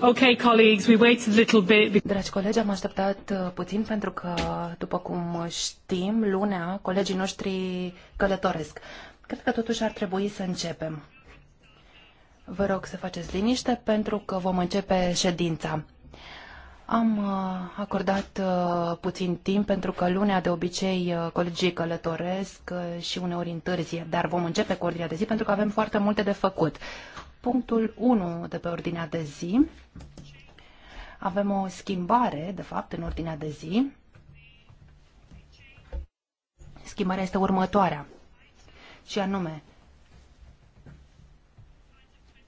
Ok, colleagues, we waited a little bit. Dragi colegi, am așteptat uh, puțin pentru că, după cum știm, lunea colegii noștri călătoresc. Cred că totuși ar trebui să începem. Vă rog să faceți liniște pentru că vom începe ședința. Am uh, acordat uh, puțin timp pentru că lunea de obicei uh, colegii călătoresc și uneori întârzie, dar vom începe cu ordinea de zi pentru că avem foarte multe de făcut. Punctul 1 de pe ordinea de zi. Avem o schimbare, de fapt, în ordinea de zi. Schimbarea este următoarea. Și anume,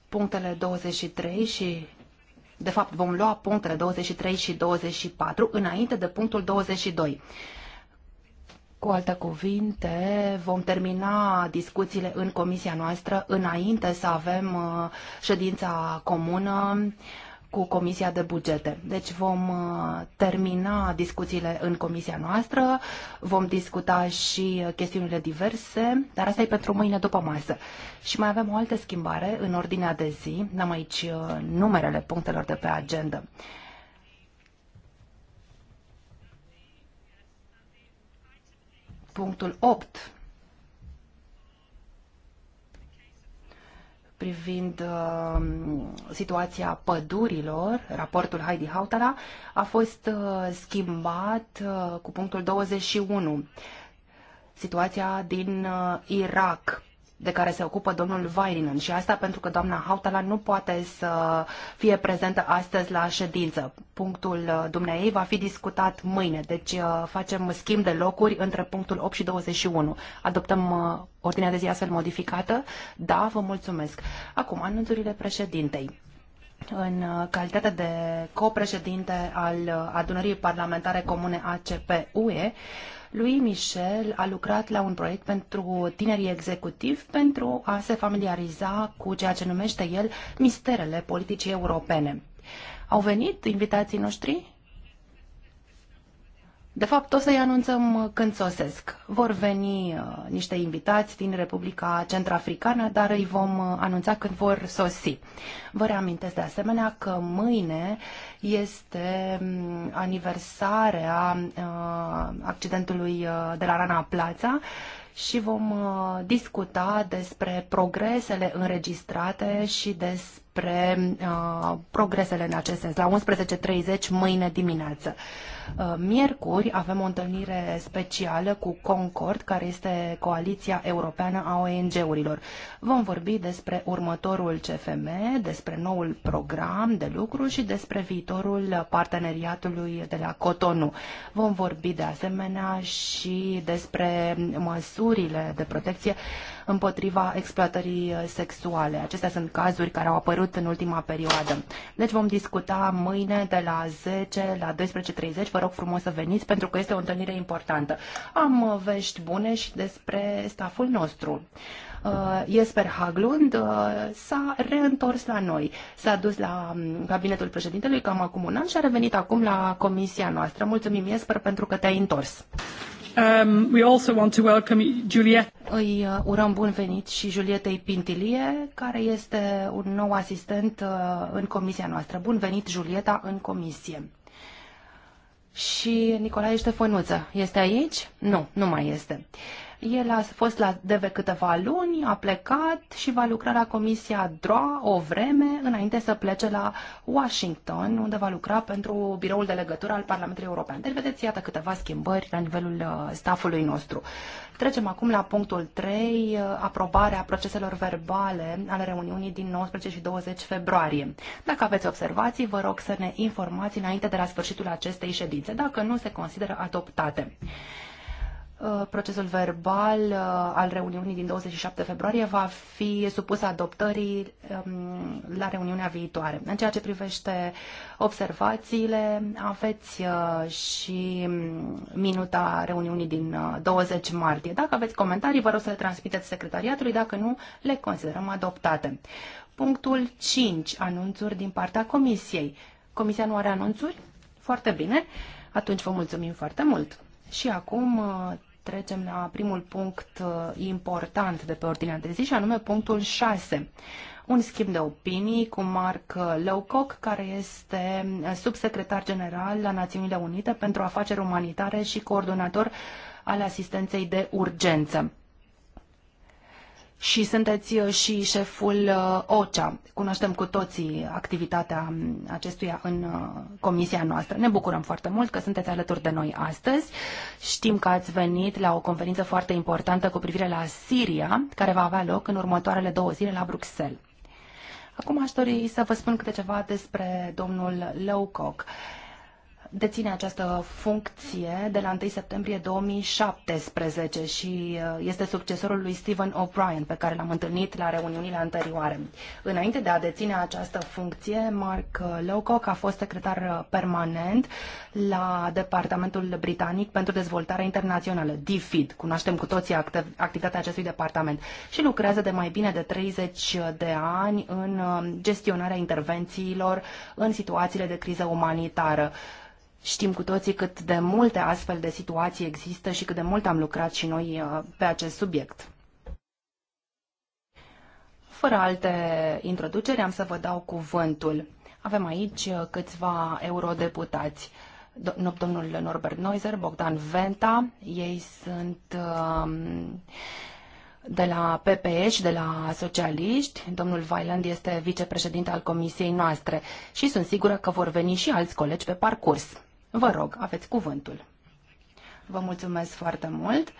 punctele 23 și de fapt, vom lua punctele 23 și 24 înainte de punctul 22. Cu alte cuvinte, vom termina discuțiile în comisia noastră înainte să avem uh, ședința comună cu Comisia de Bugete. Deci vom uh, termina discuțiile în comisia noastră, vom discuta și uh, chestiunile diverse, dar asta e pentru mâine după masă. Și mai avem o altă schimbare în ordinea de zi. N-am aici uh, numerele punctelor de pe agenda. Punctul 8 privind uh, situația pădurilor, raportul Heidi Hautala, a fost uh, schimbat uh, cu punctul 21, situația din uh, Irak de care se ocupă domnul Vairinen și asta pentru că doamna Hautala nu poate să fie prezentă astăzi la ședință. Punctul uh, dumneei va fi discutat mâine, deci uh, facem schimb de locuri între punctul 8 și 21. Adoptăm uh, ordinea de zi astfel modificată? Da, vă mulțumesc. Acum, anunțurile președintei în calitate de copreședinte al adunării parlamentare comune ACP-UE, lui Michel a lucrat la un proiect pentru tinerii executivi pentru a se familiariza cu ceea ce numește el misterele politicii europene. Au venit invitații noștri? De fapt, o să-i anunțăm când sosesc. Vor veni uh, niște invitați din Republica Centrafricană, dar îi vom uh, anunța când vor sosi. Vă reamintesc de asemenea că mâine este mm, aniversarea uh, accidentului de la Rana Plața și vom discuta despre progresele înregistrate și despre despre uh, progresele în acest sens, la 11.30 mâine dimineață. Uh, miercuri avem o întâlnire specială cu Concord, care este Coaliția Europeană a ONG-urilor. Vom vorbi despre următorul CFM, despre noul program de lucru și despre viitorul parteneriatului de la Cotonou. Vom vorbi de asemenea și despre măsurile de protecție împotriva exploatării uh, sexuale. Acestea sunt cazuri care au apărut în ultima perioadă. Deci vom discuta mâine de la 10 la 12.30. Vă rog frumos să veniți pentru că este o întâlnire importantă. Am uh, vești bune și despre staful nostru. Uh, Jesper Haglund s-a reîntors la noi. S-a dus la um, cabinetul președintelui cam acum un an și a revenit acum la comisia noastră. Mulțumim, Jesper, pentru că te-ai întors. Um, we also want to welcome Juliet. Îi uh, urăm bun venit și Julietei Pintilie, care este un nou asistent uh, în comisia noastră. Bun venit, Julieta, în comisie. Și Nicolae Ștefănuță este aici? Nu, nu mai este. Uh, el a fost la DV câteva luni, a plecat și va lucra la Comisia DROA o vreme înainte să plece la Washington, unde va lucra pentru biroul de legătură al Parlamentului European. Deci, vedeți, iată câteva schimbări la nivelul uh, staffului nostru. Trecem acum la punctul 3, uh, aprobarea proceselor verbale ale reuniunii din 19 și 20 februarie. Dacă aveți observații, vă rog să ne informați înainte de la sfârșitul acestei ședințe, dacă nu se consideră adoptate. Uh, procesul verbal uh, al reuniunii din 27 februarie va fi supus adoptării um, la reuniunea viitoare. În ceea ce privește observațiile, aveți uh, și um, minuta reuniunii din 20 martie. Dacă aveți comentarii, vă rog să le transmiteți secretariatului, dacă nu, le considerăm adoptate. Punctul 5. Anunțuri din partea Comisiei. Comisia nu are anunțuri? Foarte bine. Atunci vă mulțumim foarte mult. Și acum trecem la primul punct uh, important de pe ordinea de zi, și anume punctul 6 un schimb de opinii cu Mark Lowcock, care este uh, subsecretar general la Națiunile Unite pentru afaceri umanitare și coordonator al asistenței de urgență și sunteți uh, și șeful uh, OCEA. Cunoaștem cu toții activitatea um, acestuia în uh, comisia noastră. Ne bucurăm foarte mult că sunteți alături de noi astăzi. Știm că ați venit la o conferință foarte importantă cu privire la Siria, care va avea loc în următoarele două zile la Bruxelles. Acum aș dori să vă spun câte ceva despre domnul Lowcock deține această funcție de la 1 septembrie 2017 și uh, este succesorul lui Stephen O'Brien, pe care l-am întâlnit la reuniunile anterioare. Înainte de a deține această funcție, Mark Lowcock a fost secretar uh, permanent la Departamentul Britanic pentru Dezvoltare Internațională, DFID. Cunoaștem cu toții activitatea acestui departament și lucrează de mai bine de 30 de ani în uh, gestionarea intervențiilor în situațiile de criză umanitară. Știm cu toții cât de multe astfel de situații există și cât de mult am lucrat și noi uh, pe acest subiect. Fără alte introduceri, am să vă dau cuvântul. Avem aici uh, câțiva eurodeputați. Domnul Norbert Neuser, Bogdan Venta, ei sunt um, de la PPE și de la socialiști. Domnul Vailand este vicepreședinte al comisiei noastre și sunt sigură că vor veni și alți colegi pe parcurs. Vă rog, aveți cuvântul. Vă mulțumesc foarte mult.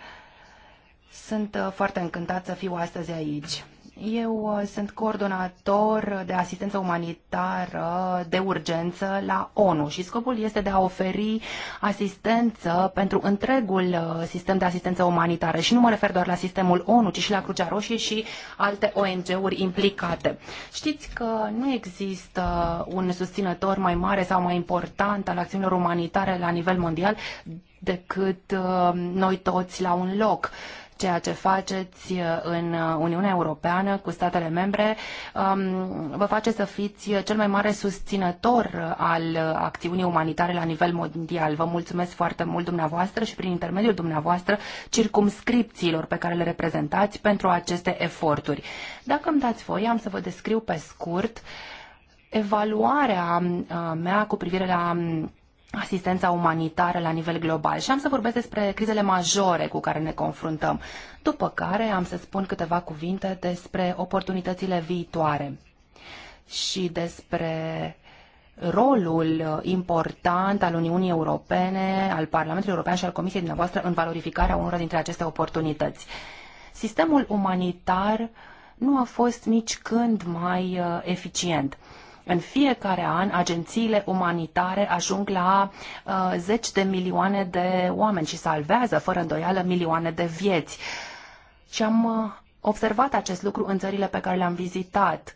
Sunt uh, foarte încântat să fiu astăzi aici. Eu uh, sunt coordonator de asistență umanitară de urgență la ONU și scopul este de a oferi asistență pentru întregul uh, sistem de asistență umanitară și nu mă refer doar la sistemul ONU, ci și la Crucea Roșie și alte ONG-uri implicate. Știți că nu există un susținător mai mare sau mai important al acțiunilor umanitare la nivel mondial decât uh, noi toți la un loc ceea ce faceți uh, în Uniunea Europeană cu statele membre um, vă face să fiți cel mai mare susținător uh, al uh, acțiunii umanitare la nivel mondial. Vă mulțumesc foarte mult dumneavoastră și prin intermediul dumneavoastră circumscripțiilor pe care le reprezentați pentru aceste eforturi. Dacă îmi dați voie am să vă descriu pe scurt evaluarea mea cu privire la um, asistența umanitară la nivel global și am să vorbesc despre crizele majore cu care ne confruntăm, după care am să spun câteva cuvinte despre oportunitățile viitoare și despre rolul important al Uniunii Europene, al Parlamentului European și al Comisiei dumneavoastră în valorificarea unora dintre aceste oportunități. Sistemul umanitar nu a fost nici când mai uh, eficient. În fiecare an, agențiile umanitare ajung la uh, zeci de milioane de oameni și salvează, fără îndoială, milioane de vieți. Și am uh, observat acest lucru în țările pe care le-am vizitat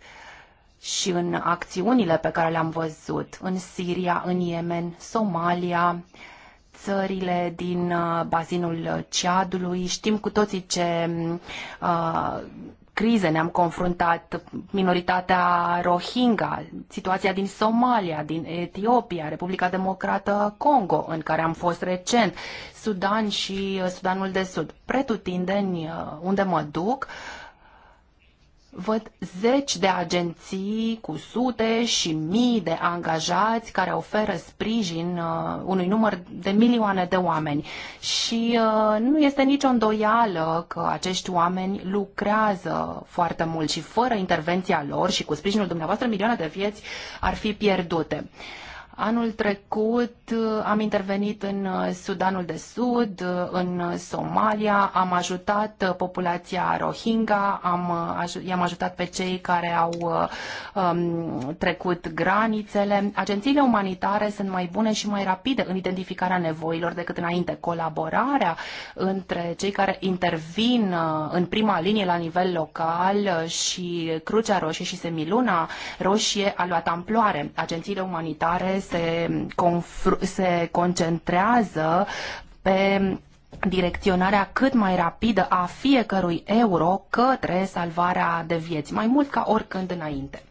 și în acțiunile pe care le-am văzut în Siria, în Yemen, Somalia, țările din uh, bazinul Ceadului. Știm cu toții ce uh, crize ne-am confruntat, minoritatea Rohingya, situația din Somalia, din Etiopia, Republica Democrată Congo, în care am fost recent, Sudan și Sudanul de Sud. Pretutindeni uh, unde mă duc, uh, văd zeci de agenții cu sute și mii de angajați care oferă sprijin uh, unui număr de milioane de oameni. Și uh, nu este nicio îndoială că acești oameni lucrează foarte mult și fără intervenția lor și cu sprijinul dumneavoastră milioane de vieți ar fi pierdute. Uh, Anul trecut uh, am intervenit în uh, Sudanul de Sud, uh, în Somalia, am ajutat populația Rohingya, am, i-am ajutat pe cei care au um, trecut granițele. Agențiile umanitare sunt mai bune și mai rapide în identificarea nevoilor decât înainte. Colaborarea între cei care intervin în prima linie la nivel local și Crucea Roșie și Semiluna Roșie a luat amploare. Agențiile umanitare se, se concentrează pe direcționarea cât mai rapidă a fiecărui euro către salvarea de vieți, mai mult ca oricând înainte.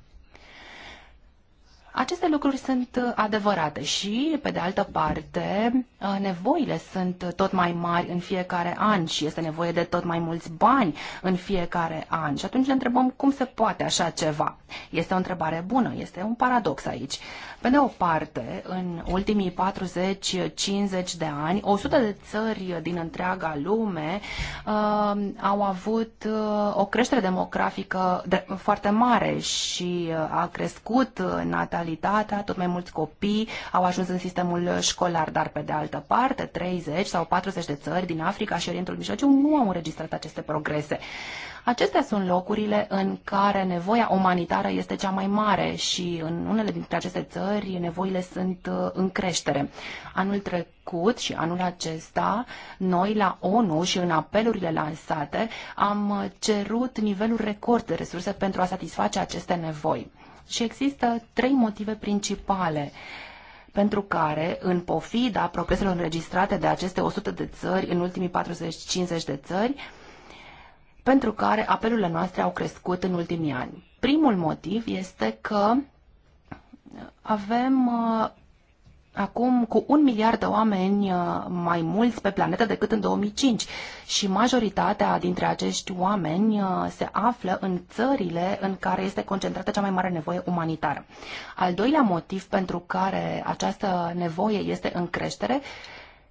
Aceste lucruri sunt adevărate și, pe de altă parte, nevoile sunt tot mai mari în fiecare an și este nevoie de tot mai mulți bani în fiecare an. Și atunci ne întrebăm cum se poate așa ceva. Este o întrebare bună, este un paradox aici. Pe de o parte, în ultimii 40-50 de ani, 100 de țări din întreaga lume uh, au avut uh, o creștere demografică de, foarte mare și uh, a crescut natalitatea, tot mai mulți copii au ajuns în sistemul școlar, dar pe de altă parte, 30 sau 40 de țări din Africa și Orientul Mijlociu nu au înregistrat aceste progrese. Uh, Acestea sunt locurile în care nevoia umanitară este cea mai mare și în unele dintre aceste țări nevoile sunt uh, în creștere. Anul trecut și anul acesta, noi la ONU și în apelurile lansate am uh, cerut nivelul record de resurse pentru a satisface aceste nevoi. Și există trei motive principale pentru care, în pofida progreselor înregistrate de aceste 100 de țări, în ultimii 40-50 de țări, pentru care apelurile noastre au crescut în ultimii ani. Primul motiv este că avem uh, acum cu un miliard de oameni uh, mai mulți pe planetă decât în 2005 și majoritatea dintre acești oameni uh, se află în țările în care este concentrată cea mai mare nevoie umanitară. Al doilea motiv pentru care această nevoie este în creștere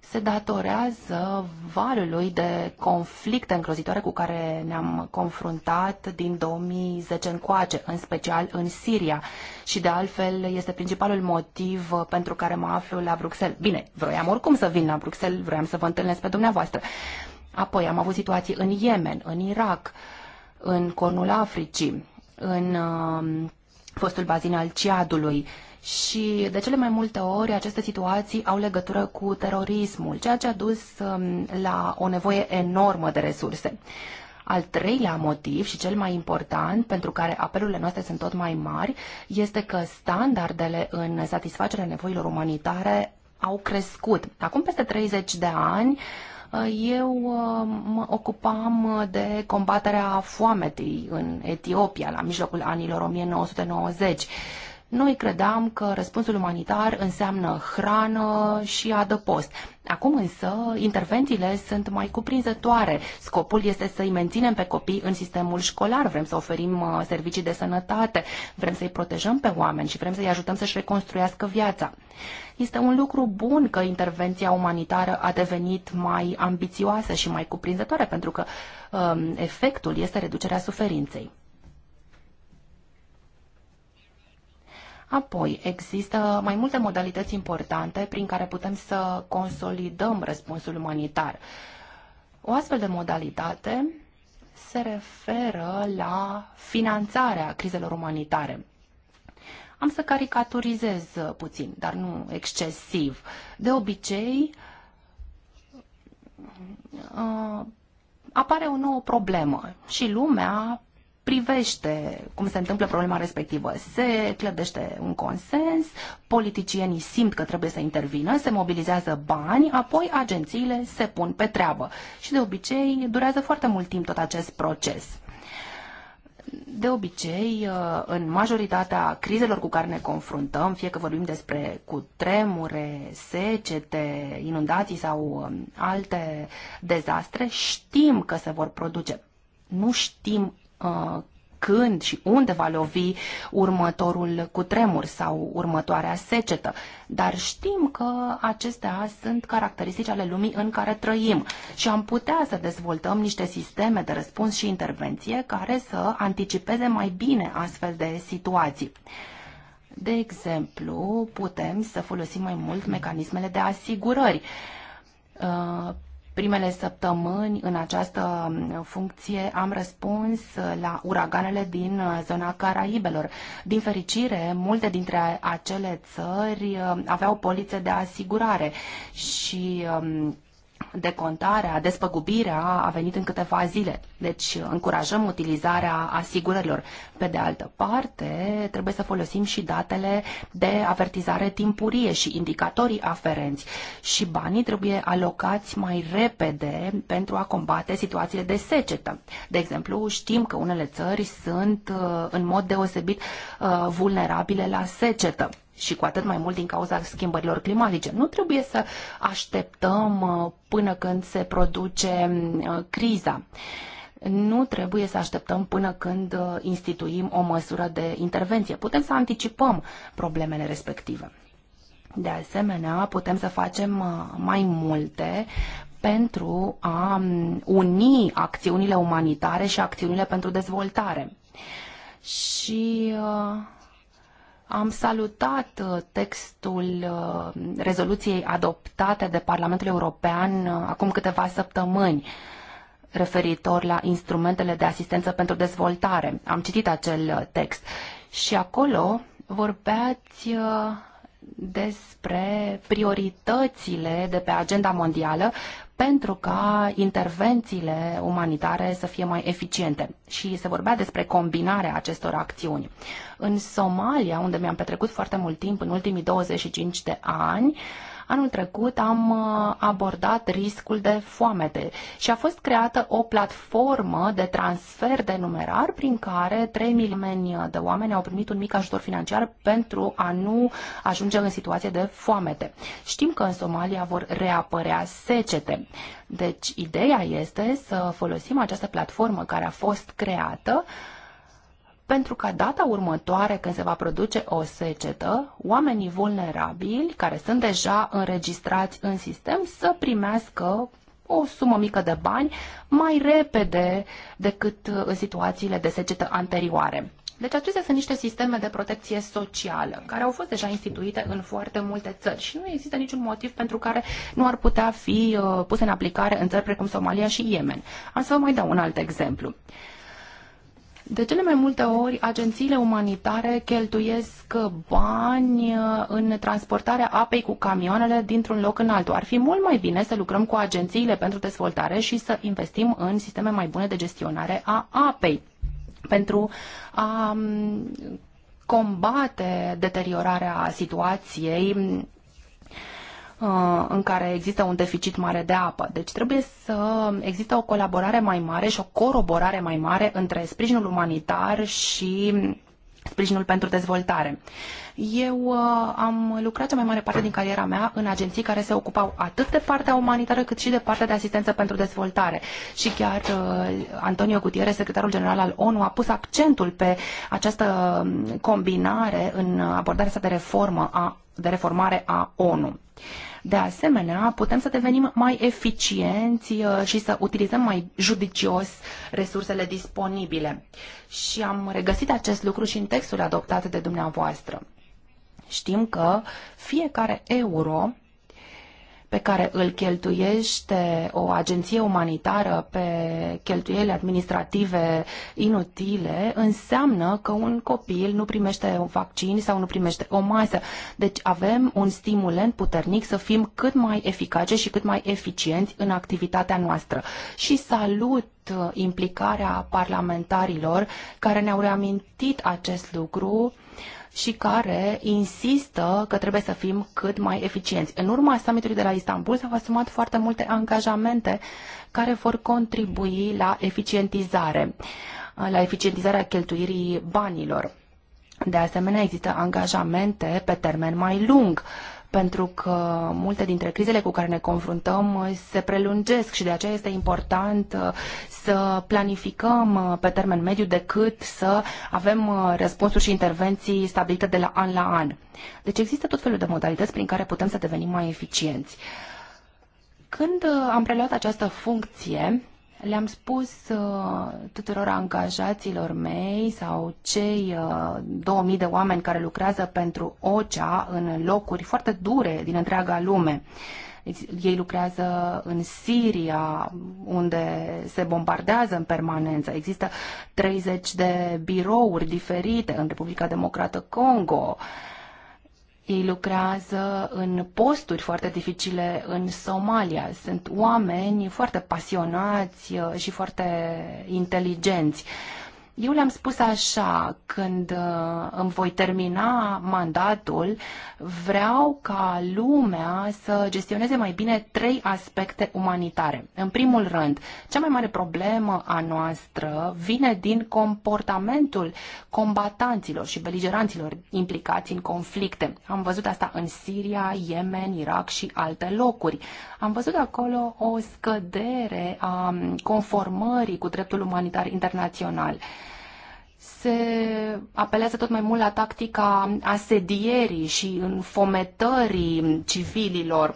se datorează valului de conflicte îngrozitoare cu care ne-am confruntat din 2010 încoace, în special în Siria. Și de altfel este principalul motiv pentru care mă aflu la Bruxelles. Bine, vroiam oricum să vin la Bruxelles, vroiam să vă întâlnesc pe dumneavoastră. Apoi am avut situații în Yemen, în Irak, în Cornul Africii, în uh, fostul bazin al Ciadului, uh, și de cele mai multe ori aceste situații au legătură cu terorismul, ceea ce a dus um, la o nevoie enormă de resurse. Al treilea motiv și cel mai important pentru care apelurile noastre sunt tot mai mari este că standardele în satisfacerea nevoilor umanitare au crescut. Acum peste 30 de ani, eu uh, mă ocupam de combaterea foametei în Etiopia la mijlocul anilor 1990 noi credeam că răspunsul umanitar înseamnă hrană și adăpost. Acum însă intervențiile sunt mai cuprinzătoare. Scopul este să-i menținem pe copii în sistemul școlar, vrem să oferim uh, servicii de sănătate, vrem să-i protejăm pe oameni și vrem să-i ajutăm să-și reconstruiască viața. Este un lucru bun că intervenția umanitară a devenit mai ambițioasă și mai cuprinzătoare pentru că um, efectul este reducerea suferinței. Apoi, există mai multe modalități importante prin care putem să consolidăm răspunsul umanitar. O astfel de modalitate se referă la finanțarea crizelor umanitare. Am să caricaturizez puțin, dar nu excesiv. De obicei, uh, apare o nouă problemă și lumea privește cum se întâmplă problema respectivă. Se clădește un consens, politicienii simt că trebuie să intervină, se mobilizează bani, apoi agențiile se pun pe treabă. Și de obicei durează foarte mult timp tot acest proces. De obicei, uh, în majoritatea crizelor cu care ne confruntăm, fie că vorbim despre cutremure, secete, inundații sau um, alte dezastre, știm că se vor produce. Nu știm Uh, când și unde va lovi următorul cutremur sau următoarea secetă, dar știm că acestea sunt caracteristici ale lumii în care trăim și am putea să dezvoltăm niște sisteme de răspuns și intervenție care să anticipeze mai bine astfel de situații. De exemplu, putem să folosim mai mult mecanismele de asigurări uh, primele săptămâni în această funcție am răspuns la uraganele din zona Caraibelor. Din fericire, multe dintre acele țări uh, aveau polițe de asigurare și um, decontarea, despăgubirea a venit în câteva zile. Deci încurajăm utilizarea asigurărilor. Pe de altă parte, trebuie să folosim și datele de avertizare timpurie și indicatorii aferenți. Și banii trebuie alocați mai repede pentru a combate situațiile de secetă. De exemplu, știm că unele țări sunt uh, în mod deosebit uh, vulnerabile la secetă și cu atât mai mult din cauza schimbărilor climatice. Nu trebuie să așteptăm uh, până când se produce uh, criza. Nu trebuie să așteptăm până când uh, instituim o măsură de intervenție. Putem să anticipăm problemele respective. De asemenea, putem să facem mai multe pentru a um, uni acțiunile umanitare și acțiunile pentru dezvoltare. Și uh, am salutat uh, textul uh, rezoluției adoptate de Parlamentul European uh, acum câteva săptămâni referitor la instrumentele de asistență pentru dezvoltare. Am citit acel text și acolo vorbeați despre prioritățile de pe agenda mondială pentru ca intervențiile umanitare să fie mai eficiente. Și se vorbea despre combinarea acestor acțiuni. În Somalia, unde mi-am petrecut foarte mult timp în ultimii 25 de ani, uh, Anul trecut am uh, abordat riscul de foamete și a fost creată o platformă de transfer de numerar prin care 3 milioane de oameni au primit un mic ajutor financiar pentru a nu ajunge în situație de foamete. Știm că în Somalia vor reapărea secete. Deci, ideea este să folosim această platformă care a fost creată pentru ca data următoare, când se va produce o secetă, oamenii vulnerabili, care sunt deja înregistrați în sistem, să primească o sumă mică de bani mai repede decât uh, în situațiile de secetă anterioare. Deci acestea sunt niște sisteme de protecție socială care au fost deja instituite în foarte multe țări și nu există niciun motiv pentru care nu ar putea fi uh, puse în aplicare în țări precum Somalia și Yemen. Am să vă mai dau un alt exemplu. De cele mai multe ori, agențiile umanitare cheltuiesc bani uh, în transportarea apei cu camioanele dintr-un loc în altul. Ar fi mult mai bine să lucrăm cu agențiile pentru dezvoltare și să investim în sisteme mai bune de gestionare a apei pentru a um, combate deteriorarea situației Uh, în care există un deficit mare de apă. Deci trebuie să există o colaborare mai mare și o coroborare mai mare între sprijinul umanitar și sprijinul pentru dezvoltare. Eu uh, am lucrat cea mai mare parte din cariera mea în agenții care se ocupau atât de partea umanitară cât și de partea de asistență pentru dezvoltare. Și chiar uh, Antonio Gutierrez, secretarul general al ONU, a pus accentul pe această combinare în abordarea sa de reformă a, de reformare a ONU. Uh, de asemenea, putem să devenim mai eficienți uh, și să utilizăm mai judicios resursele disponibile. Și am regăsit acest lucru și în textul adoptat de dumneavoastră. Știm că fiecare euro pe care îl cheltuiește o agenție umanitară pe cheltuieli administrative inutile, înseamnă că un copil nu primește un vaccin sau nu primește o masă. Deci avem un stimulent puternic să fim cât mai eficace și cât mai eficienți în activitatea noastră. Și salut uh, implicarea parlamentarilor care ne-au reamintit acest lucru uh, și care insistă că trebuie să fim cât mai eficienți. În urma summitului de la Istanbul s-au asumat foarte multe angajamente care vor contribui la eficientizare, la eficientizarea cheltuirii banilor. De asemenea, există angajamente pe termen mai lung pentru că multe dintre crizele cu care ne confruntăm uh, se prelungesc și de aceea este important uh, să planificăm uh, pe termen mediu decât să avem răspunsuri și intervenții stabilite de la an la an. Deci există tot felul de modalități prin care putem să devenim mai eficienți. Când am preluat această funcție, le-am spus uh, tuturor angajaților mei sau cei 2000 uh, de oameni care lucrează pentru OCEA în locuri foarte dure din întreaga lume. Deci, ei lucrează în Siria, unde se bombardează în permanență. Există 30 de birouri diferite în Republica Democrată Congo. Uh, ei lucrează în posturi foarte dificile în Somalia. Sunt oameni foarte pasionați uh, și foarte inteligenți. Uh, eu le-am spus așa, când uh, îmi voi termina mandatul, vreau ca lumea să gestioneze mai bine trei aspecte umanitare. În primul rând, cea mai mare problemă a noastră vine din comportamentul combatanților și beligeranților implicați în conflicte. Am văzut asta în Siria, Yemen, Irak și alte locuri. Am văzut acolo o scădere a conformării cu dreptul umanitar internațional se apelează tot mai mult la tactica asedierii și înfometării civililor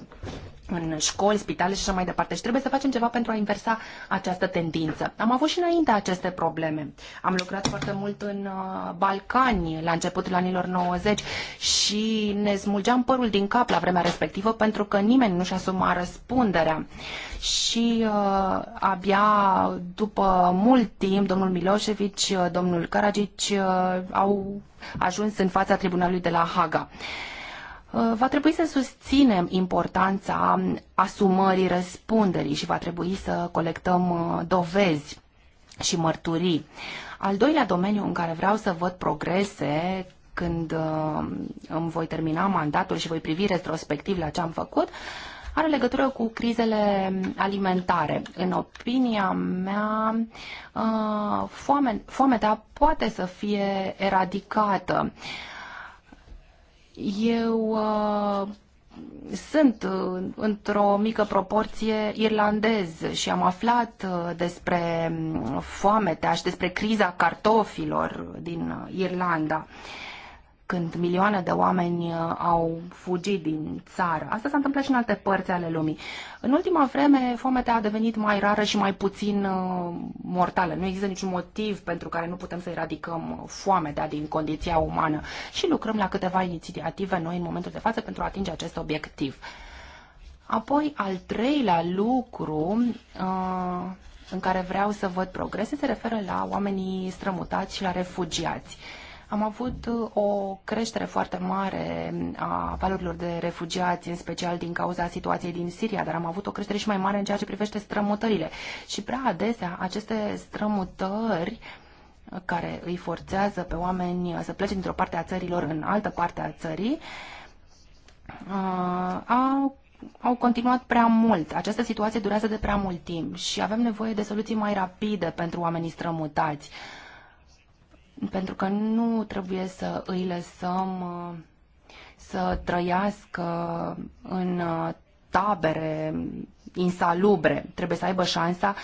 în școli, spitale și așa mai departe. Și trebuie să facem ceva pentru a inversa această tendință. Am avut și înainte aceste probleme. Am lucrat foarte mult în uh, Balcani la începutul anilor 90 și ne smulgeam părul din cap la vremea respectivă pentru că nimeni nu-și asuma răspunderea. Și uh, abia după mult timp, domnul Milosevic, uh, domnul Caragici uh, au ajuns în fața tribunalului de la Haga. Uh, Uh, va trebui să susținem importanța asumării răspunderii și va trebui să colectăm uh, dovezi și mărturii. Al doilea domeniu în care vreau să văd progrese când uh, îmi voi termina mandatul și voi privi retrospectiv la ce am făcut, are legătură cu crizele alimentare. În opinia mea, foame, foamea poate să fie eradicată eu uh, sunt uh, într-o mică proporție irlandez și am aflat uh, despre um, foametea și despre criza cartofilor din Irlanda când milioane de oameni uh, au fugit din țară. Asta s-a întâmplat și în alte părți ale lumii. În ultima vreme, foamea a devenit mai rară și mai puțin uh, mortală. Nu există niciun motiv pentru care nu putem să eradicăm foamea din condiția umană și lucrăm la câteva inițiative noi în momentul de față pentru a atinge acest obiectiv. Apoi, al treilea lucru uh, în care vreau să văd progrese se referă la oamenii strămutați și la refugiați. Am avut uh, o creștere foarte mare a valurilor de refugiați, în special din cauza situației din Siria, dar am avut o creștere și mai mare în ceea ce privește strămutările. Și prea adesea aceste strămutări uh, care îi forțează pe oameni uh, să plece dintr-o parte a țărilor în altă parte a țării, au au continuat prea mult. Această situație durează de prea mult timp și avem nevoie de soluții mai rapide pentru oamenii strămutați. Uh, pentru că nu trebuie să îi lăsăm uh, să trăiască în uh, tabere insalubre, trebuie să aibă șansa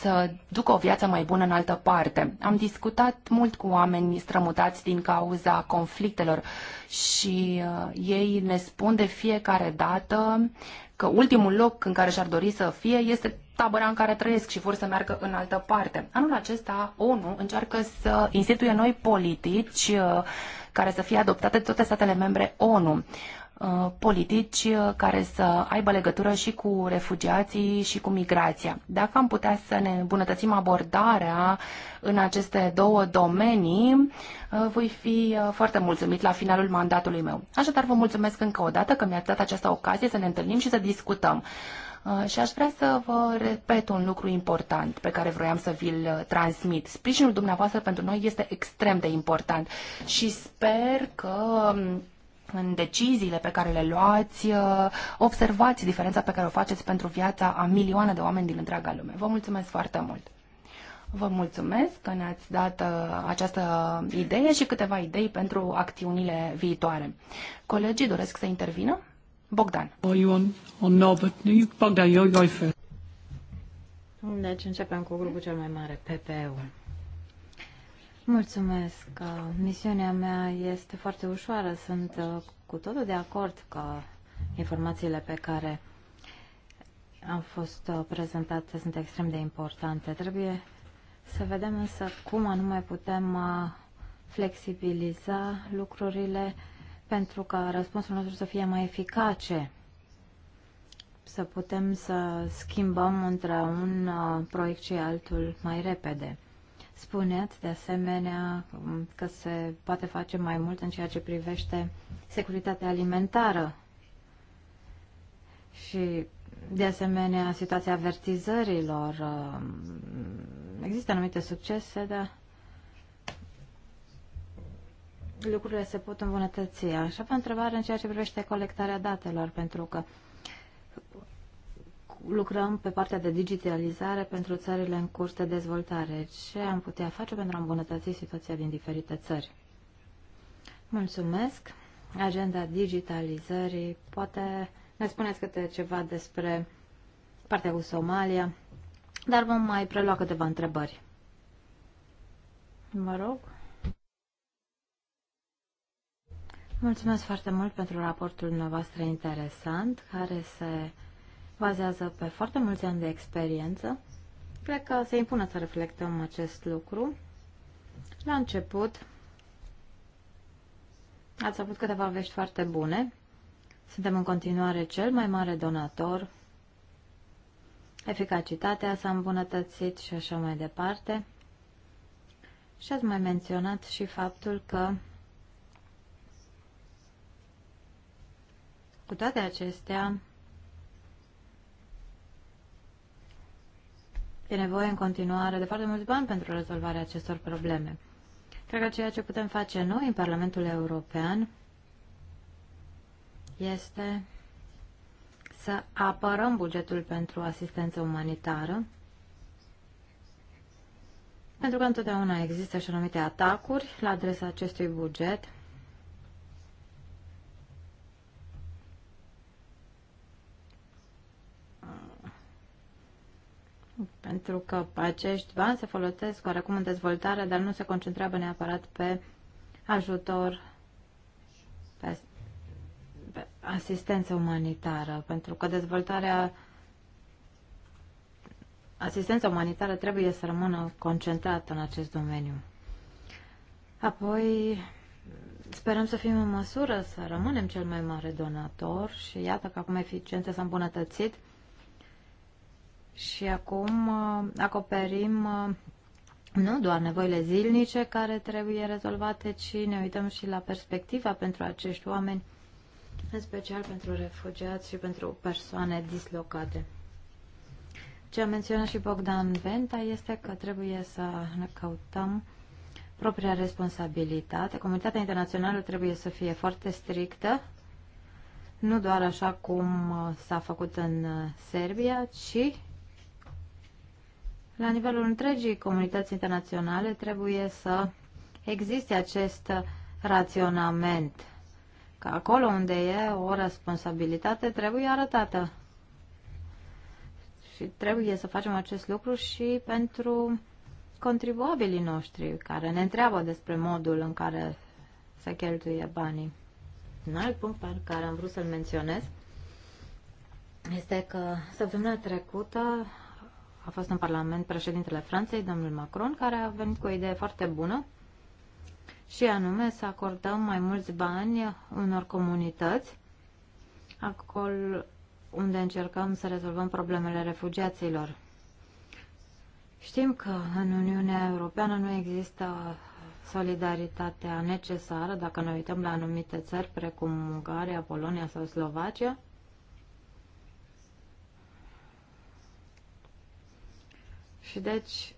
să ducă o viață mai bună în altă parte. Am discutat mult cu oameni strămutați din cauza conflictelor și uh, ei ne spun de fiecare dată că ultimul loc în care și-ar dori să fie este tabăra în care trăiesc și vor să meargă în altă parte. Anul acesta ONU încearcă să instituie noi politici uh, care să fie adoptate de toate statele membre ONU. Uh, politici uh, care să aibă legătură și cu refugiații și cu migrația. Dacă am putea să ne îmbunătățim abordarea în aceste două domenii, uh, voi fi foarte mulțumit la finalul mandatului meu. Așadar, vă mulțumesc încă o dată că mi-ați dat această ocazie să ne întâlnim și să discutăm. Și aș vrea să vă repet un lucru important pe care vroiam să vi-l transmit. Sprijinul dumneavoastră pentru noi este extrem de important și sper că um, în deciziile pe care le luați, uh, observați diferența pe care o faceți pentru viața a milioane de oameni din întreaga lume. Vă mulțumesc foarte mult! Vă mulțumesc că ne-ați dat uh, această idee și câteva idei pentru acțiunile viitoare. Colegii doresc să intervină? Bogdan. Bogdan, Deci începem cu grupul cel mai mare, PPE-ul. Mulțumesc. Uh, misiunea mea este foarte ușoară. Sunt uh, cu totul de acord că informațiile pe care au fost uh, prezentate sunt extrem de importante. Trebuie să vedem însă cum anume putem flexibiliza lucrurile pentru ca răspunsul nostru să fie mai eficace, să putem să schimbăm între un proiect și altul mai repede. Spuneați de asemenea că se poate face mai mult în ceea ce privește securitatea alimentară și de asemenea situația avertizărilor. Um, există anumite succese, dar lucrurile se pot îmbunătăți. Așa pe întrebare în ceea ce privește colectarea datelor, pentru că lucrăm pe partea de digitalizare pentru țările în curs de dezvoltare. Ce am putea face pentru a îmbunătăți situația din diferite țări? Mulțumesc! Agenda digitalizării. Poate ne spuneți câte ceva despre partea cu Somalia, dar vom mai prelua câteva întrebări. Mă rog. Mulțumesc foarte mult pentru raportul dumneavoastră interesant, care se bazează pe foarte mulți ani de experiență. Cred că se impune să reflectăm acest lucru. La început ați avut câteva vești foarte bune. Suntem în continuare cel mai mare donator. Eficacitatea s-a îmbunătățit și așa mai departe. Și ați mai menționat și faptul că cu toate acestea, E nevoie în continuare de foarte mulți bani pentru rezolvarea acestor probleme. Cred că ceea ce putem face noi în Parlamentul European este să apărăm bugetul pentru asistență umanitară, pentru că întotdeauna există și anumite atacuri la adresa acestui buget pentru că acești bani se folosesc oarecum în dezvoltare, dar nu se concentrează neapărat pe ajutor, pe, pe asistență umanitară, pentru că dezvoltarea asistența umanitară trebuie să rămână concentrată în acest domeniu. Apoi, sperăm să fim în măsură să rămânem cel mai mare donator și iată că acum eficiența s-a îmbunătățit și acum uh, acoperim uh, nu doar nevoile zilnice care trebuie rezolvate, ci ne uităm și la perspectiva pentru acești oameni, în special pentru refugiați și pentru persoane dislocate. Ce a menționat și Bogdan Venta este că trebuie să ne căutăm propria responsabilitate. Comunitatea internațională trebuie să fie foarte strictă, nu doar așa cum uh, s-a făcut în Serbia, ci la nivelul întregii comunități internaționale trebuie să existe acest raționament, că acolo unde e o responsabilitate trebuie arătată. Și trebuie să facem acest lucru și pentru contribuabilii noștri care ne întreabă despre modul în care se cheltuie banii. Un alt punct pe care am vrut să-l menționez este că săptămâna trecută a fost în Parlament președintele Franței, domnul Macron, care a venit cu o idee foarte bună și anume să acordăm mai mulți bani unor comunități acolo unde încercăm să rezolvăm problemele refugiaților. Știm că în Uniunea Europeană nu există solidaritatea necesară dacă ne uităm la anumite țări precum Ungaria, Polonia sau Slovacia, Și deci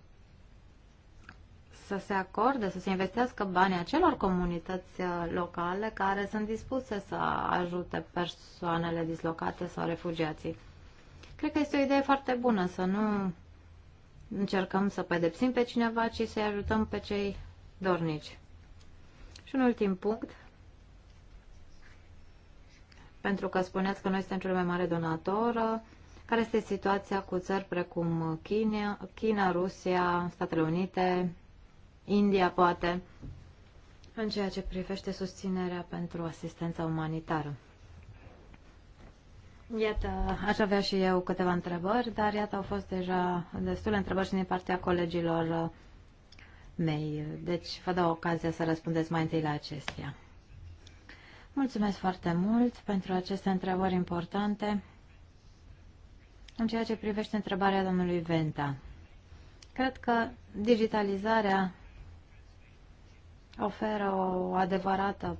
să se acorde, să se investească banii acelor comunități uh, locale care sunt dispuse să ajute persoanele dislocate sau refugiații. Cred că este o idee foarte bună să nu încercăm să pedepsim pe cineva, ci să-i ajutăm pe cei dornici. Și un ultim punct, pentru că spuneați că noi suntem cel mai mare donator, care este situația cu țări precum China, China Rusia, Statele Unite, India, poate, în ceea ce privește susținerea pentru asistența umanitară? Iată, aș avea și eu câteva întrebări, dar iată au fost deja destule întrebări și din partea colegilor mei. Deci vă dau ocazia să răspundeți mai întâi la acestea. Mulțumesc foarte mult pentru aceste întrebări importante. În ceea ce privește întrebarea domnului Venta, cred că digitalizarea oferă o adevărată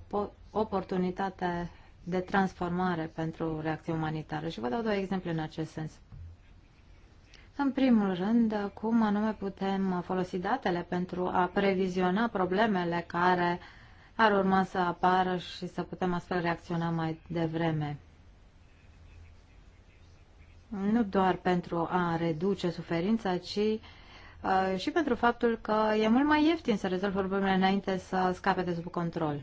oportunitate de transformare pentru reacție umanitară și vă dau două exemple în acest sens. În primul rând, cum anume putem folosi datele pentru a previziona problemele care ar urma să apară și să putem astfel reacționa mai devreme nu doar pentru a reduce suferința, ci uh, și pentru faptul că e mult mai ieftin să rezolvi problemele înainte să scape de sub control.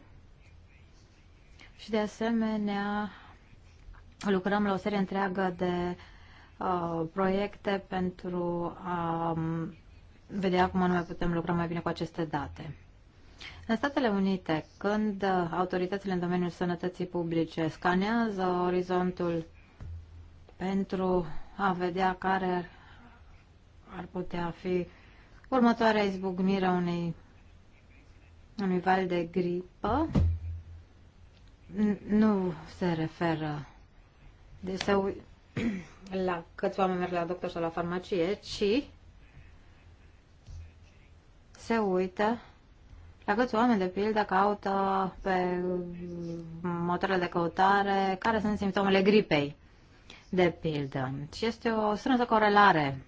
Și de asemenea, lucrăm la o serie întreagă de uh, proiecte pentru a um, vedea cum anume putem lucra mai bine cu aceste date. În Statele Unite, când autoritățile în domeniul sănătății publice scanează orizontul pentru a vedea care ar putea fi următoarea izbucnire a unei, unui val de gripă. Nu se referă de sau la câți oameni merg la doctor sau la farmacie, ci se uită la câți oameni, de pildă, caută pe motoarele de căutare care sunt simptomele gripei de pildă. Și este o strânsă corelare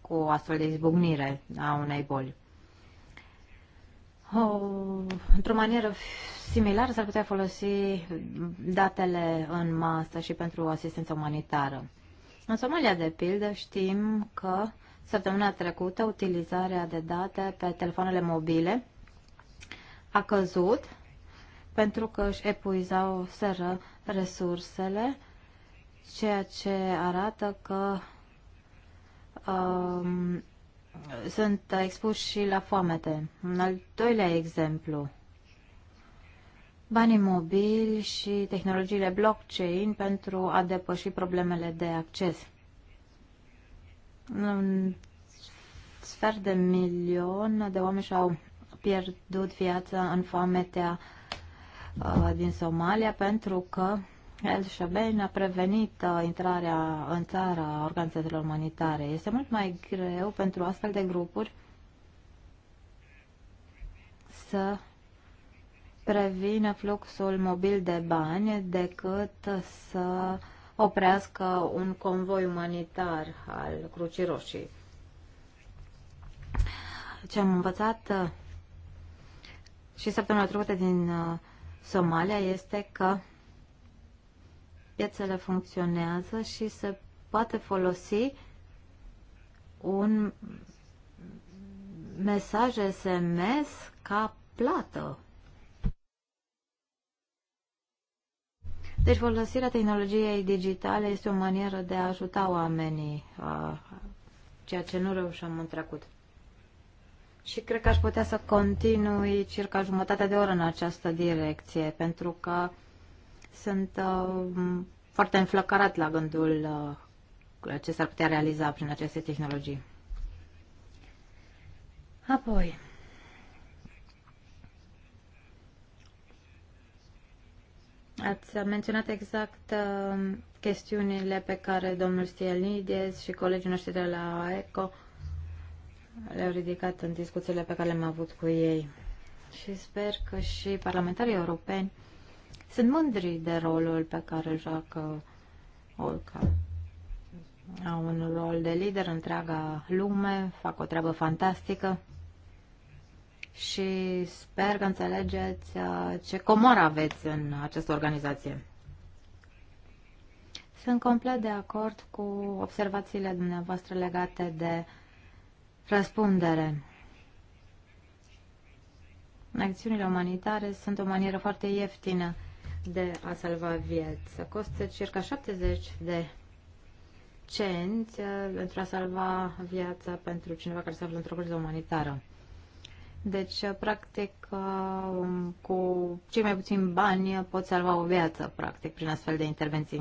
cu astfel de izbucnire a unei boli. O, într-o manieră similară s-ar putea folosi datele în masă și pentru asistență umanitară. În Somalia, de pildă, știm că săptămâna trecută utilizarea de date pe telefoanele mobile a căzut pentru că își epuizau seră resursele ceea ce arată că um, sunt expuși și la foamete. Un al doilea exemplu, banii mobili și tehnologiile blockchain pentru a depăși problemele de acces. Un sfert de milion de oameni și-au pierdut viața în foametea uh, din Somalia pentru că el Shebein a prevenit uh, intrarea în țară a organizațiilor umanitare. Este mult mai greu pentru astfel de grupuri să prevină fluxul mobil de bani decât să oprească un convoi umanitar al Crucii Roșii. Ce am învățat uh, și săptămâna trecută din uh, Somalia este că piețele funcționează și se poate folosi un mesaj SMS ca plată. Deci folosirea tehnologiei digitale este o manieră de a ajuta oamenii, ceea ce nu reușeam în trecut. Și cred că aș putea să continui circa jumătate de oră în această direcție, pentru că sunt uh, foarte înflăcărat la gândul uh, ce s-ar putea realiza prin aceste tehnologii. Apoi, ați menționat exact uh, chestiunile pe care domnul Stielnides și colegii noștri de la ECO le-au ridicat în discuțiile pe care le-am avut cu ei. Și sper că și parlamentarii europeni sunt mândri de rolul pe care îl joacă Olca. Au un rol de lider întreaga lume, fac o treabă fantastică și sper că înțelegeți uh, ce comor aveți în această organizație. Sunt complet de acord cu observațiile dumneavoastră legate de răspundere. Acțiunile umanitare sunt o manieră foarte ieftină de a salva vieți. Costă circa 70 de cenți uh, pentru a salva viața pentru cineva care se află într-o criză umanitară. Deci, uh, practic, uh, um, cu cei mai puțini bani pot salva o viață, practic, prin astfel de intervenții.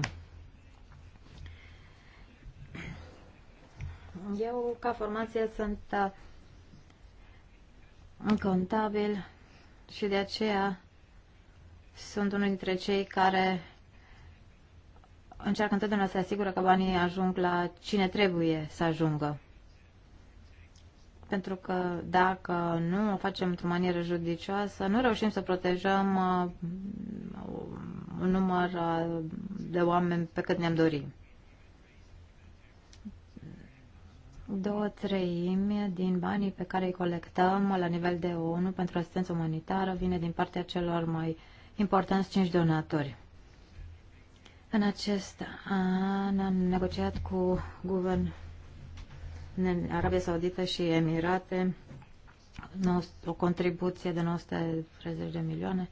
Eu, ca formație, sunt contabil și de aceea sunt unul dintre cei care încearcă întotdeauna să se asigură că banii ajung la cine trebuie să ajungă. Pentru că dacă nu o facem într-o manieră judicioasă, nu reușim să protejăm uh, un număr uh, de oameni pe cât ne-am dorit. Două treimi din banii pe care îi colectăm la nivel de ONU pentru asistență umanitară vine din partea celor mai uh, importanți cinci donatori. În acest an am negociat cu guvern în Arabia Saudită și Emirate o contribuție de 930 de milioane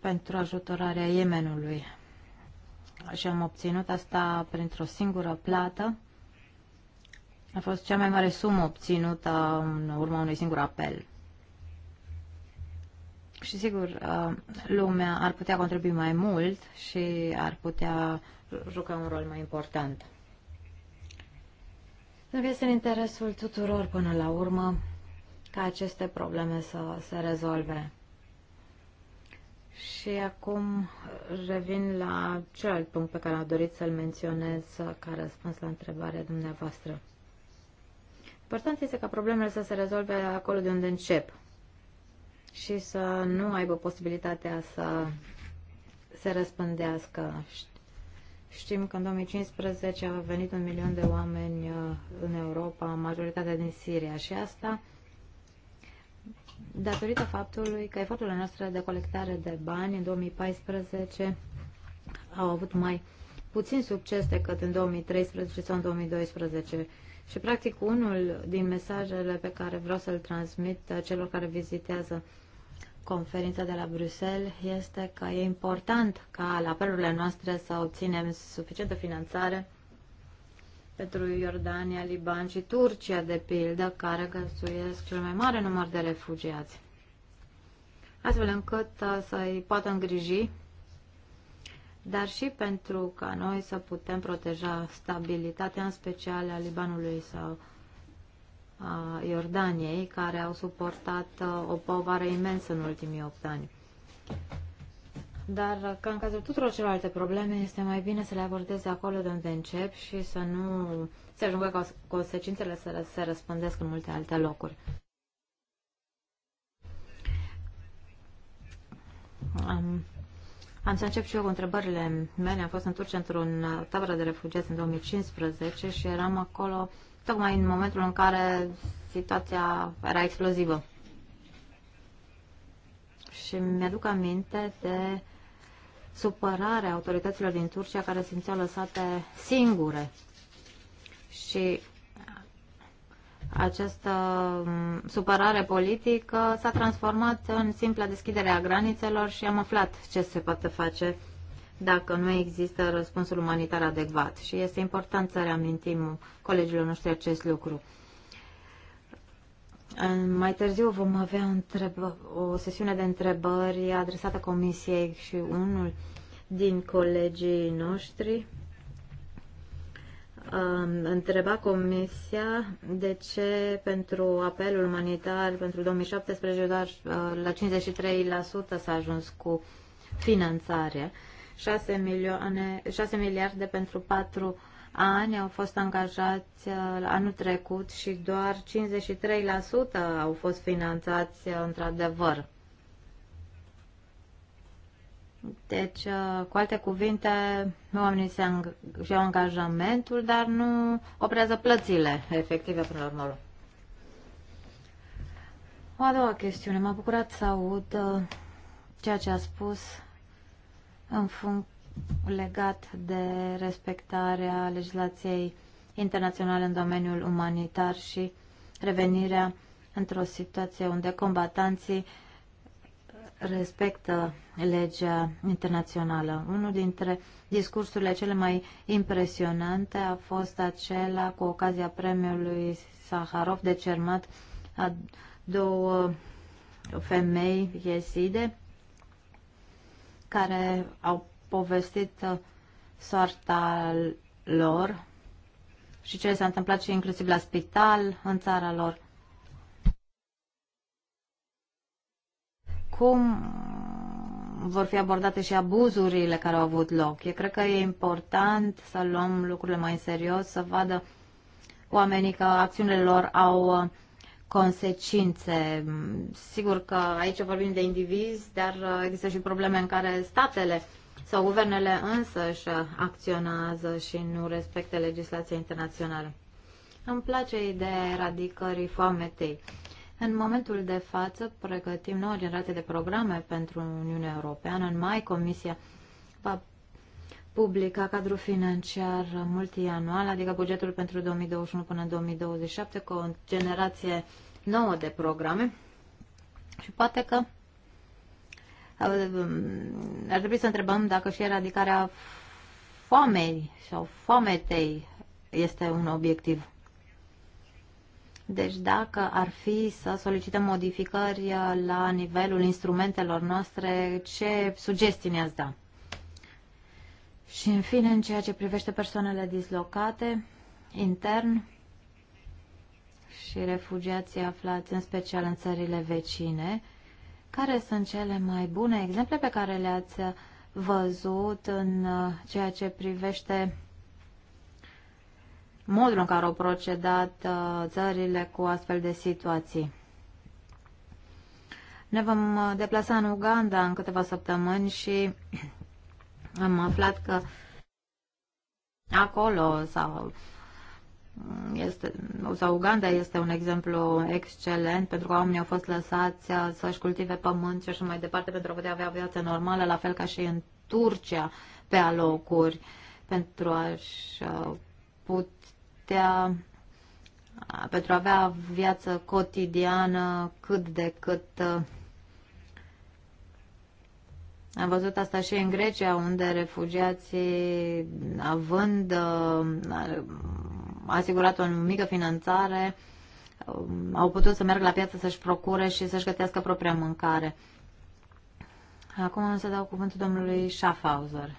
pentru ajutorarea Yemenului. Și am obținut asta printr-o singură plată. A fost cea mai mare sumă obținută în urma unui singur apel. Și sigur, uh, lumea ar putea contribui mai mult și ar putea juca un rol mai important. Trebuie să în interesul tuturor până la urmă ca aceste probleme să se rezolve. Și acum revin la celălalt punct pe care am dorit să-l menționez ca răspuns la întrebarea dumneavoastră. Important este ca problemele să se rezolve acolo de unde încep și să nu aibă posibilitatea să se răspândească. Știm că în 2015 au venit un milion de oameni uh, în Europa, majoritatea din Siria și asta datorită faptului că eforturile noastre de colectare de bani în 2014 au avut mai puțin succes decât în 2013 sau în 2012. Și, practic, unul din mesajele pe care vreau să-l transmit celor care vizitează conferința de la Bruxelles este că e important ca la apelurile noastre să obținem suficientă finanțare pentru Iordania, Liban și Turcia, de pildă, care găsuiesc cel mai mare număr de refugiați. Astfel încât uh, să-i poată îngriji dar și pentru ca noi să putem proteja stabilitatea, în special a Libanului sau a Iordaniei, care au suportat uh, o povară imensă în ultimii 8 ani. Dar, uh, ca în cazul tuturor celelalte probleme, este mai bine să le abordezi acolo de unde încep și să nu se ajungă ca consecințele să se răspândesc în multe alte locuri. Um, am să încep și eu cu întrebările mele. Am fost în Turcia într-un uh, tabără de refugiați în 2015 și eram acolo tocmai în momentul în care situația era explozivă. Și mi-aduc aminte de supărarea autorităților din Turcia care simțeau lăsate singure și această mm, supărare politică s-a transformat în simpla deschidere a granițelor și am aflat ce se poate face dacă nu există răspunsul umanitar adecvat. Și este important să reamintim colegilor noștri acest lucru. Mai târziu vom avea o sesiune de întrebări adresată Comisiei și unul din colegii noștri întreba Comisia de ce pentru apelul umanitar pentru 2017 doar uh, la 53% s-a ajuns cu finanțarea 6, milioane, 6 miliarde pentru 4 ani au fost angajați uh, anul trecut și doar 53% au fost finanțați uh, într-adevăr. Deci, uh, cu alte cuvinte, oamenii se și-au angajamentul, dar nu oprează plățile efective până la urmă. O a doua chestiune. M-a bucurat să aud uh, ceea ce a spus în func- legat de respectarea legislației internaționale în domeniul umanitar și revenirea într-o situație unde combatanții uh, respectă legea internațională. Unul dintre discursurile cele mai impresionante a fost acela cu ocazia premiului Saharov decermat a două femei jeside care au povestit soarta lor și ce s-a întâmplat și inclusiv la spital în țara lor. cum vor fi abordate și abuzurile care au avut loc. Eu cred că e important să luăm lucrurile mai în serios, să vadă oamenii că acțiunile lor au uh, consecințe. Sigur că aici vorbim de indivizi, dar uh, există și probleme în care statele sau guvernele însă își acționează și nu respectă legislația internațională. Îmi place ideea eradicării foametei. În momentul de față pregătim noua generație de programe pentru Uniunea Europeană. În mai Comisia va publica cadrul financiar multianual, adică bugetul pentru 2021 până în 2027, cu o generație nouă de programe. Și poate că uh, ar trebui să întrebăm dacă și eradicarea foamei sau foametei este un obiectiv. Deci dacă ar fi să solicităm modificări uh, la nivelul instrumentelor noastre, ce sugestii ne-ați da? Și în fine, în ceea ce privește persoanele dislocate, intern și refugiații aflați în special în țările vecine, care sunt cele mai bune exemple pe care le-ați văzut în uh, ceea ce privește modul în care au procedat uh, țările cu astfel de situații. Ne vom uh, deplasa în Uganda în câteva săptămâni și am aflat că acolo sau este, sau Uganda este un exemplu excelent pentru că oamenii au fost lăsați uh, să-și cultive pământ și așa mai departe pentru a putea avea viață normală, la fel ca și în Turcia pe alocuri pentru a-și acestea pentru a avea viață cotidiană cât de cât. Am văzut asta și în Grecia, unde refugiații, având asigurat o mică finanțare, au putut să meargă la piață să-și procure și să-și gătească propria mâncare. Acum o să dau cuvântul domnului Schaffhauser.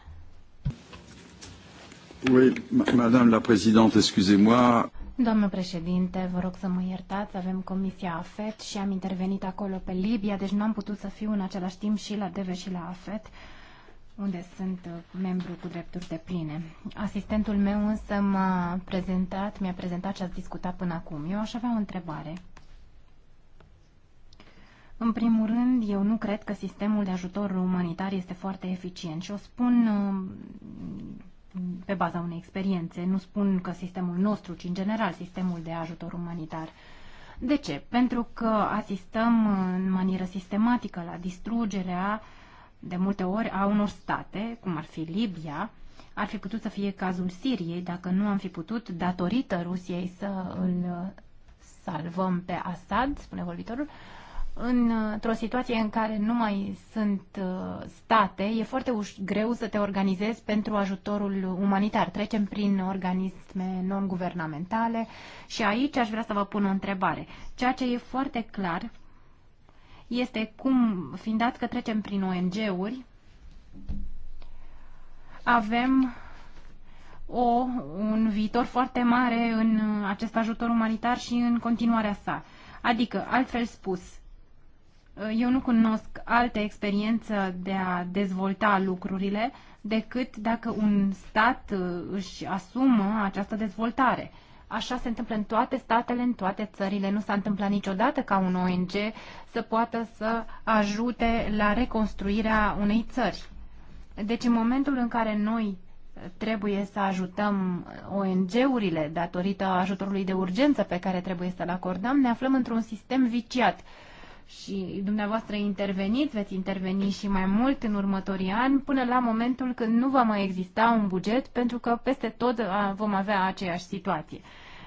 Oui, Madame la Présidente, excusez-moi. Doamnă președinte, vă rog să mă iertați, avem Comisia AFET și am intervenit acolo pe Libia, deci n-am putut să fiu în același timp și la DEVE și la AFET, unde sunt uh, membru cu drepturi de pline. Asistentul meu însă m-a prezentat, mi-a prezentat ce ați discutat până acum. Eu aș avea o întrebare. În primul rând, eu nu cred că sistemul de ajutor umanitar este foarte eficient și o spun uh, pe baza unei experiențe. Nu spun că sistemul nostru, ci în general sistemul de ajutor umanitar. De ce? Pentru că asistăm în manieră sistematică la distrugerea de multe ori a unor state, cum ar fi Libia, ar fi putut să fie cazul Siriei, dacă nu am fi putut, datorită Rusiei, să îl salvăm pe Assad, spune vorbitorul, uh, într-o situație în care nu mai sunt uh, state, e foarte greu să te organizezi pentru ajutorul umanitar. Trecem prin organisme non-guvernamentale și aici aș vrea să vă pun o întrebare. Ceea ce e foarte clar este cum, fiind dat că trecem prin ONG-uri, avem o, un viitor foarte mare în uh, acest ajutor umanitar și în continuarea sa. Adică, altfel spus, eu nu cunosc altă experiență de a dezvolta lucrurile decât dacă un stat uh, își asumă această dezvoltare. Așa se întâmplă în toate statele, în toate țările. Nu s-a întâmplat niciodată ca un ONG să poată să ajute la reconstruirea unei țări. Deci în momentul în care noi trebuie să ajutăm ONG-urile datorită ajutorului de urgență pe care trebuie să-l acordăm, ne aflăm într-un sistem viciat și dumneavoastră interveniți, veți interveni și mai mult în următorii ani, până la momentul când nu va mai exista un buget, pentru că peste tot vom avea aceeași situație.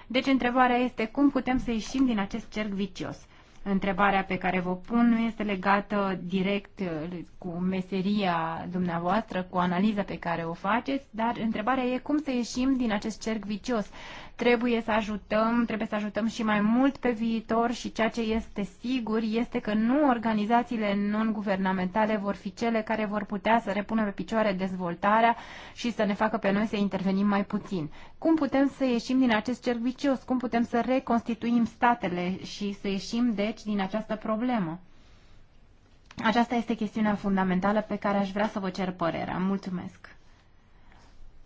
Deci întrebarea este cum putem să ieșim din acest cerc vicios. Întrebarea pe care vă pun nu este legată direct uh, cu meseria dumneavoastră, cu analiza pe care o faceți, dar întrebarea e cum să ieșim din acest cerc vicios. Trebuie să ajutăm, trebuie să ajutăm și mai mult pe viitor și ceea ce este sigur este că nu organizațiile non-guvernamentale vor fi cele care vor putea să repună pe picioare dezvoltarea și să ne facă pe noi să intervenim mai puțin. Cum putem să ieșim din acest cerc vicios? Cum putem să reconstituim statele și să ieșim de treci din această problemă? Aceasta este chestiunea fundamentală pe care aș vrea să vă cer părerea. Mulțumesc!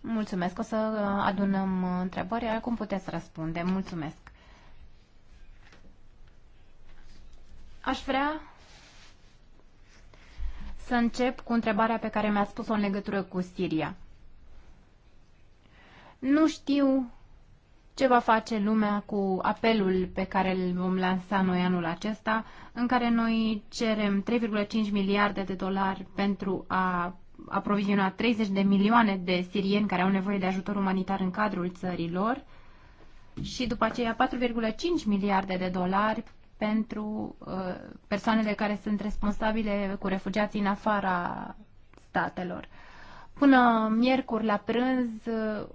Mulțumesc! O să uh, adunăm uh, întrebări, acum puteți răspunde. Mulțumesc! Aș vrea să încep cu întrebarea pe care mi-a spus-o în legătură cu Siria. Nu știu ce va face lumea cu apelul pe care îl vom lansa noi anul acesta, în care noi cerem 3,5 miliarde de dolari pentru a aproviziona 30 de milioane de sirieni care au nevoie de ajutor umanitar în cadrul țărilor și după aceea 4,5 miliarde de dolari pentru uh, persoanele care sunt responsabile cu refugiații în afara statelor. Uh, Până miercuri la prânz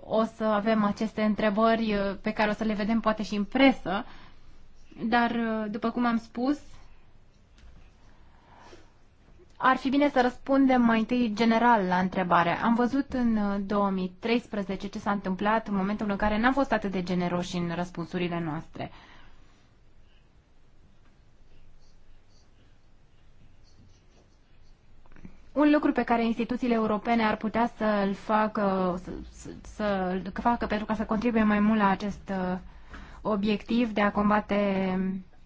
o să avem aceste întrebări uh, pe care o să le vedem poate și în presă, dar uh, după cum am spus, ar fi bine să răspundem mai întâi general la întrebare. Am văzut în 2013 uh, ce s-a întâmplat în momentul în care n-am fost atât de generoși în răspunsurile noastre. Uh, Un lucru pe care instituțiile europene ar putea să-l facă, să, să, să facă pentru ca să contribuie mai mult la acest uh, obiectiv de a combate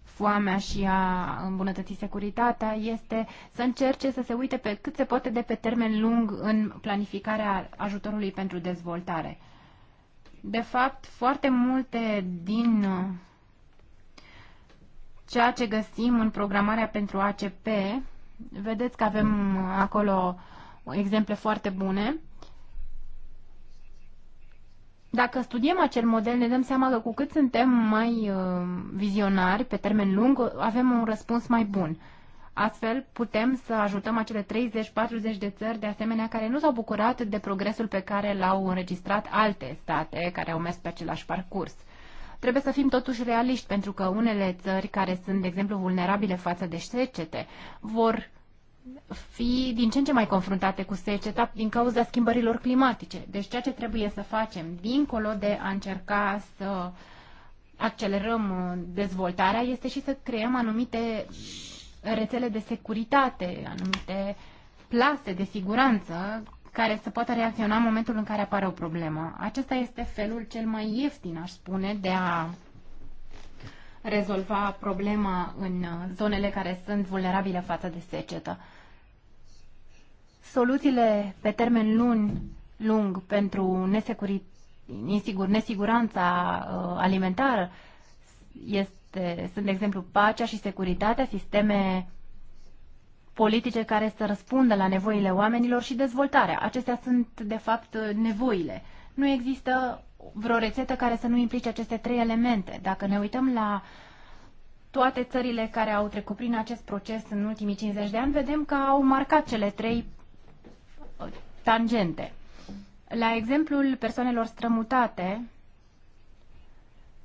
foamea și a îmbunătăți securitatea este să încerce să se uite pe cât se poate de pe termen lung în planificarea ajutorului pentru dezvoltare. De fapt, foarte multe din uh, ceea ce găsim în programarea pentru ACP Vedeți că avem acolo exemple foarte bune. Dacă studiem acel model, ne dăm seama că cu cât suntem mai uh, vizionari pe termen lung, avem un răspuns mai bun. Astfel, putem să ajutăm acele 30-40 de țări, de asemenea, care nu s-au bucurat de progresul pe care l-au înregistrat alte state care au mers pe același parcurs. Trebuie să fim totuși realiști, pentru că unele țări care sunt, de exemplu, vulnerabile față de secete, vor fi din ce în ce mai confruntate cu seceta din cauza schimbărilor climatice. Deci ceea ce trebuie să facem, dincolo de a încerca să accelerăm uh, dezvoltarea, este și să creăm anumite rețele de securitate, anumite plase de siguranță care să poată reacționa în momentul în care apare o problemă. Acesta este felul cel mai ieftin, aș spune, de a rezolva problema în zonele care sunt vulnerabile față de secetă. Soluțiile pe termen lung, lung pentru insigur, nesiguranța uh, alimentară este, sunt, de exemplu, pacea și securitatea, sisteme politice care să răspundă la nevoile oamenilor și dezvoltarea. Acestea sunt, de fapt, nevoile. Nu există vreo rețetă care să nu implice aceste trei elemente. Dacă ne uităm la toate țările care au trecut prin acest proces în ultimii 50 de ani, vedem că au marcat cele trei uh, tangente. La exemplul persoanelor strămutate,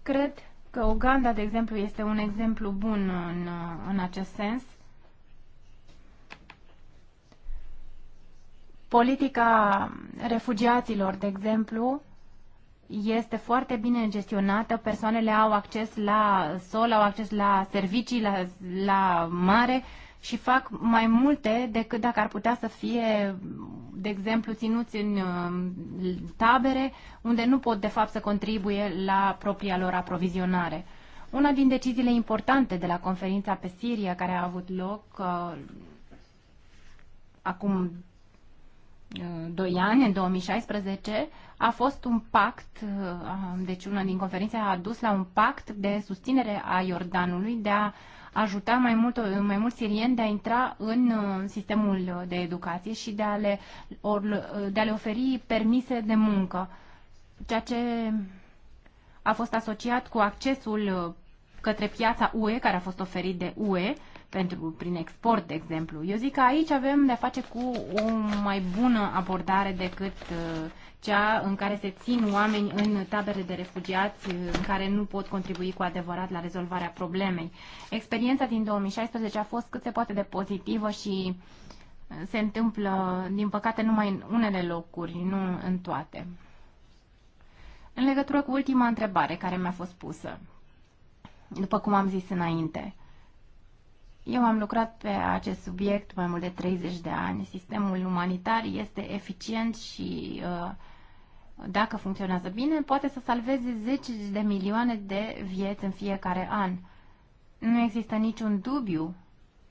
cred că Uganda, de exemplu, este un exemplu bun în, în acest sens. Politica refugiaților, de exemplu, este foarte bine gestionată, persoanele au acces la sol, au acces la servicii, la, la mare și fac mai multe decât dacă ar putea să fie, de exemplu, ținuți în um, tabere unde nu pot, de fapt, să contribuie la propria lor aprovizionare. Una din deciziile importante de la conferința pe Siria care a avut loc uh, acum 2 uh, ani, în 2016, a fost un pact, uh, deci una din conferințe a dus la un pact de susținere a Iordanului de a ajuta mai mult, uh, mai mult sirieni de a intra în sistemul de educație și de a le, or, de a le oferi permise de muncă, ceea ce a fost asociat cu accesul către piața UE, care a fost oferit de UE, pentru, prin export, de exemplu. Eu zic că aici avem de-a face cu o mai bună abordare decât uh, cea în care se țin oameni în tabere de refugiați uh, în care nu pot contribui cu adevărat la rezolvarea problemei. Experiența din 2016 a fost cât se poate de pozitivă și uh, se întâmplă, din păcate, numai în unele locuri, nu în toate. În legătură cu ultima întrebare care mi-a fost pusă, după cum am zis înainte, eu am lucrat pe acest subiect mai mult de 30 de ani. Sistemul umanitar este eficient și uh, dacă funcționează bine, poate să salveze 10 de milioane de vieți în fiecare an. Nu există niciun dubiu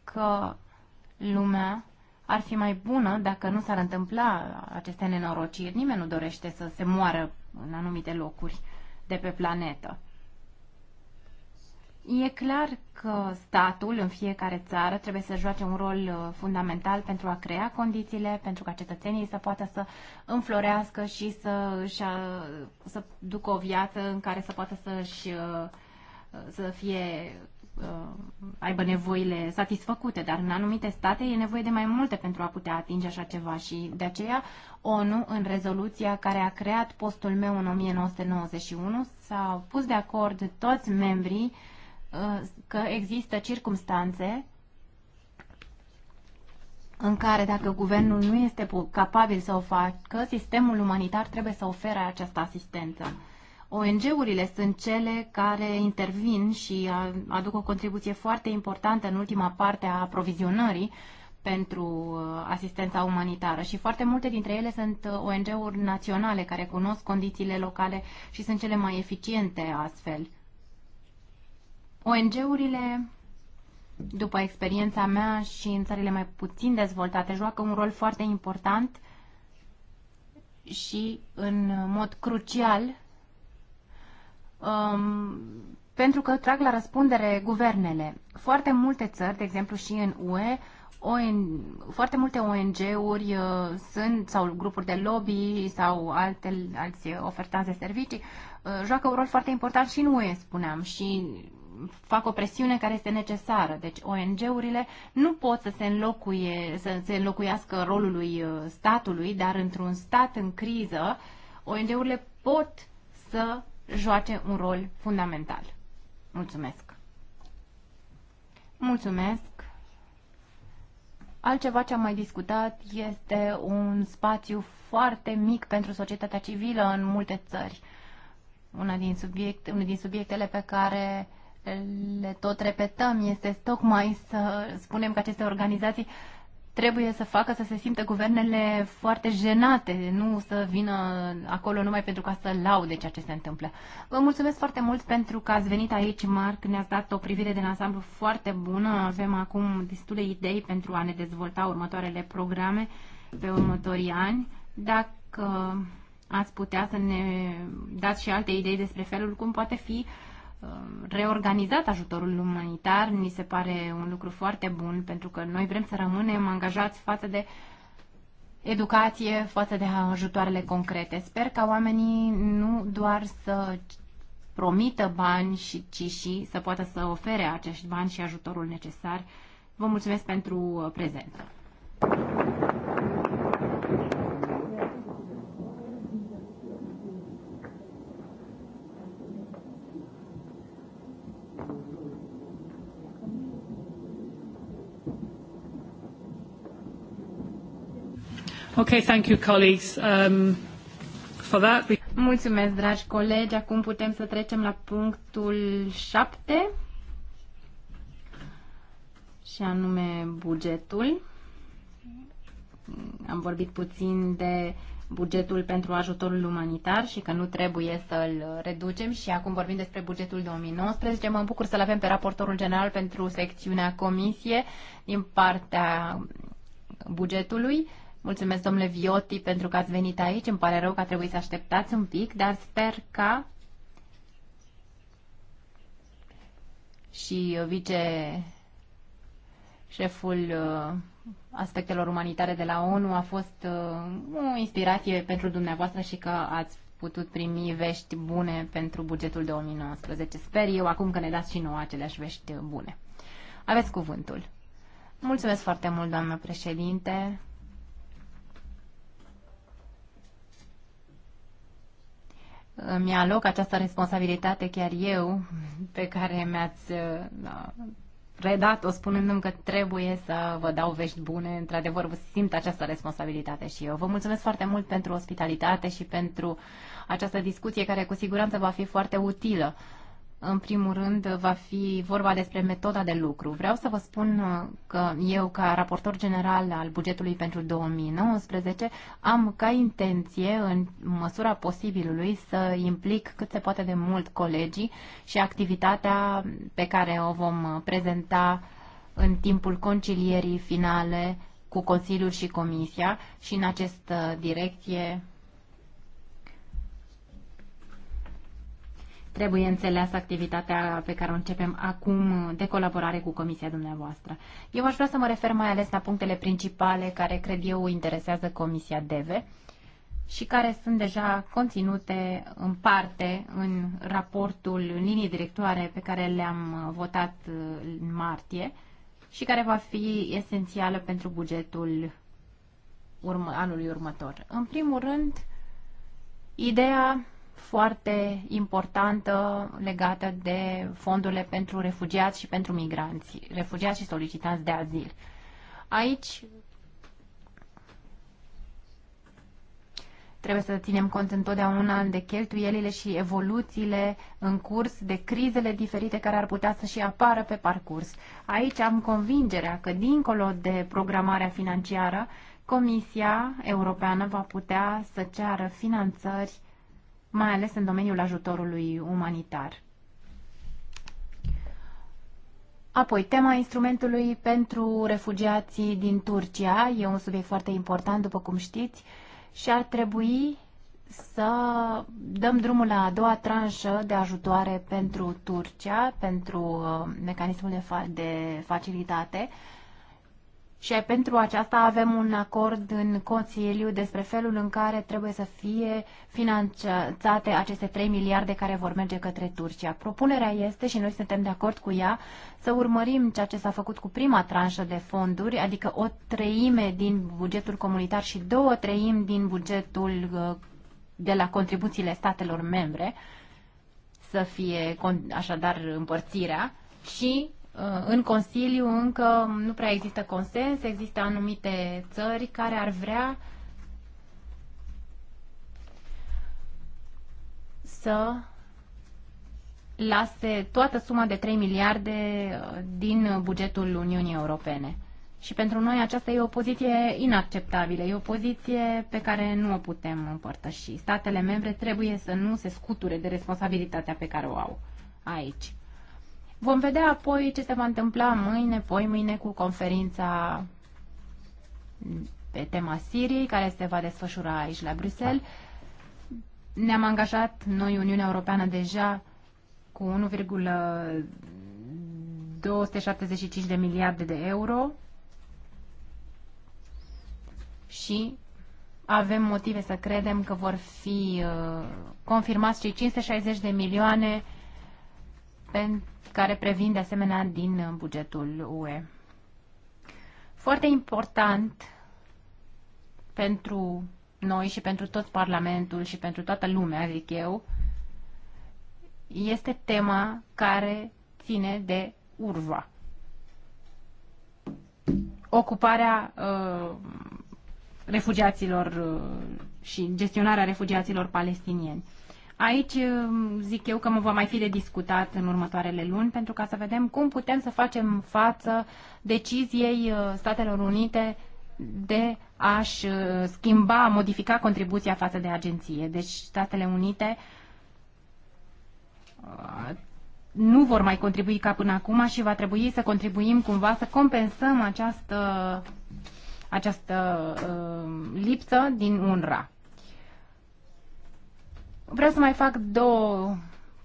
că lumea ar fi mai bună dacă nu s-ar întâmpla aceste nenorociri. Nimeni nu dorește să se moară în anumite locuri de pe planetă. E clar că statul în fiecare țară trebuie să joace un rol uh, fundamental pentru a crea condițiile, pentru ca cetățenii să poată să înflorească și să, și a, uh, să ducă o viață în care să poată să-și uh, să fie aibă nevoile satisfăcute, dar în anumite state e nevoie de mai multe pentru a putea atinge așa ceva și de aceea ONU, în rezoluția care a creat postul meu în 1991, s-au pus de acord toți membrii uh, Uh, că există circumstanțe în care dacă guvernul nu este capabil să o facă, sistemul umanitar trebuie să ofere această asistență. ONG-urile sunt cele care intervin și aduc o contribuție foarte importantă în ultima parte a aprovizionării pentru uh, asistența umanitară și foarte multe dintre ele sunt uh, ONG-uri naționale care cunosc condițiile locale și sunt cele mai eficiente astfel. ONG-urile, după experiența mea și în țările mai puțin dezvoltate, joacă un rol foarte important și în mod crucial um, pentru că trag la răspundere guvernele. Foarte multe țări, de exemplu și în UE, ON, foarte multe ONG-uri uh, sunt, sau grupuri de lobby sau alte, alți ofertanți de servicii, uh, joacă un rol foarte important și în UE, spuneam, și fac o presiune care este necesară. Deci ONG-urile nu pot să se, înlocuie, să se înlocuiască rolului uh, statului, dar într-un stat în criză, ONG-urile pot să joace un rol fundamental. Mulțumesc! Mulțumesc! Altceva ce am mai discutat este un spațiu foarte mic pentru societatea civilă în multe țări. Una din subiect, unul din subiectele pe care uh, le tot repetăm este tocmai să spunem că aceste organizații trebuie să facă să se simtă guvernele foarte jenate, nu să vină acolo numai pentru ca să laude ceea ce se întâmplă. Vă mulțumesc foarte mult pentru că ați venit aici, Marc, ne-ați dat o privire de ansamblu foarte bună, avem acum destule idei pentru a ne dezvolta următoarele programe pe următorii ani. Dacă ați putea să ne dați și alte idei despre felul cum poate fi uh, Um, reorganizat ajutorul umanitar. Ni se pare un lucru foarte bun pentru că noi vrem să rămânem angajați față de educație, față de ajutoarele concrete. Sper ca oamenii nu doar să promită bani, și, ci și să poată să ofere acești bani și ajutorul necesar. Vă mulțumesc pentru prezență. Okay, thank you, colleagues. Um, for that Mulțumesc, dragi colegi. Acum putem să trecem la punctul 7 și anume bugetul. Am vorbit puțin de bugetul pentru ajutorul umanitar și că nu trebuie să-l reducem și acum vorbim despre bugetul 2019. Mă bucur să-l avem pe raportorul general pentru secțiunea comisie din partea bugetului Mulțumesc, domnule Vioti, pentru că ați venit aici. Îmi pare rău că a trebuit să așteptați un pic, dar sper că și vice șeful uh, aspectelor umanitare de la ONU a fost uh, o inspirație pentru dumneavoastră și că ați putut primi vești bune pentru bugetul 2019. Sper eu acum că ne dați și nouă aceleași vești bune. Aveți cuvântul. Mulțumesc foarte mult, doamnă președinte. îmi aloc această responsabilitate chiar eu, pe care mi-ați uh, da, redat-o spunându-mi că trebuie să vă dau vești bune. Într-adevăr, vă simt această responsabilitate și eu. Vă mulțumesc foarte mult pentru ospitalitate și pentru această discuție care cu siguranță va fi foarte utilă în primul rând, va fi vorba despre metoda de lucru. Vreau să vă spun uh, că eu, ca raportor general al bugetului pentru 2019, am ca intenție, în măsura posibilului, să implic cât se poate de mult colegii și activitatea pe care o vom prezenta în timpul concilierii finale cu Consiliul și Comisia și în această direcție trebuie înțeleasă activitatea pe care o începem acum de colaborare cu comisia dumneavoastră. Eu aș vrea să mă refer mai ales la punctele principale care cred eu interesează comisia DEVE și care sunt deja conținute în parte în raportul în linii directoare pe care le-am votat în martie și care va fi esențială pentru bugetul anului următor. În primul rând, ideea foarte importantă legată de fondurile pentru refugiați și pentru migranți, refugiați și solicitanți de azil. Aici trebuie să ținem cont întotdeauna de cheltuielile și evoluțiile în curs, de crizele diferite care ar putea să și apară pe parcurs. Aici am convingerea că, dincolo de programarea financiară, Comisia Europeană va putea să ceară finanțări mai ales în domeniul ajutorului umanitar. Apoi, tema instrumentului pentru refugiații din Turcia e un subiect foarte important, după cum știți, și ar trebui să dăm drumul la a doua tranșă de ajutoare pentru Turcia, pentru uh, mecanismul de, fa- de facilitate, și pentru aceasta avem un acord în Consiliu despre felul în care trebuie să fie finanțate aceste 3 miliarde care vor merge către Turcia. Propunerea este, și noi suntem de acord cu ea, să urmărim ceea ce s-a făcut cu prima tranșă de fonduri, adică o treime din bugetul comunitar și două treimi din bugetul uh, de la contribuțiile statelor membre, să fie așadar împărțirea, și Uh, în Consiliu încă nu prea există consens, există anumite țări care ar vrea să lase toată suma de 3 miliarde uh, din bugetul Uniunii Europene. Și pentru noi aceasta e o poziție inacceptabilă, e o poziție pe care nu o putem împărtăși. Statele membre trebuie să nu se scuture de responsabilitatea pe care o au aici. Vom vedea apoi ce se va întâmpla mâine, poi mâine cu conferința pe tema Siriei, care se va desfășura aici la Bruxelles. Ne-am angajat noi, Uniunea Europeană, deja cu 1,275 de miliarde de euro și avem motive să credem că vor fi uh, confirmați cei 560 de milioane care previn de asemenea din uh, bugetul UE. Foarte important pentru noi și pentru tot Parlamentul și pentru toată lumea, zic eu, este tema care ține de urva. Ocuparea uh, refugiaților uh, și gestionarea refugiaților palestinieni. Uh, Aici um, zic eu că mă va mai fi de discutat în următoarele luni pentru ca să vedem cum putem să facem față deciziei uh, Statelor Unite de a-și uh, schimba, modifica contribuția față de agenție. Deci Statele Unite uh, nu vor mai contribui ca până acum și va trebui să contribuim cumva să compensăm această, această lipsă din UNRWA. Vreau să mai fac două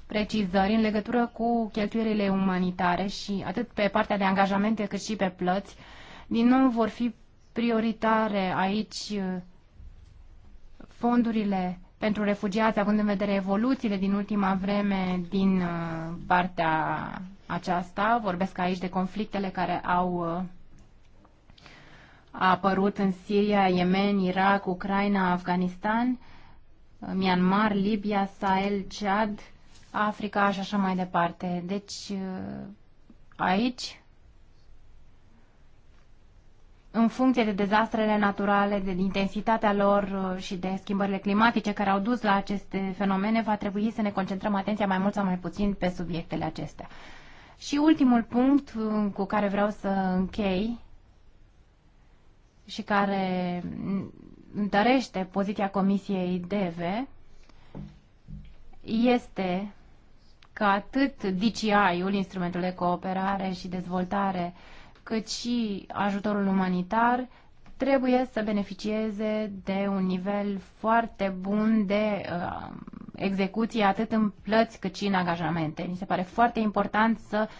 precizări în legătură cu cheltuielile umanitare și atât pe partea de angajamente cât și pe plăți. Din nou vor fi prioritare aici uh, fondurile pentru refugiați, având în vedere evoluțiile din ultima vreme din uh, partea aceasta. Vorbesc aici de conflictele care au uh, apărut în Siria, Yemen, Irak, Ucraina, Afganistan Myanmar, Libia, Sahel, Chad, Africa și așa mai departe. Deci aici, în funcție de dezastrele naturale, de intensitatea lor uh, și de schimbările climatice care au dus la aceste fenomene, va trebui să ne concentrăm atenția mai mult sau mai puțin pe subiectele acestea. Și ultimul punct uh, cu care vreau să închei și care întărește poziția Comisiei DV este că atât DCI-ul, instrumentul de cooperare și dezvoltare, cât și ajutorul umanitar trebuie să beneficieze de un nivel foarte bun de uh, execuție, atât în plăți cât și în angajamente. Mi se pare foarte important să uh,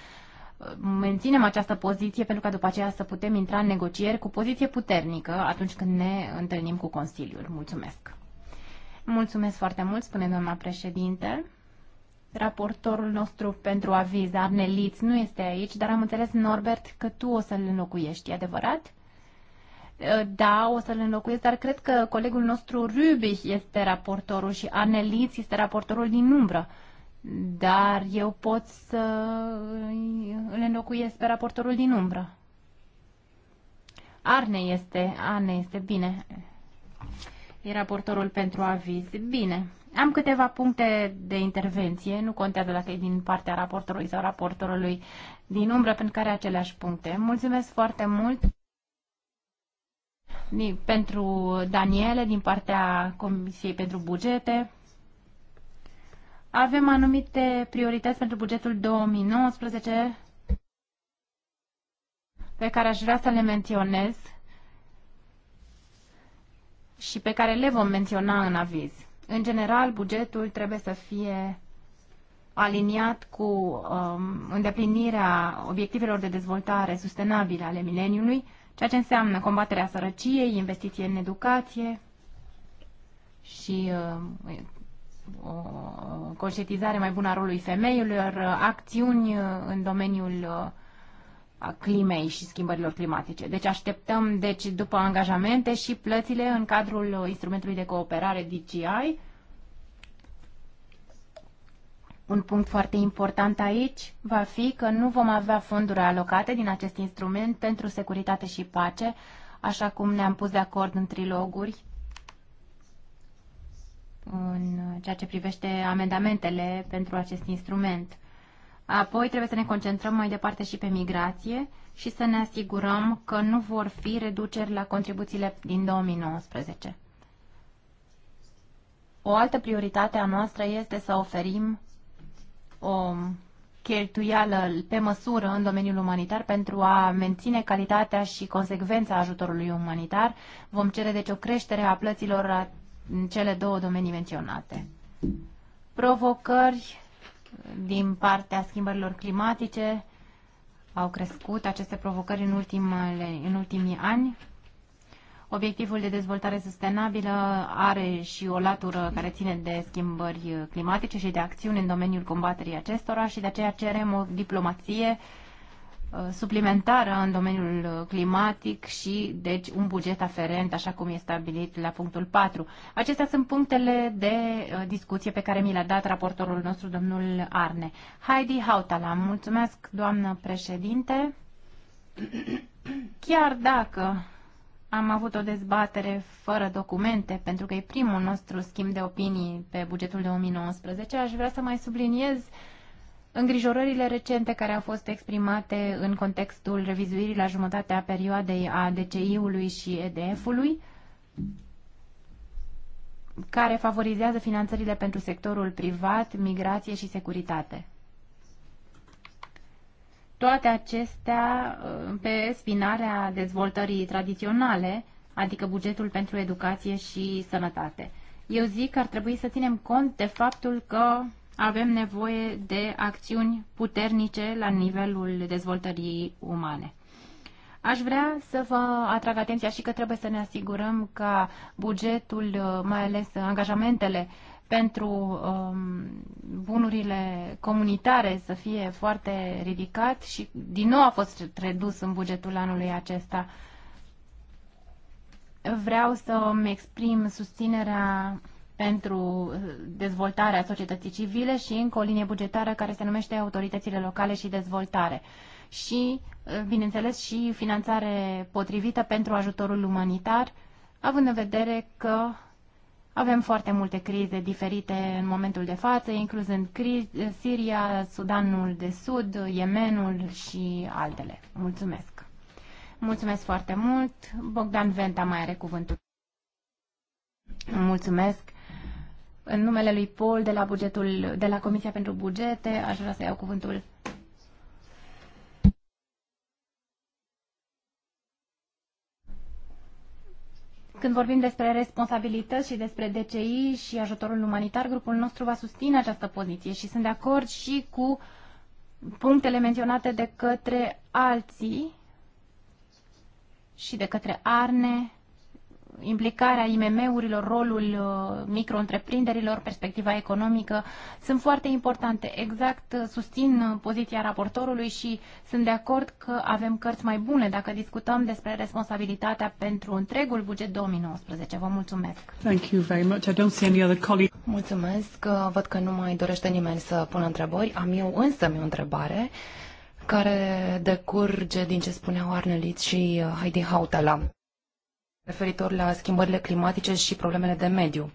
menținem această poziție pentru ca după aceea să putem intra în negocieri cu poziție puternică atunci când ne întâlnim cu Consiliul. Mulțumesc! Mulțumesc foarte mult, spune doamna președinte. Raportorul nostru pentru aviz, Arne Litz, nu este aici, dar am înțeles, Norbert, că tu o să-l înlocuiești, e adevărat? Da, o să-l înlocuiesc, dar cred că colegul nostru Rübich este raportorul și Arne Litz este raportorul din umbră dar eu pot să îl înlocuiesc pe raportorul din umbră. Arne este, Arne este, bine. E raportorul pentru aviz. Bine. Am câteva puncte de intervenție, nu contează dacă e din partea raportorului sau raportorului din umbră, pentru care aceleași puncte. Mulțumesc foarte mult pentru Daniele din partea Comisiei pentru Bugete. Avem anumite priorități pentru bugetul 2019 pe care aș vrea să le menționez și pe care le vom menționa în aviz. În general, bugetul trebuie să fie aliniat cu um, îndeplinirea obiectivelor de dezvoltare sustenabile ale mileniului, ceea ce înseamnă combaterea sărăciei, investiție în educație și uh, o uh, conștientizare mai bună a rolului femeilor, uh, acțiuni uh, în domeniul climei și schimbărilor climatice. Deci așteptăm, deci după angajamente și plățile în cadrul instrumentului de cooperare DGI. Un punct foarte important aici va fi că nu vom avea fonduri alocate din acest instrument pentru securitate și pace, așa cum ne-am pus de acord în triloguri în ceea ce privește amendamentele pentru acest instrument. Apoi trebuie să ne concentrăm mai departe și pe migrație și să ne asigurăm că nu vor fi reduceri la contribuțiile din 2019. O altă prioritate a noastră este să oferim o cheltuială pe măsură în domeniul umanitar pentru a menține calitatea și consecvența ajutorului umanitar. Vom cere deci o creștere a plăților în cele două domenii menționate. Provocări din partea schimbărilor climatice au crescut aceste provocări în, ultimele, în ultimii ani. Obiectivul de dezvoltare sustenabilă are și o latură care ține de schimbări climatice și de acțiuni în domeniul combaterii acestora și de aceea cerem o diplomație uh, Uh, suplimentară în domeniul uh, climatic și, deci, un buget aferent, așa cum e stabilit la punctul 4. Acestea sunt punctele de uh, discuție pe care mi le-a dat raportorul nostru, domnul Arne. Heidi Hautala, mulțumesc, doamnă președinte. Chiar dacă am avut o dezbatere fără documente, pentru că e primul nostru schimb de opinii pe bugetul de 2019, aș vrea să mai subliniez uh, Îngrijorările recente care au fost exprimate în contextul revizuirii la jumătatea perioadei a DCI-ului și EDF-ului, care favorizează finanțările pentru sectorul privat, migrație și securitate. Toate acestea uh, pe spinarea dezvoltării tradiționale, adică bugetul pentru educație și sănătate. Eu zic că ar trebui să ținem cont de faptul că avem nevoie de acțiuni puternice la nivelul dezvoltării umane. Aș vrea să vă atrag atenția și că trebuie să ne asigurăm ca bugetul, mai ales angajamentele pentru um, bunurile comunitare să fie foarte ridicat și din nou a fost redus în bugetul anului acesta. Vreau să-mi exprim susținerea pentru uh, dezvoltarea societății civile și încă o linie bugetară care se numește autoritățile locale și dezvoltare. Și, uh, bineînțeles, și finanțare potrivită pentru ajutorul umanitar, având în vedere că avem foarte multe crize diferite în momentul de față, incluzând criz- uh, Siria, Sudanul de Sud, Yemenul și altele. Mulțumesc! Mulțumesc foarte mult! Bogdan Venta mai are cuvântul. Mulțumesc! În numele lui Paul de la, bugetul, de la Comisia pentru Bugete, aș vrea să iau cuvântul. Când vorbim despre responsabilități și despre DCI și ajutorul umanitar, grupul nostru va susține această poziție și sunt de acord și cu punctele menționate de către alții și de către Arne implicarea IMM-urilor, rolul uh, micro-întreprinderilor, perspectiva economică, sunt foarte importante. Exact uh, susțin uh, poziția raportorului și sunt de acord că avem cărți mai bune dacă discutăm despre responsabilitatea pentru întregul buget 2019. Vă mulțumesc! Thank you very much. I don't see any other colleague. Mulțumesc! Văd că nu mai dorește nimeni să pună întrebări. Am eu însă mi o întrebare care decurge din ce spuneau Arnelit și Heidi Hautala referitor la schimbările climatice și problemele de mediu.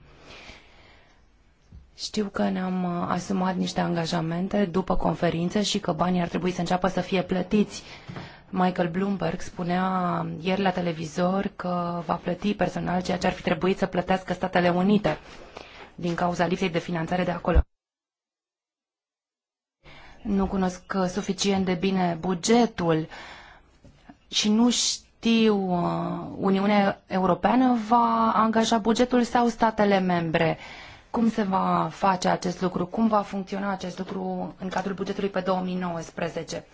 Știu că ne-am uh, asumat niște angajamente după conferințe și că banii ar trebui să înceapă să fie plătiți. Michael Bloomberg spunea uh, ieri la televizor că va plăti personal ceea ce ar fi trebuit să plătească Statele Unite din cauza lipsei de finanțare de acolo. Nu cunosc uh, suficient de bine bugetul și nu știu știu, uh, Uniunea Europeană va angaja bugetul sau statele membre? Cum se va face acest lucru? Cum va funcționa acest lucru în cadrul bugetului pe 2019?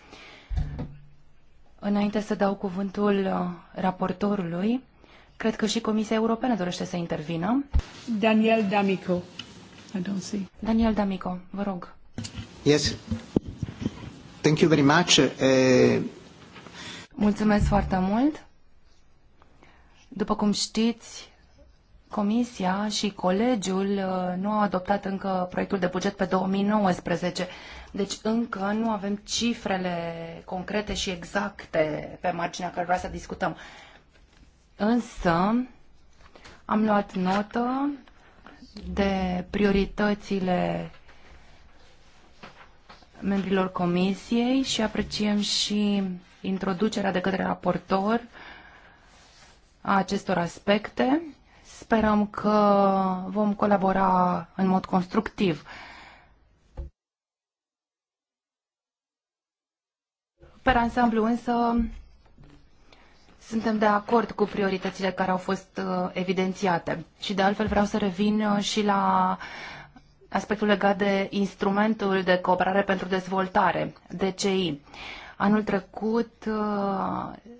Înainte să dau cuvântul uh, raportorului, cred că și Comisia Europeană dorește să intervină. Daniel D'Amico. I don't see. Daniel D'Amico, vă rog. Yes. Thank you very much. Uh... Mulțumesc foarte mult. După cum știți, Comisia și Colegiul uh, nu au adoptat încă proiectul de buget pe 2019, deci încă nu avem cifrele concrete și exacte pe marginea cărora să discutăm. Însă am luat notă de prioritățile membrilor Comisiei și apreciem și introducerea de către raportor a acestor aspecte. Sperăm că vom colabora în mod constructiv. Per ansamblu însă suntem de acord cu prioritățile care au fost uh, evidențiate și de altfel vreau să revin uh, și la aspectul legat de instrumentul de cooperare pentru dezvoltare, DCI. Anul trecut uh,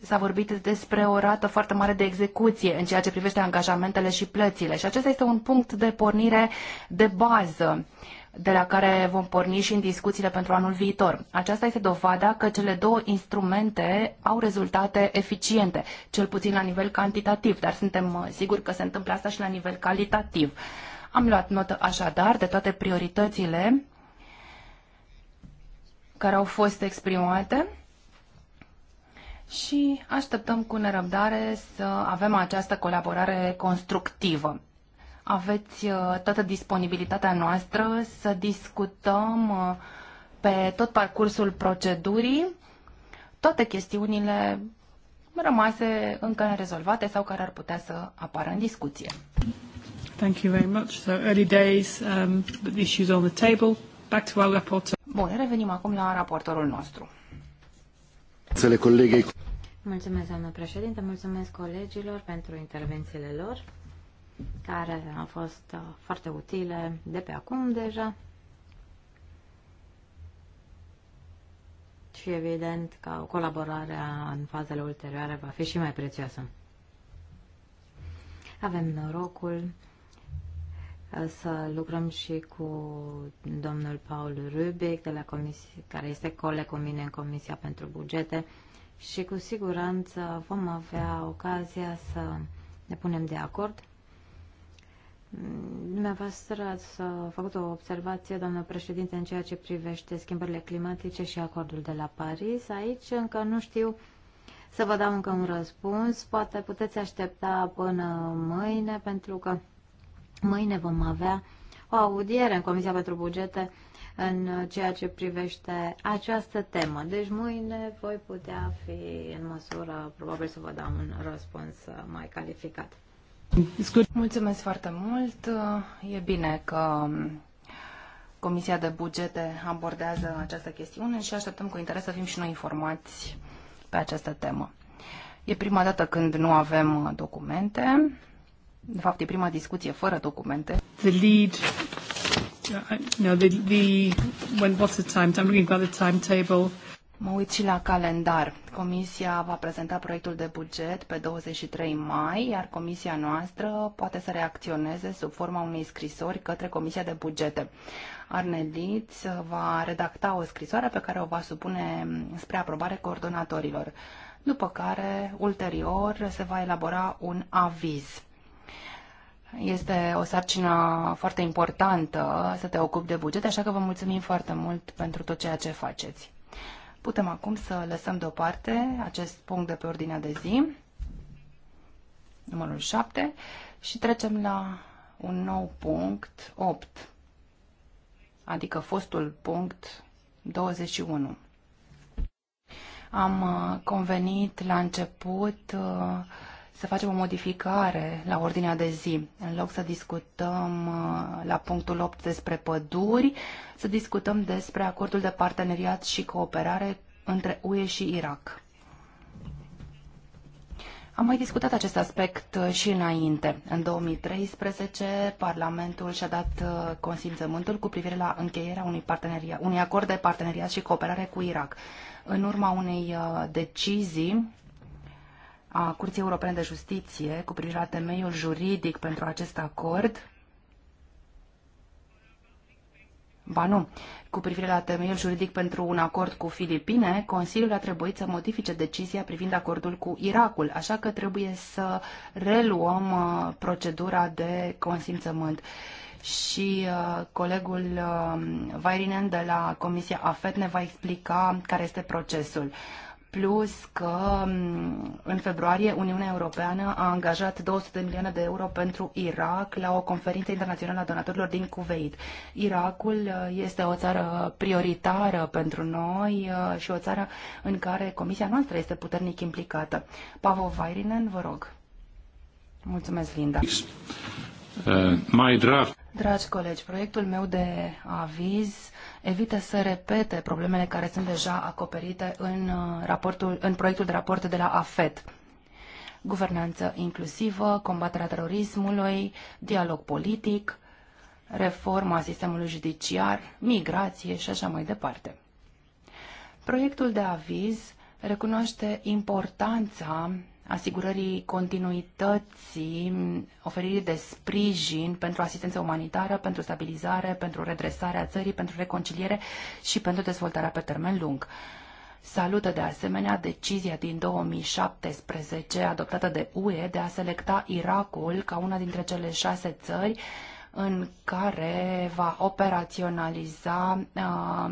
s-a vorbit despre o rată foarte mare de execuție în ceea ce privește angajamentele și plățile și acesta este un punct de pornire de bază de la care vom porni și în discuțiile pentru anul viitor. Aceasta este dovada că cele două instrumente au rezultate eficiente, cel puțin la nivel cantitativ, dar suntem uh, siguri că se întâmplă asta și la nivel calitativ. Am luat notă așadar de toate prioritățile care au fost exprimate și așteptăm cu nerăbdare să avem această colaborare constructivă. Aveți uh, toată disponibilitatea noastră să discutăm uh, pe tot parcursul procedurii toate chestiunile rămase încă nerezolvate sau care ar putea să apară în discuție. Thank you very much. So early days, um, the issues on the table. Back to our reporter. Bun, revenim acum la raportorul nostru. Colegii. Mulțumesc, doamnă președinte, mulțumesc colegilor pentru intervențiile lor, care au fost uh, foarte utile de pe acum deja. Și evident că colaborarea în fazele ulterioare va fi și mai prețioasă. Avem norocul să lucrăm și cu domnul Paul Rubic, de la comisie, care este coleg cu mine în Comisia pentru Bugete și cu siguranță vom avea ocazia să ne punem de acord. Dumneavoastră ați uh, făcut o observație, doamnă președinte, în ceea ce privește schimbările climatice și acordul de la Paris. Aici încă nu știu să vă dau încă un răspuns. Poate puteți aștepta până mâine, pentru că Mâine vom avea o audiere în Comisia pentru Bugete în ceea ce privește această temă. Deci mâine voi putea fi în măsură, probabil, să vă dau un răspuns mai calificat. Mulțumesc foarte mult. E bine că Comisia de Bugete abordează această chestiune și așteptăm cu interes să fim și noi informați pe această temă. E prima dată când nu avem documente de fapt, e prima discuție fără documente. The lead no, the, the, when, what's the time? I'm looking at the timetable. Mă uit și la calendar. Comisia va prezenta proiectul de buget pe 23 mai, iar comisia noastră poate să reacționeze sub forma unei scrisori către Comisia de Bugete. Arneliț va redacta o scrisoare pe care o va supune spre aprobare coordonatorilor, după care, ulterior, se va elabora un aviz. Este o sarcină foarte importantă să te ocupi de buget, așa că vă mulțumim foarte mult pentru tot ceea ce faceți. Putem acum să lăsăm deoparte acest punct de pe ordinea de zi, numărul 7, și trecem la un nou punct 8, adică fostul punct 21. Am uh, convenit la început uh, să facem o modificare la ordinea de zi. În loc să discutăm uh, la punctul 8 despre păduri, să discutăm despre acordul de parteneriat și cooperare între UE și Irak. Am mai discutat acest aspect uh, și înainte. În 2013, Parlamentul și-a dat uh, consimțământul cu privire la încheierea unui, unui acord de parteneriat și cooperare cu Irak. În urma unei decizii a Curții Europene de Justiție cu privire la temeiul juridic pentru acest acord. Ba nu, cu privire la temeiul juridic pentru un acord cu Filipine, Consiliul a trebuit să modifice decizia privind acordul cu Irakul, așa că trebuie să reluăm uh, procedura de consimțământ și uh, colegul uh, Vairinen de la Comisia AFET ne va explica care este procesul plus că mm, în februarie Uniunea Europeană a angajat 200 de milioane de euro pentru Irak la o conferință internațională a donatorilor din Kuwait. Irakul uh, este o țară prioritară pentru noi uh, și o țară în care comisia noastră este puternic implicată. Pavo Vairinen, vă rog. Mulțumesc, Linda. Uh, mai drag. Dragi colegi, proiectul meu de aviz evită să repete problemele care sunt deja acoperite în, uh, raportul, în proiectul de raport de la AFET. Guvernanță inclusivă, combaterea terorismului, dialog politic, reforma sistemului judiciar, migrație și așa mai departe. Proiectul de aviz recunoaște importanța asigurării continuității, oferirii de sprijin pentru asistență umanitară, pentru stabilizare, pentru redresarea țării, pentru reconciliere și pentru dezvoltarea pe termen lung. Salută de asemenea decizia din 2017 adoptată de UE de a selecta Irakul ca una dintre cele șase țări în care va operaționaliza uh,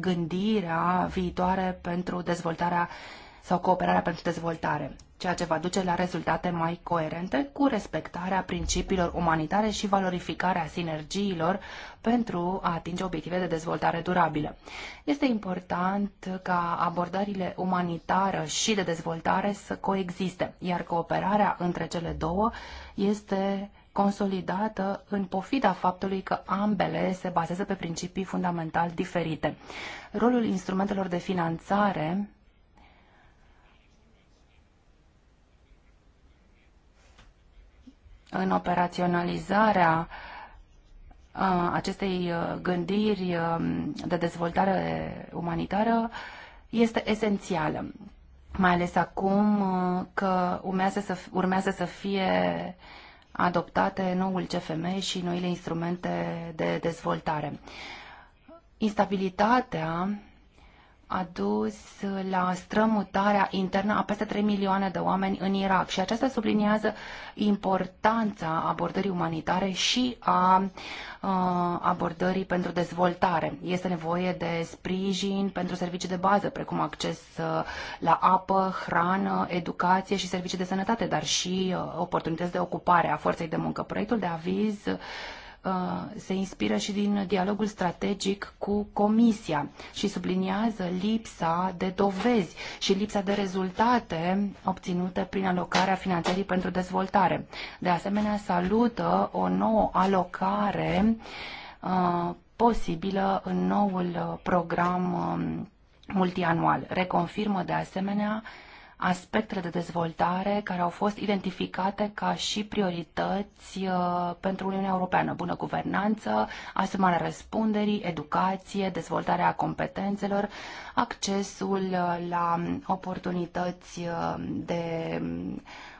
gândirea viitoare pentru dezvoltarea uh, sau cooperarea pentru dezvoltare, ceea ce va duce la rezultate mai coerente cu respectarea principiilor umanitare și valorificarea sinergiilor pentru a atinge obiective de dezvoltare durabilă. Este important ca abordările umanitară și de dezvoltare să coexiste, iar cooperarea între cele două este consolidată în pofida faptului că ambele se bazează pe principii fundamental diferite. Rolul instrumentelor de finanțare în operaționalizarea acestei gândiri de dezvoltare umanitară este esențială. Mai ales acum că urmează să, urmează să fie adoptate noul CFM și noile instrumente de dezvoltare. Instabilitatea a dus la strămutarea internă a peste 3 milioane de oameni în Irak și aceasta subliniază importanța abordării umanitare și a, a abordării pentru dezvoltare. Este nevoie de sprijin pentru servicii de bază, precum acces uh, la apă, hrană, educație și servicii de sănătate, dar și uh, oportunități de ocupare a forței de muncă. Proiectul de aviz Uh, se inspiră și din dialogul strategic cu Comisia și subliniază lipsa de dovezi și lipsa de rezultate obținute prin alocarea finanțării pentru dezvoltare. De asemenea, salută o nouă alocare uh, posibilă în noul program um, multianual. Reconfirmă de asemenea uh, aspectele de dezvoltare care au fost identificate ca și priorități uh, pentru Uniunea Europeană. Bună guvernanță, asumarea răspunderii, educație, dezvoltarea competențelor, accesul uh, la oportunități uh, de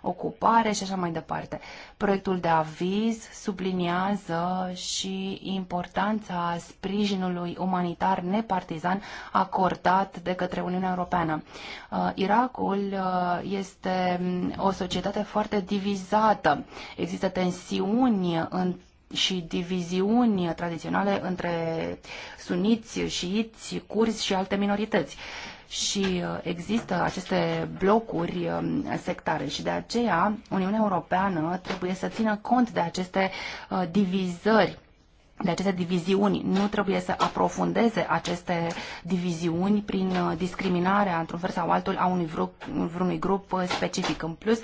ocupare și așa mai departe. Proiectul de aviz subliniază și importanța sprijinului umanitar nepartizan acordat de către Uniunea Europeană. Uh, Irakul uh, este um, o societate foarte divizată. Există tensiuni între și diviziuni tradiționale între suniți, șiiți, curzi și alte minorități. Și uh, există aceste blocuri um, sectare și de aceea Uniunea Europeană trebuie să țină cont de aceste uh, divizări de aceste diviziuni. Nu trebuie să aprofundeze aceste diviziuni prin uh, discriminarea, într-un fel sau altul, a unui vreunui grup specific. În plus,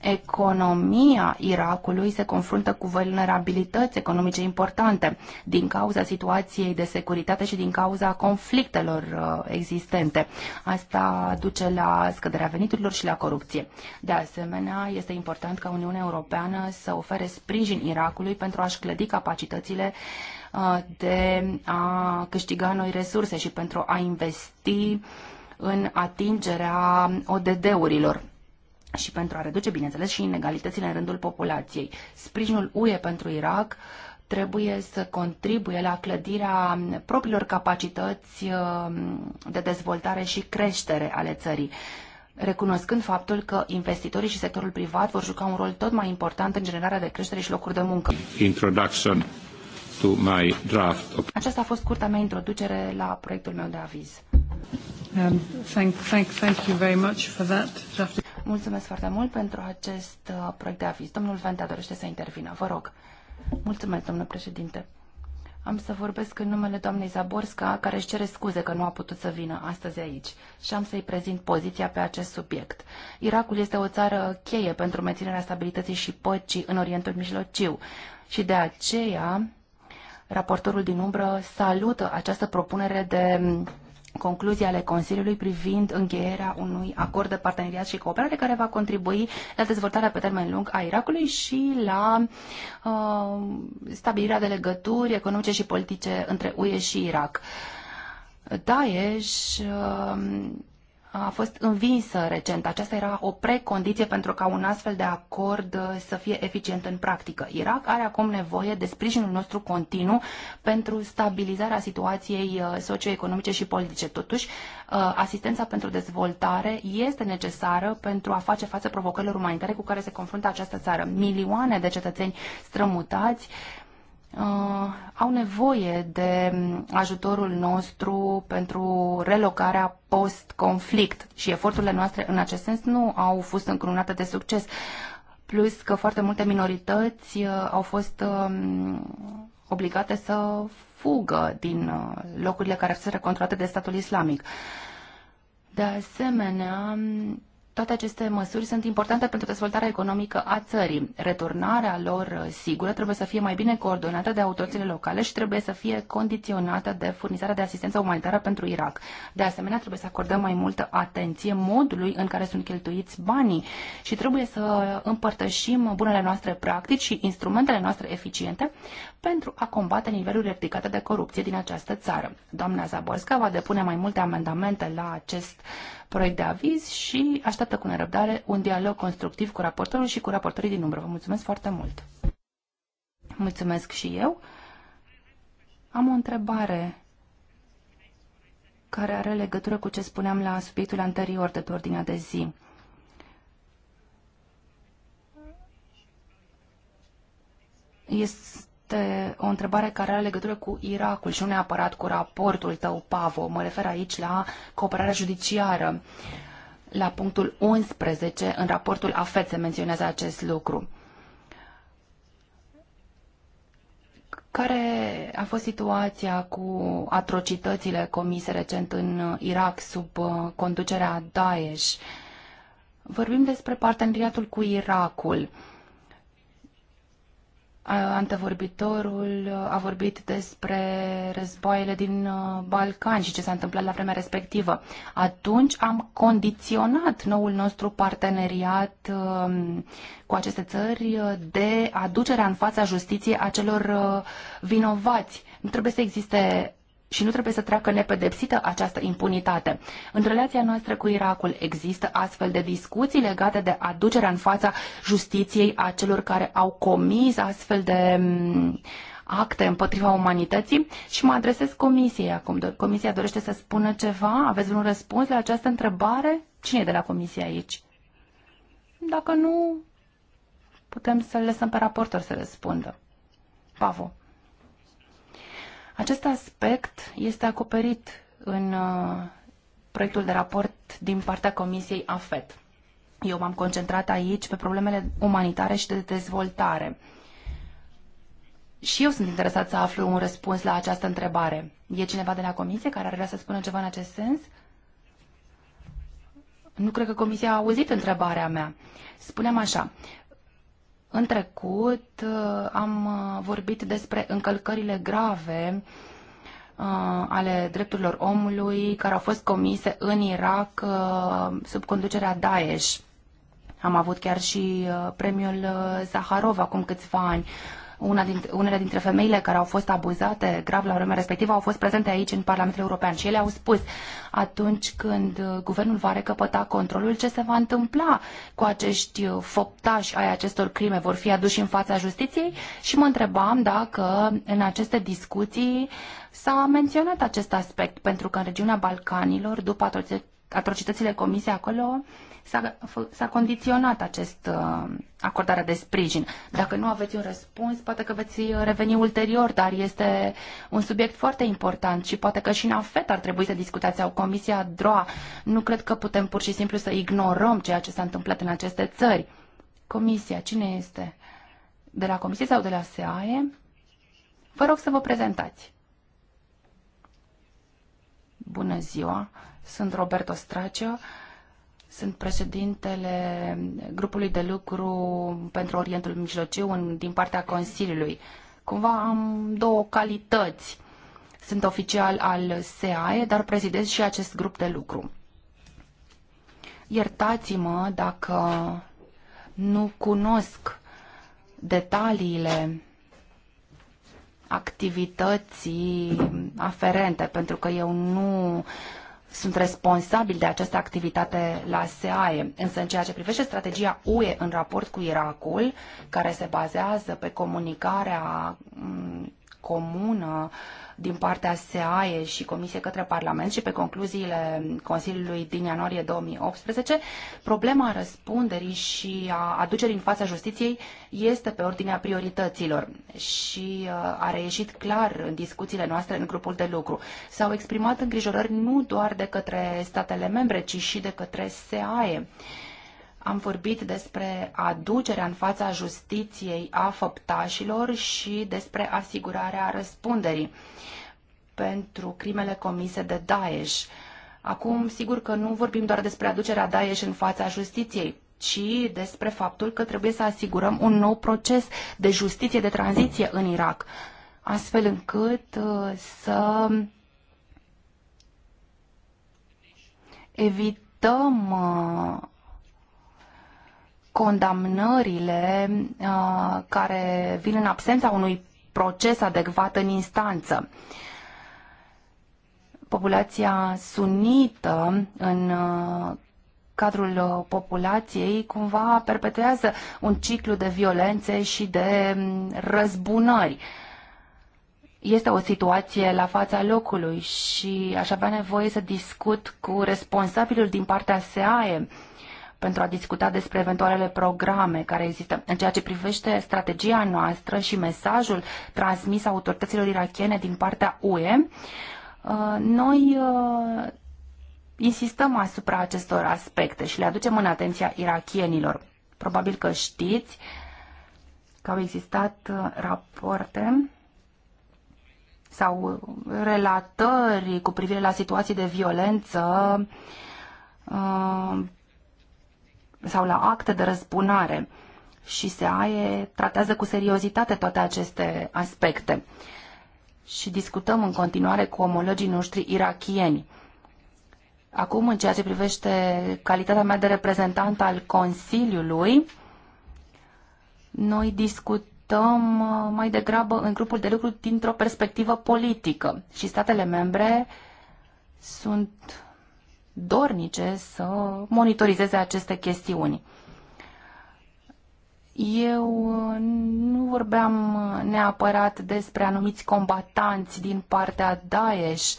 economia Irakului se confruntă cu vulnerabilități economice importante din cauza situației de securitate și din cauza conflictelor uh, existente. Asta duce la scăderea veniturilor și la corupție. De asemenea, este important ca Uniunea Europeană să ofere sprijin Irakului pentru a-și clădi capacitățile uh, de a câștiga noi resurse și pentru a investi în atingerea ODD-urilor și pentru a reduce, bineînțeles, și inegalitățile în rândul populației. Sprijinul UE pentru Irak trebuie să contribuie la clădirea propriilor capacități uh, de dezvoltare și creștere ale țării recunoscând faptul că investitorii și sectorul privat vor juca un rol tot mai important în generarea de creștere și locuri de muncă. Introduction to my draft. Aceasta a fost curtea mea introducere la proiectul meu de aviz. Um, thank, thank, thank you very much for that. Mulțumesc foarte mult pentru acest uh, proiect de aviz. Domnul Venta dorește să intervină. Vă rog. Mulțumesc, domnule președinte. Am să vorbesc în numele doamnei Zaborska, care își cere scuze că nu a putut să vină astăzi aici și am să-i prezint poziția pe acest subiect. Irakul este o țară cheie pentru menținerea stabilității și păcii în Orientul Mijlociu și de aceea raportorul din umbră salută această propunere de concluzii ale Consiliului privind încheierea unui acord de parteneriat și cooperare care va contribui la dezvoltarea pe termen lung a Irakului și la uh, stabilirea de legături economice și politice între UE și Irak. Daesh uh, a fost învinsă recent. Aceasta era o precondiție pentru ca un astfel de acord uh, să fie eficient în practică. Irak are acum nevoie de sprijinul nostru continuu pentru stabilizarea situației uh, socioeconomice și politice. Totuși, uh, asistența pentru dezvoltare este necesară pentru a face față provocărilor umanitare cu care se confruntă această țară. Milioane de cetățeni strămutați Uh, au nevoie de um, ajutorul nostru pentru relocarea post-conflict și eforturile noastre în acest sens nu au fost încrunate de succes. Plus că foarte multe minorități uh, au fost um, obligate să fugă din uh, locurile care fuseseră recontrate de statul islamic. De asemenea, um, toate aceste măsuri sunt importante pentru dezvoltarea economică a țării. Returnarea lor uh, sigură trebuie să fie mai bine coordonată de autoritățile locale și trebuie să fie condiționată de furnizarea de asistență umanitară pentru Irak. De asemenea, trebuie să acordăm mai multă atenție modului în care sunt cheltuiți banii și trebuie să împărtășim bunele noastre practici și instrumentele noastre eficiente pentru a combate nivelul ridicat de corupție din această țară. Doamna Zaborska va depune mai multe amendamente la acest proiect de aviz și așteaptă cu nerăbdare un dialog constructiv cu raportorul și cu raportorii din umbră. Vă mulțumesc foarte mult! Mulțumesc și eu! Am o întrebare care are legătură cu ce spuneam la subiectul anterior de pe ordinea de zi. Este este o întrebare care are legătură cu Irakul și nu neapărat cu raportul tău, Pavo. Mă refer aici la cooperarea judiciară. La punctul 11, în raportul AFET se menționează acest lucru. Care a fost situația cu atrocitățile comise recent în Irak sub uh, conducerea Daesh? Vorbim despre parteneriatul cu Irakul. Uh, Antevorbitorul a vorbit despre războaiele din Balcan și ce s-a întâmplat la vremea respectivă. Atunci am condiționat noul nostru parteneriat cu aceste țări de aducerea în fața justiției a celor vinovați. Nu trebuie să existe și nu trebuie să treacă nepedepsită această impunitate. În relația noastră cu Irakul există astfel de discuții legate de aducerea în fața justiției a celor care au comis astfel de mm, acte împotriva umanității și mă adresez comisiei acum. Comisia dorește să spună ceva? Aveți un răspuns la această întrebare? Cine e de la comisie aici? Dacă nu, putem să-l lăsăm pe raportor să răspundă. Pavo. Acest aspect este acoperit în uh, proiectul de raport din partea Comisiei AFET. Eu m-am concentrat aici pe problemele umanitare și de dezvoltare. Și eu sunt interesat să aflu un răspuns la această întrebare. E cineva de la comisie care ar vrea să spună ceva în acest sens? Nu cred că comisia a auzit întrebarea mea. Spuneam așa, în trecut uh, am uh, vorbit despre încălcările grave uh, ale drepturilor omului care au fost comise în Irak sub conducerea Daesh. Am avut chiar și premiul Zaharov acum câțiva ani. Una dintre, unele dintre femeile care au fost abuzate grav la vremea respectivă au fost prezente aici în Parlamentul European și ele au spus atunci când uh, guvernul va recăpăta controlul ce se va întâmpla cu acești uh, făptași ai acestor crime, vor fi aduși în fața justiției și mă întrebam dacă în aceste discuții s-a menționat acest aspect, pentru că în regiunea Balcanilor, după atrocitățile comise acolo, s-a condiționat acest uh, acordare de sprijin. Dacă nu aveți un răspuns, poate că veți reveni ulterior, dar este un subiect foarte important și poate că și în AFET ar trebui să discutați sau Comisia DROA. Nu cred că putem pur și simplu să ignorăm ceea ce s-a întâmplat în aceste țări. Comisia, cine este? De la Comisie sau de la SEAE? Vă rog să vă prezentați. Bună ziua! Sunt Roberto Stracio, sunt președintele grupului de lucru pentru Orientul Mijlociu din partea Consiliului. Cumva am două calități. Sunt oficial al SEAE, dar prezidez și acest grup de lucru. Iertați-mă dacă nu cunosc detaliile activității aferente, pentru că eu nu sunt responsabil de această activitate la SEAE. Însă în ceea ce privește strategia UE în raport cu Irakul, care se bazează pe comunicarea mm, comună uh, din partea SEAE și Comisie către Parlament și pe concluziile Consiliului din ianuarie 2018, problema răspunderii și a aducerii în fața justiției este pe ordinea priorităților și uh, a reieșit clar în discuțiile noastre în grupul de lucru. S-au exprimat îngrijorări nu doar de către statele membre, ci și de către SEAE am vorbit despre aducerea în fața justiției a făptașilor și despre asigurarea răspunderii pentru crimele comise de Daesh. Acum, sigur că nu vorbim doar despre aducerea Daesh în fața justiției, ci despre faptul că trebuie să asigurăm un nou proces de justiție de tranziție în Irak, astfel încât uh, să evităm uh, condamnările uh, care vin în absența unui proces adecvat în instanță. Populația sunită în uh, cadrul uh, populației cumva perpetuează un ciclu de violențe și de mm, răzbunări. Este o situație la fața locului și aș avea nevoie să discut cu responsabilul din partea SEAE pentru a discuta despre eventualele programe care există. În ceea ce privește strategia noastră și mesajul transmis autorităților irachiene din partea UE, uh, noi uh, insistăm asupra acestor aspecte și le aducem în atenția irachienilor. Probabil că știți că au existat uh, rapoarte sau relatări cu privire la situații de violență sau la acte de răzbunare și se aie tratează cu seriozitate toate aceste aspecte. Și discutăm în continuare cu omologii noștri irakieni. Acum, în ceea ce privește calitatea mea de reprezentant al Consiliului, noi discutăm uh, mai degrabă în grupul de lucru dintr-o perspectivă politică și statele membre sunt dornice să monitorizeze aceste chestiuni. Eu uh, nu vorbeam neapărat despre anumiți combatanți din partea Daesh.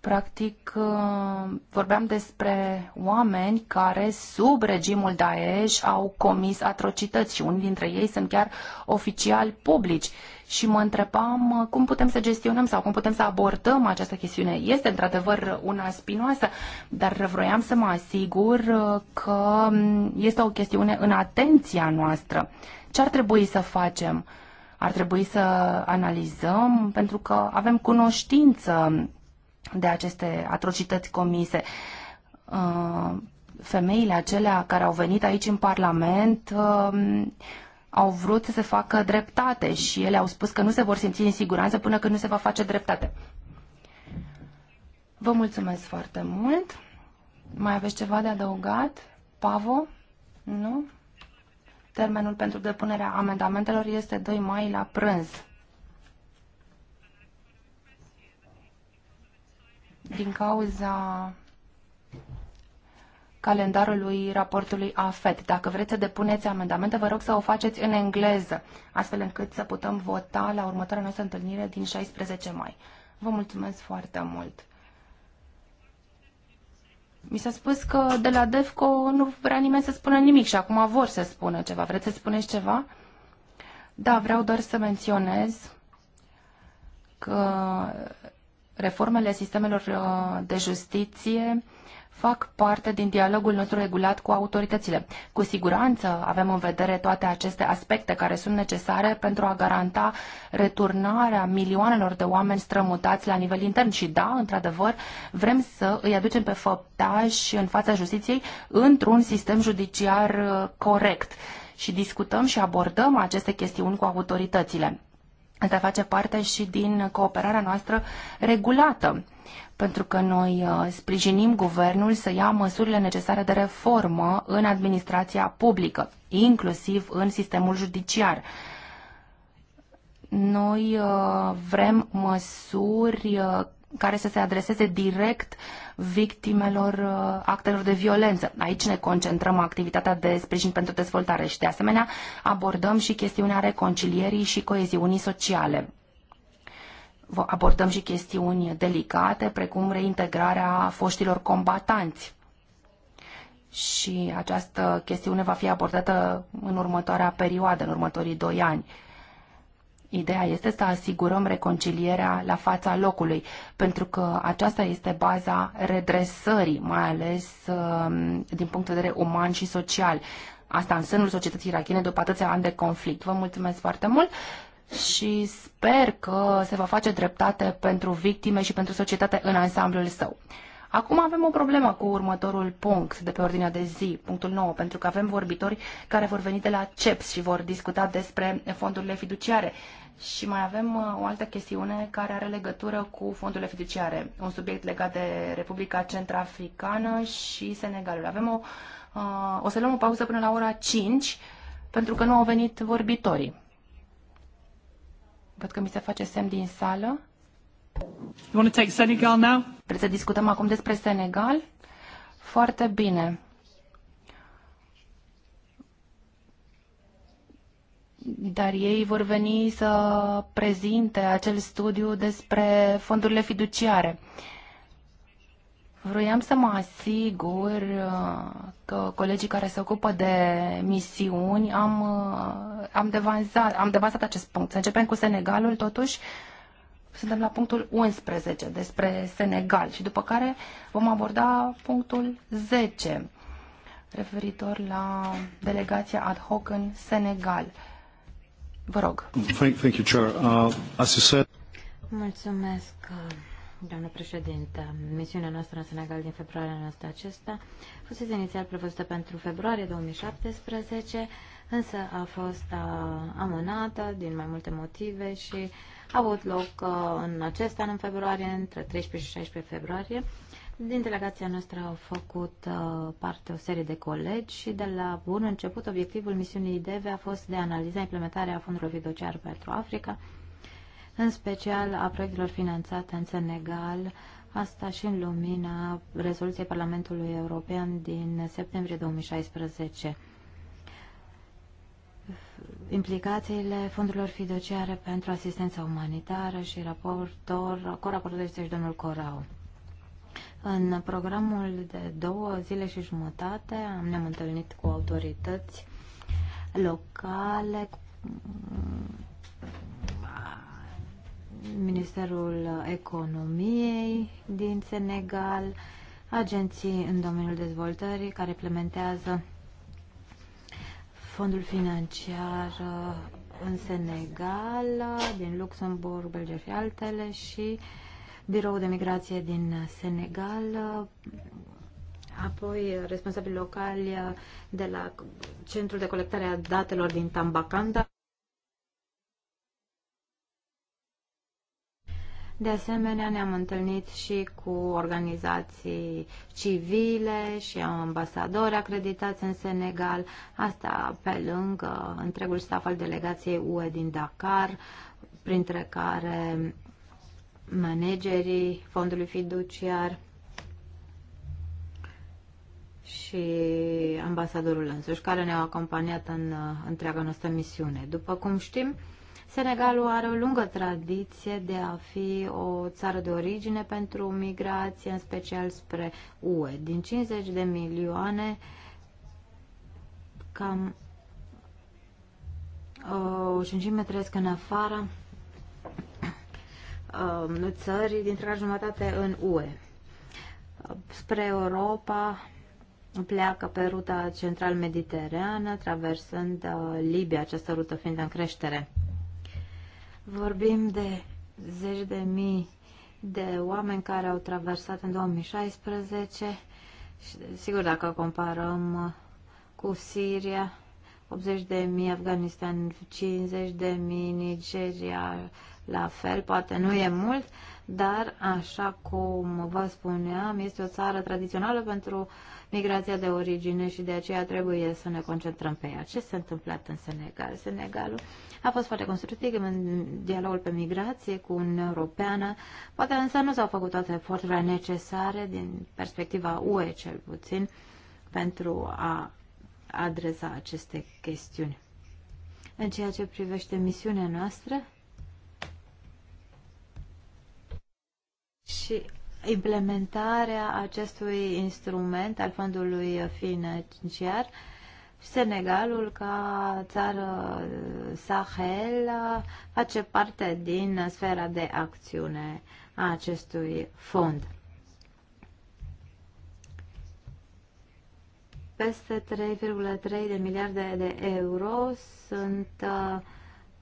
Practic, uh, vorbeam despre oameni care, sub regimul Daesh, au comis atrocități și unii dintre ei sunt chiar oficiali publici și mă întrebam uh, cum putem să gestionăm sau cum putem să abordăm această chestiune. Este într-adevăr una spinoasă, dar vroiam să mă asigur uh, că mm, este o chestiune în atenția noastră. Ce ar trebui să facem? Ar trebui să analizăm, pentru că avem cunoștință de aceste atrocități comise. Uh, Femeile acelea care au venit aici în Parlament au vrut să se facă dreptate și ele au spus că nu se vor simți în siguranță până când nu se va face dreptate. Vă mulțumesc foarte mult. Mai aveți ceva de adăugat? Pavo? Nu? Termenul pentru depunerea amendamentelor este 2 mai la prânz. Din cauza calendarului raportului AFET. Dacă vreți să depuneți amendamente, vă rog să o faceți în engleză, astfel încât să putem vota la următoarea noastră întâlnire din 16 mai. Vă mulțumesc foarte mult! Mi s-a spus că de la DEFCO nu vrea nimeni să spună nimic și acum vor să spună ceva. Vreți să spuneți ceva? Da, vreau doar să menționez că reformele sistemelor uh, de justiție fac parte din dialogul nostru regulat cu autoritățile. Cu siguranță avem în vedere toate aceste aspecte care sunt necesare pentru a garanta returnarea milioanelor de oameni strămutați la nivel intern și da, într-adevăr, vrem să îi aducem pe făptași în fața justiției într-un sistem judiciar uh, corect și discutăm și abordăm aceste chestiuni cu autoritățile. Asta face parte și din cooperarea noastră regulată pentru că noi uh, sprijinim guvernul să ia măsurile necesare de reformă în administrația publică, inclusiv în sistemul judiciar. Noi uh, vrem măsuri uh, care să se adreseze direct victimelor actelor de violență. Aici ne concentrăm activitatea de sprijin pentru dezvoltare și, de asemenea, abordăm și chestiunea reconcilierii și coeziunii sociale abordăm și chestiuni delicate, precum reintegrarea foștilor combatanți. Și această chestiune va fi abordată în următoarea perioadă, în următorii doi ani. Ideea este să asigurăm reconcilierea la fața locului, pentru că aceasta este baza redresării, mai ales um, din punct de vedere uman și social. Asta în sânul societății irachene după atâția ani de conflict. Vă mulțumesc foarte mult! și sper că se va face dreptate pentru victime și pentru societate în ansamblul său. Acum avem o problemă cu următorul punct de pe ordinea de zi, punctul 9, pentru că avem vorbitori care vor veni de la CEPS și vor discuta despre fondurile fiduciare. Și mai avem uh, o altă chestiune care are legătură cu fondurile fiduciare, un subiect legat de Republica Centrafricană și Senegalul. Avem o, uh, o să luăm o pauză până la ora 5, pentru că nu au venit vorbitorii. Văd că mi se face semn din sală. You want to take Senegal now? Vreți să discutăm acum despre Senegal? Foarte bine. Dar ei vor veni să prezinte acel studiu despre fondurile fiduciare. Uh, Vroiam să mă asigur uh, că colegii care se ocupă de misiuni am, uh, am, devansat, am devansat acest punct. Să începem cu Senegalul, totuși suntem la punctul 11 despre Senegal și după care vom aborda punctul 10 referitor la delegația ad hoc în Senegal. Vă rog. Thank, thank you, Chair. Uh, as you said... Mulțumesc. Uh Doamnă președintă, misiunea noastră în Senegal din februarie anul acesta fusese inițial prevăzută pentru februarie 2017, însă a fost a, amânată din mai multe motive și a avut loc în acest an, în februarie, între 13 și 16 februarie. Din delegația noastră au făcut a, parte o serie de colegi și de la bun început obiectivul misiunii IDEVE a fost de a analiza implementarea fondurilor fiduciar pentru Africa, în special a proiectelor finanțate în Senegal, asta și în lumina rezoluției Parlamentului European din septembrie 2016. Implicațiile fondurilor fiduciare pentru asistența umanitară și raportor, coraportor este și domnul Corau. În programul de două zile și jumătate am ne-am întâlnit cu autorități locale, Ministerul Economiei din Senegal, agenții în domeniul dezvoltării care implementează fondul financiar uh, în Senegal, din Luxemburg, Belgia și altele și Biroul de Migrație din Senegal, uh, apoi responsabili locali uh, de la Centrul de Colectare a Datelor din Tambacanda. De asemenea, ne-am întâlnit și cu organizații civile și ambasadori acreditați în Senegal, asta pe lângă întregul staff al delegației UE din Dakar, printre care managerii fondului fiduciar și ambasadorul însuși, care ne-au acompaniat în uh, întreaga noastră misiune. După cum știm, Senegalul are o lungă tradiție de a fi o țară de origine pentru migrație, în special spre UE. Din 50 de milioane, cam uh, o șingime trăiesc în afara uh, țării, dintre care jumătate în UE. Spre Europa pleacă pe ruta central mediterană traversând uh, Libia, această rută fiind în creștere. Vorbim de zeci de mii de oameni care au traversat în 2016 și, sigur, dacă comparăm uh, cu Siria, 80 de mii, Afganistan 50 de mii, Nigeria la fel, poate nu e mult, dar așa cum vă spuneam, este o țară tradițională pentru uh, migrația de origine și de aceea trebuie să ne concentrăm pe ea. Ce s-a întâmplat în Senegal? Senegalul a fost foarte constructiv în dialogul pe migrație cu Uniunea Europeană. Poate însă nu s-au făcut toate eforturile necesare din perspectiva UE cel puțin pentru a adresa aceste chestiuni. În ceea ce privește misiunea noastră și implementarea acestui instrument al fondului financiar. Senegalul, ca țară Sahel, face parte din sfera de acțiune a acestui fond. Peste 3,3 de miliarde de euro sunt uh,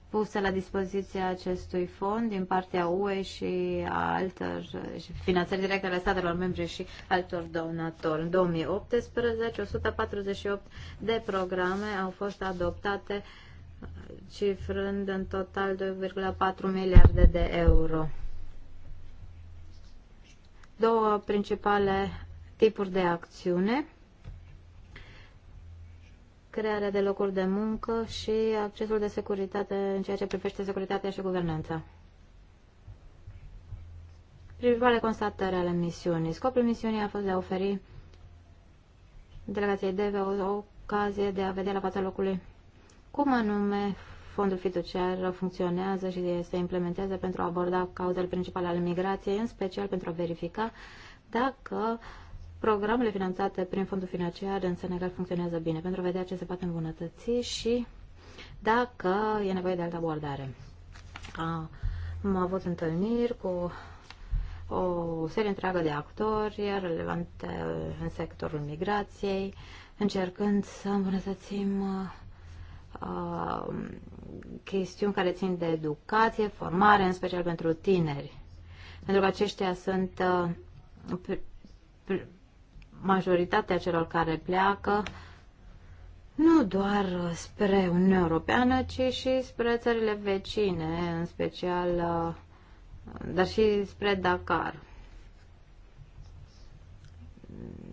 puse la dispoziția acestui fond din partea UE și a altor și finanțări directe ale statelor membre și altor donatori. În 2018, 148 de programe au fost adoptate, cifrând în total 2,4 miliarde de euro. Două principale tipuri de acțiune crearea de locuri de muncă și accesul de securitate în ceea ce privește securitatea și guvernanța. Principale constatări ale misiunii. Scopul misiunii a fost de a oferi delegației DEVE o ocazie de a vedea la fața locului cum anume fondul fiduciar funcționează și se implementează pentru a aborda cauzele principale ale migrației, în special pentru a verifica dacă uh, Programele finanțate prin fondul financiar în Senegal funcționează bine pentru a vedea ce se poate îmbunătăți și dacă e nevoie de altă abordare. Am avut întâlniri cu o serie întreagă de actori relevante în sectorul migrației, încercând să îmbunătățim uh, chestiuni care țin de educație, formare, în special pentru tineri. Pentru că aceștia sunt uh, majoritatea celor care pleacă nu doar spre Uniunea Europeană, ci și spre țările vecine, în special, uh, dar și spre Dakar.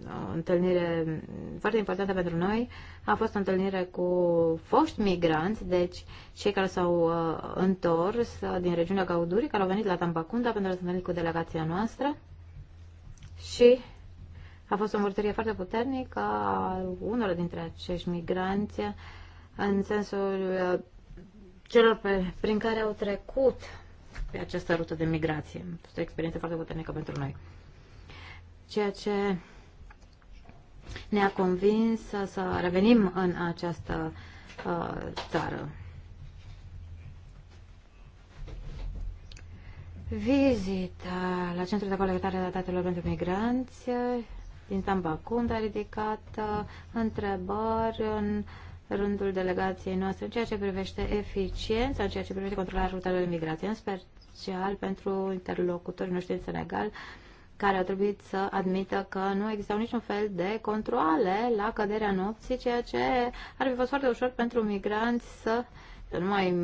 O întâlnire foarte importantă pentru noi a fost o întâlnire cu foști migranți, deci cei care s-au uh, întors din regiunea Gaudurii, care au venit la Tambacunda pentru a se întâlni cu delegația noastră și a fost o mărturie foarte puternică a unor dintre acești migranți în sensul uh, celor pe, prin care au trecut pe această rută de migrație. Este o experiență foarte puternică pentru noi. Ceea ce ne-a convins să revenim în această uh, țară. Vizita la Centrul de Colectare a Datelor pentru Migranți din Zambacund a ridicat uh, întrebări în rândul delegației noastre în ceea ce privește eficiența, în ceea ce privește controlarea rutelor de migrație, în special pentru interlocutorii noștri în Senegal, care au trebuit să admită că nu existau niciun fel de controle la căderea nopții, ceea ce ar fi fost foarte ușor pentru migranți să, nu mai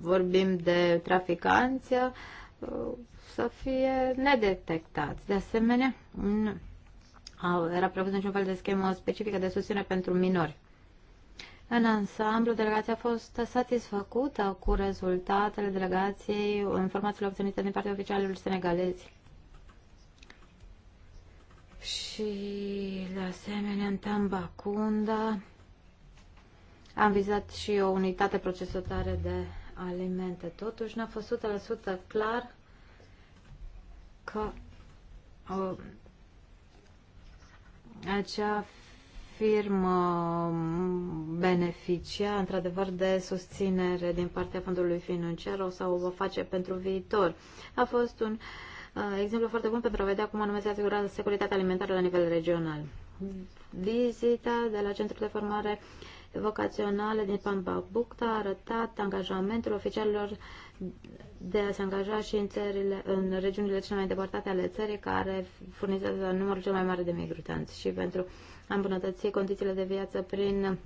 vorbim de traficanți, uh, să fie nedetectați. De asemenea, era prevăzut niciun fel de schemă specifică de susținere pentru minori. În ansamblu, delegația a fost satisfăcută cu rezultatele delegației, informațiile obținute din partea oficialilor senegalezi. Și, de asemenea, în Tambacunda am vizat și o unitate procesătoare de alimente. Totuși, n-a fost 100% clar că uh, acea firmă beneficia într-adevăr de susținere din partea fondului financiar sau o va face pentru viitor. A fost un uh, exemplu foarte bun pentru a vedea cum anume se asigură securitatea alimentară la nivel regional. Vizita de la Centrul de Formare uh, vocaționale din Pambabucta a arătat angajamentul oficialilor de a se angaja și în, țările, în regiunile cele mai îndepărtate ale țării, care furnizează numărul cel mai mare de migranți și pentru a îmbunătăți condițiile de viață prin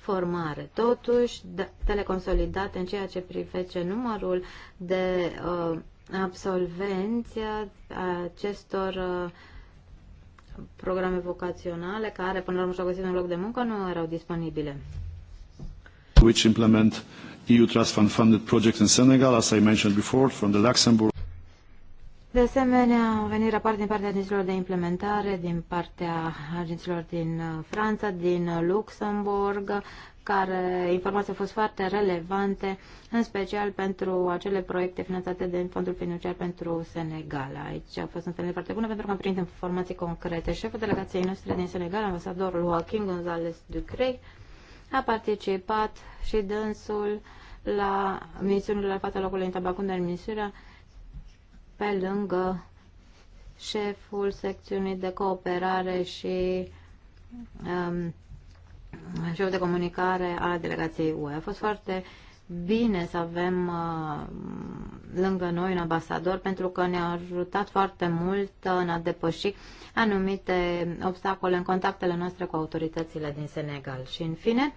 formare. Totuși, da, teleconsolidate în ceea ce privește numărul de uh, absolvenți uh, acestor uh, programe vocaționale care până la urmă și-au găsit un loc de muncă nu erau disponibile. Which implement EU Trust Fund funded projects in Senegal, as I mentioned before, from the Luxembourg. De asemenea, au venit rapoarte din partea agenților de implementare, din partea agenților din uh, Franța, din uh, Luxemburg, care informații au fost foarte relevante, în special pentru acele proiecte finanțate de Fondul Financiar pentru Senegal. Aici a fost întâlnire foarte bună pentru că am primit informații concrete. Șeful delegației noastre din Senegal, ambasadorul Joaquin González Ducrey, a participat și dânsul la misiunile la fața locului în Tabacunda, în misiunea pe lângă șeful secțiunii de cooperare și um, șeful de comunicare a delegației UE. A fost foarte bine să avem uh, lângă noi un ambasador pentru că ne-a ajutat foarte mult în uh, a depăși anumite obstacole în contactele noastre cu autoritățile din Senegal. Și în fine,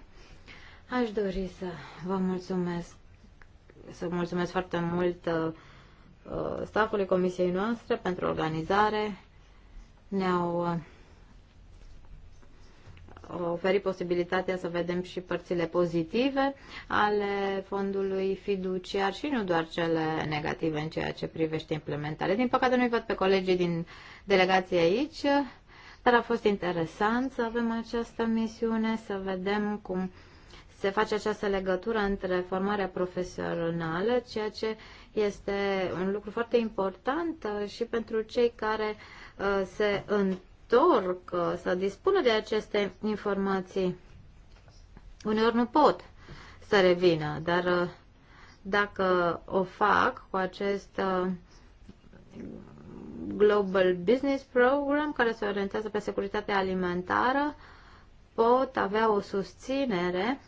aș dori să vă mulțumesc să mulțumesc foarte mult uh, stafului comisiei noastre pentru organizare. Ne-au oferi posibilitatea să vedem și părțile pozitive ale fondului fiduciar și nu doar cele negative în ceea ce privește implementarea. Din păcate nu-i văd pe colegii din delegație aici, dar a fost interesant să avem această misiune, să vedem cum se face această legătură între formarea profesională, ceea ce este un lucru foarte important uh, și pentru cei care uh, se întâlnesc că să dispună de aceste informații. Uneori nu pot să revină, dar uh, dacă o fac cu acest uh, Global Business Program, care se orientează pe securitatea alimentară, pot avea o susținere.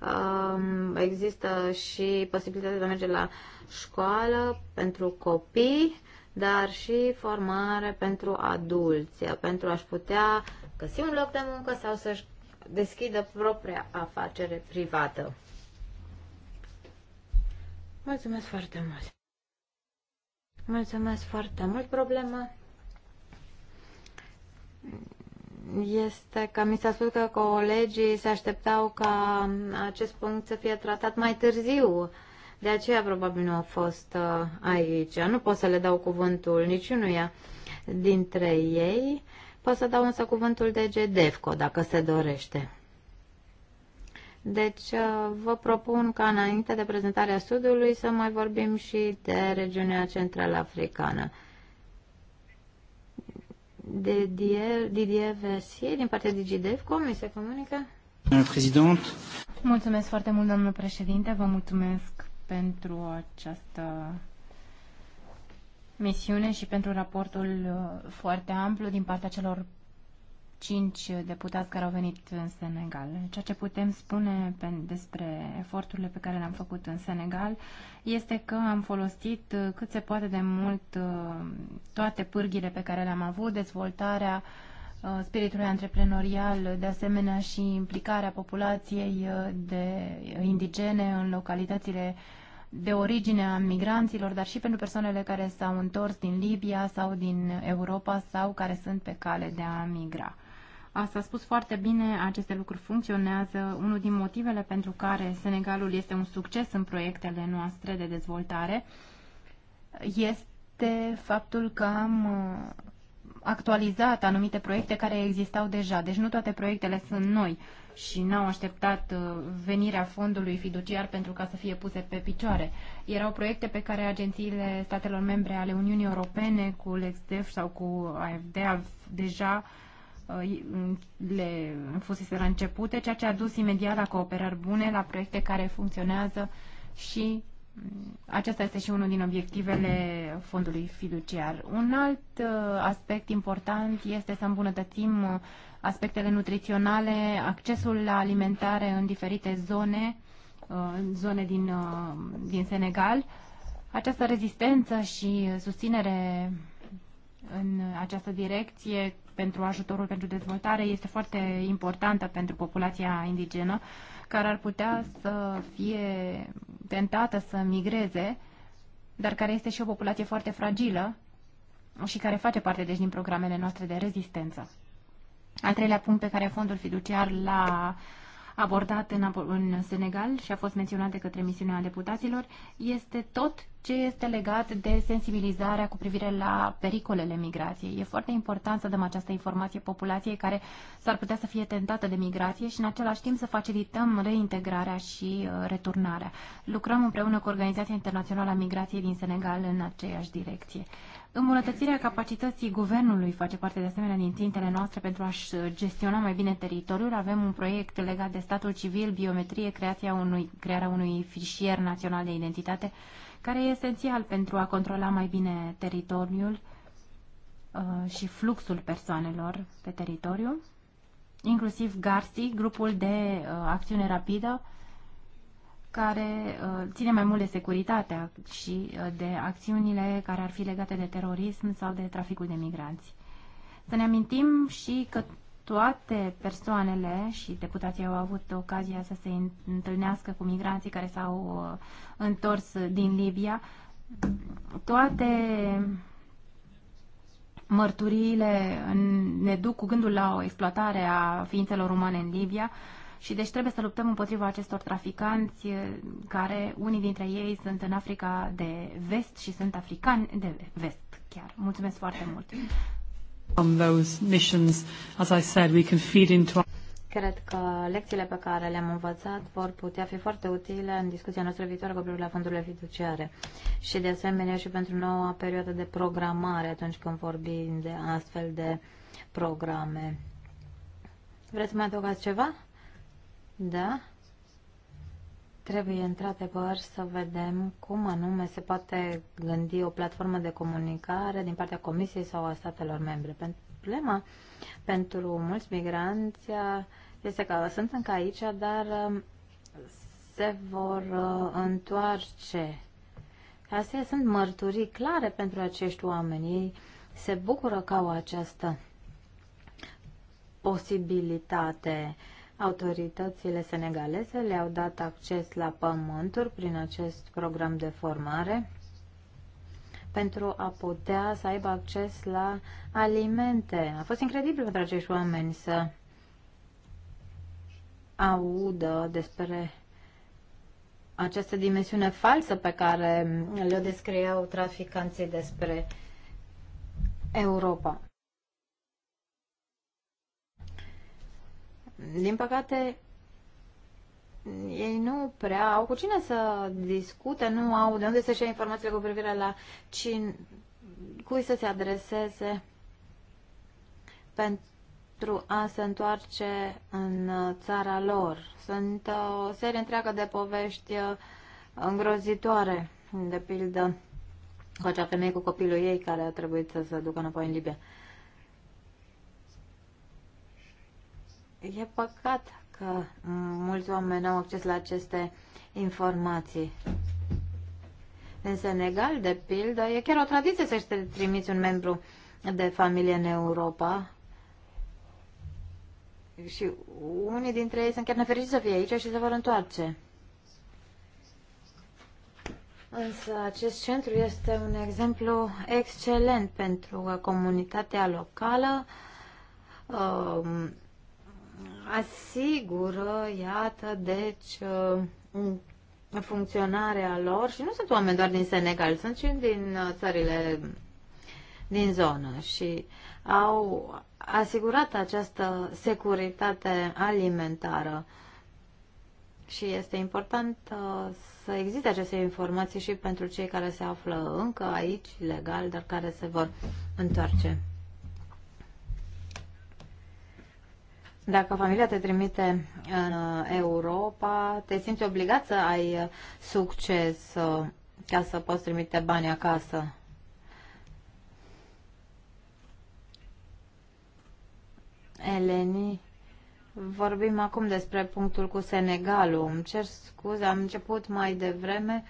Um, există și posibilitatea de a merge la școală pentru copii dar și formare pentru adulți, pentru a-și putea găsi un loc de muncă sau să-și deschidă propria afacere privată. Mulțumesc foarte mult! Mulțumesc foarte mult! Problema este că mi s-a spus că colegii se așteptau ca acest punct să fie tratat mai târziu de aceea probabil nu a fost uh, aici. Nu pot să le dau cuvântul niciunuia dintre ei. Pot să dau însă cuvântul de GDEFCO, dacă se dorește. Deci uh, vă propun ca înainte de prezentarea studiului să mai vorbim și de regiunea centrală africană. De Didier, Didier Versier, din partea DigiDev, cum mi se comunică? Mulțumesc foarte mult, domnul președinte, vă mulțumesc pentru această misiune și pentru raportul uh, foarte amplu din partea celor cinci deputați care au venit în Senegal. Ceea ce putem spune pe, despre eforturile pe care le-am făcut în Senegal este că am folosit uh, cât se poate de mult uh, toate pârghile pe care le-am avut, dezvoltarea uh, Uh, spiritului antreprenorial, de asemenea și implicarea populației uh, de indigene în localitățile de origine a migranților, dar și pentru persoanele care s-au întors din Libia sau din Europa sau care sunt pe cale de a migra. Asta a spus foarte bine, aceste lucruri funcționează. Unul din motivele pentru care Senegalul este un succes în proiectele noastre de dezvoltare este faptul că am uh, actualizat anumite proiecte care existau deja. Deci nu toate proiectele sunt noi și n-au așteptat uh, venirea fondului fiduciar pentru ca să fie puse pe picioare. Erau proiecte pe care agențiile statelor membre ale Uniunii Europene cu LexDev sau cu AFD deja uh, le fusese începute, ceea ce a dus imediat la cooperări bune, la proiecte care funcționează și acesta este și unul din obiectivele fondului fiduciar. Un alt uh, aspect important este să îmbunătățim uh, aspectele nutriționale, accesul la alimentare în diferite zone, uh, zone din, din Senegal. Această rezistență și susținere în această direcție pentru ajutorul pentru dezvoltare este foarte importantă pentru populația indigenă care ar putea să fie tentată să migreze, dar care este și o populație foarte fragilă și care face parte deci din programele noastre de rezistență. Al treilea punct pe care fondul fiduciar l-a uh, abordat în, în Senegal și a fost menționat de către misiunea deputaților este tot ce este legat de sensibilizarea cu privire la pericolele migrației. E foarte important să dăm această informație populației care s-ar putea să fie tentată de migrație și în același timp să facilităm reintegrarea și uh, returnarea. Lucrăm împreună cu Organizația Internațională a Migrației din Senegal în aceeași direcție. Îmbunătățirea capacității guvernului face parte de asemenea din țintele noastre pentru a-și uh, gestiona mai bine teritoriul. Avem un proiect legat de statul civil, biometrie, creația unui, crearea unui fișier național de identitate, care e esențial pentru a controla mai bine teritoriul uh, și fluxul persoanelor pe teritoriu, inclusiv GARSI, grupul de uh, acțiune rapidă, care uh, ține mai mult de securitatea și uh, de acțiunile care ar fi legate de terorism sau de traficul de migranți. Să ne amintim și că toate persoanele și deputații au avut ocazia să se întâlnească cu migranții care s-au uh, întors din Libia, toate mărturiile ne duc cu gândul la o exploatare a ființelor umane în Libia, și deci trebuie să luptăm împotriva acestor traficanți, eh, care unii dintre ei sunt în Africa de vest și sunt africani de vest chiar. Mulțumesc foarte mult! On those missions, as I said, we can feed into Cred că lecțiile pe care le-am învățat vor putea fi foarte utile în discuția noastră viitoare cu privire la fondurile fiduciare și de asemenea și pentru noua perioadă de programare atunci când vorbim de astfel de programe. Vreți să mai adăugați ceva? Da? Trebuie într-adevăr să vedem cum anume se poate gândi o platformă de comunicare din partea Comisiei sau a statelor membre. Problema pentru mulți migranți uh, este că sunt încă aici, dar um, se vor uh, întoarce. Astea sunt mărturii clare pentru acești oameni. Ei se bucură că au această posibilitate uh, Autoritățile senegaleze le-au dat acces la pământuri prin acest program de formare pentru a putea să aibă acces la alimente. A fost incredibil pentru acești oameni să audă despre această dimensiune falsă pe care le-o descriau traficanții despre Europa. din păcate, ei nu prea au cu cine să discute, nu au de unde să-și ia informațiile cu privire la cine, cui să se adreseze pentru a se întoarce în țara lor. Sunt o serie întreagă de povești uh, îngrozitoare, de pildă cu acea femeie cu copilul ei care a trebuit să se ducă înapoi în Libia. Uh, E păcat că mulți oameni au acces la aceste informații. În Senegal, de pildă, e chiar o tradiție să-și trimiți un membru de familie în Europa. Și unii dintre ei sunt chiar nefericiți să fie aici și se vor întoarce. Însă acest centru este un exemplu excelent pentru comunitatea locală. Uh, asigură, iată, deci, uh, funcționarea lor și nu sunt oameni doar din Senegal, sunt și din uh, țările din zonă și au asigurat această securitate alimentară și este important uh, să existe aceste informații și pentru cei care se află încă aici, legal, dar care se vor întoarce. Dacă familia te trimite în uh, Europa, te simți obligat să ai uh, succes uh, ca să poți trimite bani acasă. Eleni, vorbim acum despre punctul cu Senegalul. Îmi cer scuze, am început mai devreme.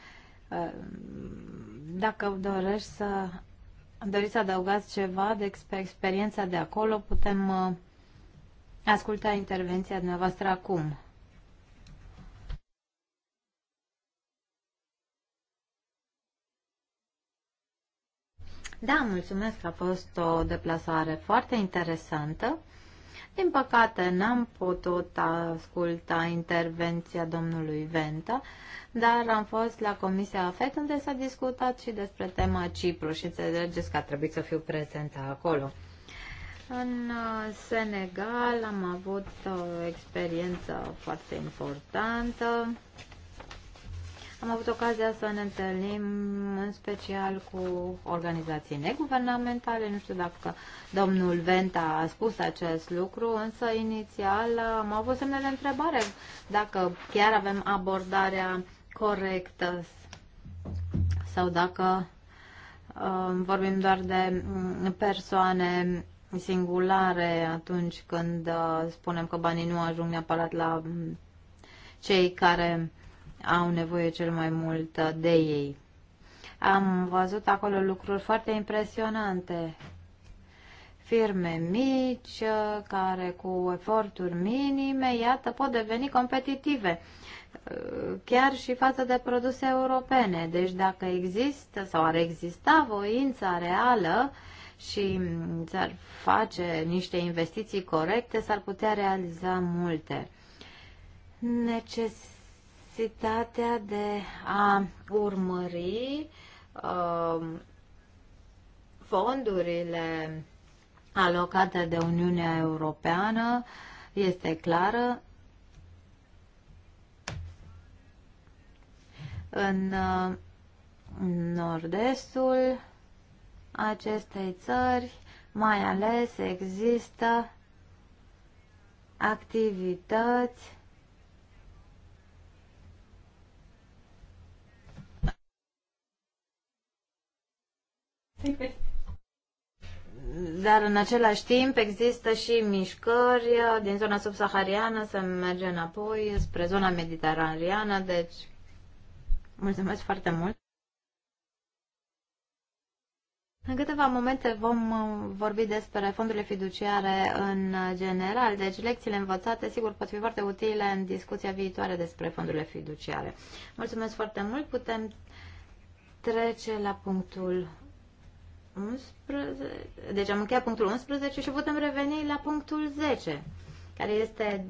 Dacă dorești să doriți să adăugați ceva despre experiența de acolo, putem asculta intervenția dumneavoastră acum. Da, mulțumesc că a fost o deplasare foarte interesantă. Din păcate, n-am putut asculta intervenția domnului Venta, dar am fost la Comisia AFET unde s-a discutat și despre tema Cipru și înțelegeți că a trebuit să fiu prezentă acolo. În uh, Senegal am avut o uh, experiență foarte importantă. Am avut ocazia să ne întâlnim în special cu organizații neguvernamentale. Nu știu dacă domnul Venta a spus acest lucru, însă inițial uh, am avut semne de întrebare dacă chiar avem abordarea corectă sau dacă vorbim doar de mm, persoane singulare atunci când uh, spunem că banii nu ajung neapărat la mm, cei care au nevoie cel mai mult uh, de ei. Am văzut acolo lucruri foarte impresionante. Firme mici, uh, care cu eforturi minime, iată, pot deveni competitive, chiar și față de produse europene. Deci dacă există sau ar exista voința reală, și s-ar face niște investiții corecte, s-ar putea realiza multe. Necesitatea de a urmări uh, fondurile alocate de Uniunea Europeană este clară. În uh, nord-estul acestei țări, mai ales există activități Dar în același timp există și mișcări din zona subsahariană să merge înapoi spre zona mediteraneană, deci mulțumesc foarte mult. În câteva momente vom uh, vorbi despre fondurile fiduciare în general, deci lecțiile învățate sigur pot fi foarte utile în discuția viitoare despre fondurile fiduciare. Mulțumesc foarte mult, putem trece la punctul 11, deci am încheiat punctul 11 și putem reveni la punctul 10, care este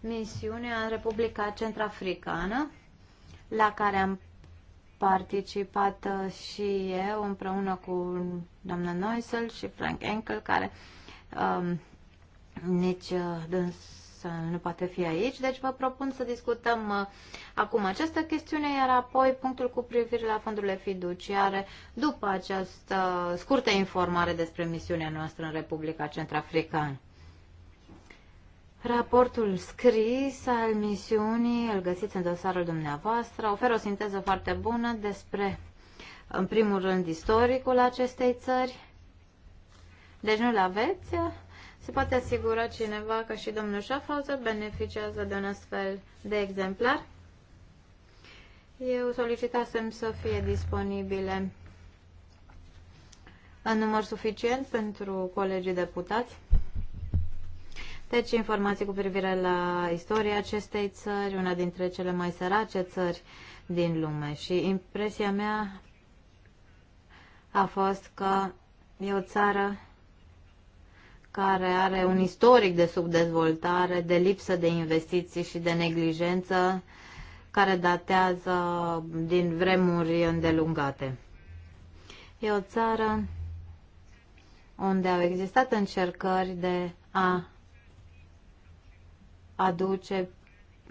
misiunea în Republica Centrafricană, la care am participat uh, și eu împreună cu doamna Noisel și Frank Enkel, care um, nici uh, dâns nu poate fi aici, deci vă propun să discutăm uh, acum această chestiune, iar apoi punctul cu privire la fondurile fiduciare după această scurtă informare despre misiunea noastră în Republica Centrafricană. Raportul scris al misiunii, îl găsiți în dosarul dumneavoastră, oferă o sinteză foarte bună despre, în primul rând, istoricul acestei țări. Deci nu-l aveți? Se poate asigura cineva că și domnul Schaffhauser beneficiază de un astfel de exemplar? Eu solicitasem să fie disponibile în număr suficient pentru colegii deputați. Deci informații cu privire la istoria acestei țări, una dintre cele mai sărace țări din lume. Și impresia mea a fost că e o țară care are un istoric de subdezvoltare, de lipsă de investiții și de neglijență, care datează din vremuri îndelungate. E o țară unde au existat încercări de a aduce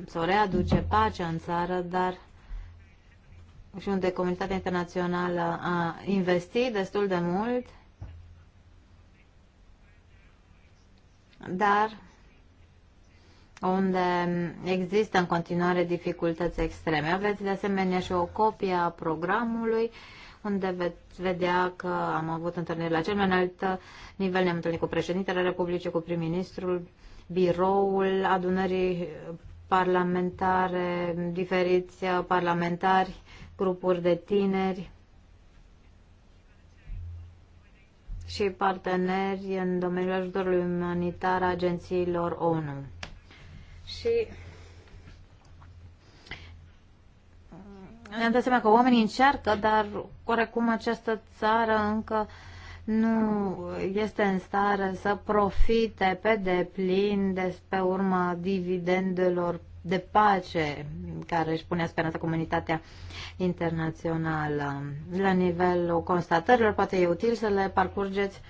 sau readuce pace în țară, dar și unde comunitatea internațională a investit destul de mult, dar unde există în continuare dificultăți extreme. Aveți de asemenea și o copie a programului unde veți vedea că am avut întâlniri la cel mai înalt nivel, ne-am întâlnit cu președintele Republicii, cu prim-ministrul, biroul adunării parlamentare, diferiți parlamentari, grupuri de tineri și parteneri în domeniul ajutorului umanitar agențiilor ONU. Și ne-am dat seama că oamenii încearcă, dar oarecum această țară încă uh, nu este în stare să profite pe deplin de pe urma dividendelor de pace care își punea speranța comunitatea internațională. La nivelul constatărilor, poate e util să le parcurgeți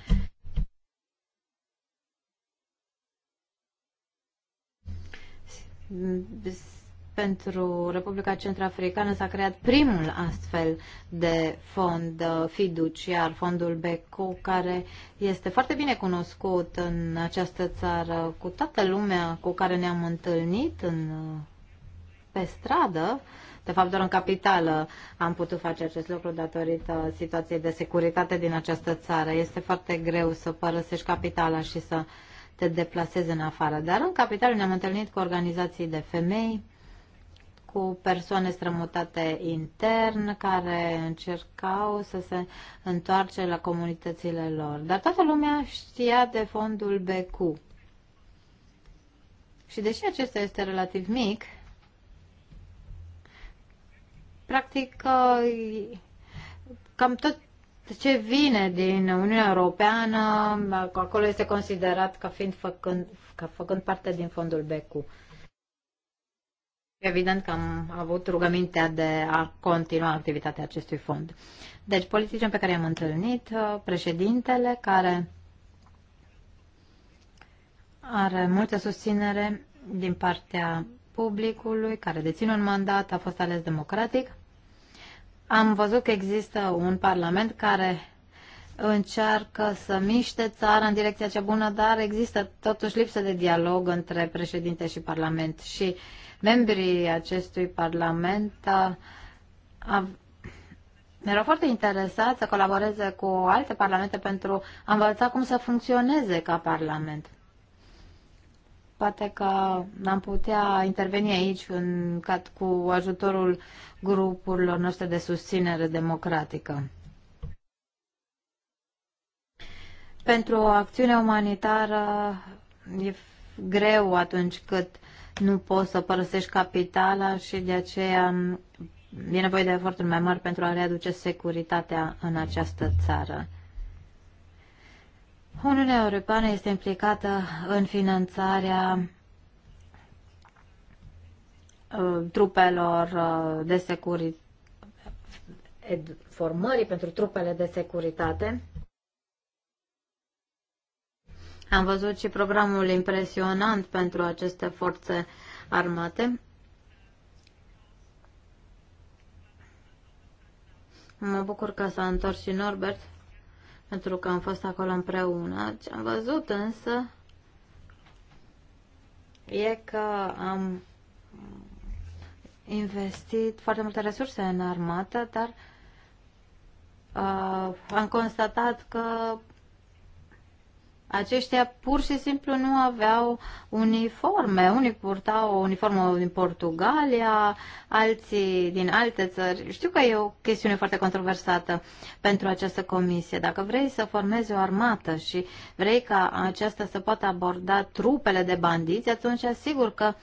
pentru Republica Centrafricană s-a creat primul astfel de fond uh, fiduciar, fondul BECO, care este foarte bine cunoscut în această țară, cu toată lumea cu care ne-am întâlnit în, uh, pe stradă. De fapt, doar în capitală am putut face acest lucru datorită situației de securitate din această țară. Este foarte greu să părăsești capitala și să te deplasezi în afară. Dar în capitală ne-am întâlnit cu organizații de femei, cu persoane strămutate intern care încercau să se întoarce la comunitățile lor. Dar toată lumea știa de fondul BQ. Și deși acesta este relativ mic, practic cam tot ce vine din Uniunea Europeană, acolo este considerat ca fiind făcând, ca făcând parte din fondul BQ. Evident că am avut rugămintea de a continua activitatea acestui fond. Deci, politicieni pe care i-am întâlnit, uh, președintele care are multă susținere din partea publicului, care deține un mandat, a fost ales democratic. Am văzut că există un parlament care încearcă să miște țara în direcția cea bună, dar există totuși lipsă de dialog între președinte și Parlament și membrii acestui Parlament a, a, erau foarte interesați să colaboreze cu alte parlamente pentru a învăța cum să funcționeze ca Parlament. Poate că am putea interveni aici în, cu ajutorul grupurilor noastre de susținere democratică. Pentru o acțiune umanitară e greu atunci cât nu poți să părăsești capitala și de aceea e nevoie de eforturi mai mari pentru a readuce securitatea în această țară. Uniunea Europeană este implicată în finanțarea uh, trupelor uh, de securitate, formării pentru trupele de securitate am văzut și programul impresionant pentru aceste forțe armate. Mă bucur că s-a întors și Norbert, pentru că am fost acolo împreună. Ce am văzut însă e că am investit foarte multe resurse în armată, dar uh, am constatat că aceștia pur și simplu nu aveau uniforme. Unii purtau o uniformă din Portugalia, alții din alte țări. Știu că e o chestiune foarte controversată pentru această comisie. Dacă vrei să formezi o armată și vrei ca aceasta să poată aborda trupele de bandiți, atunci asigur că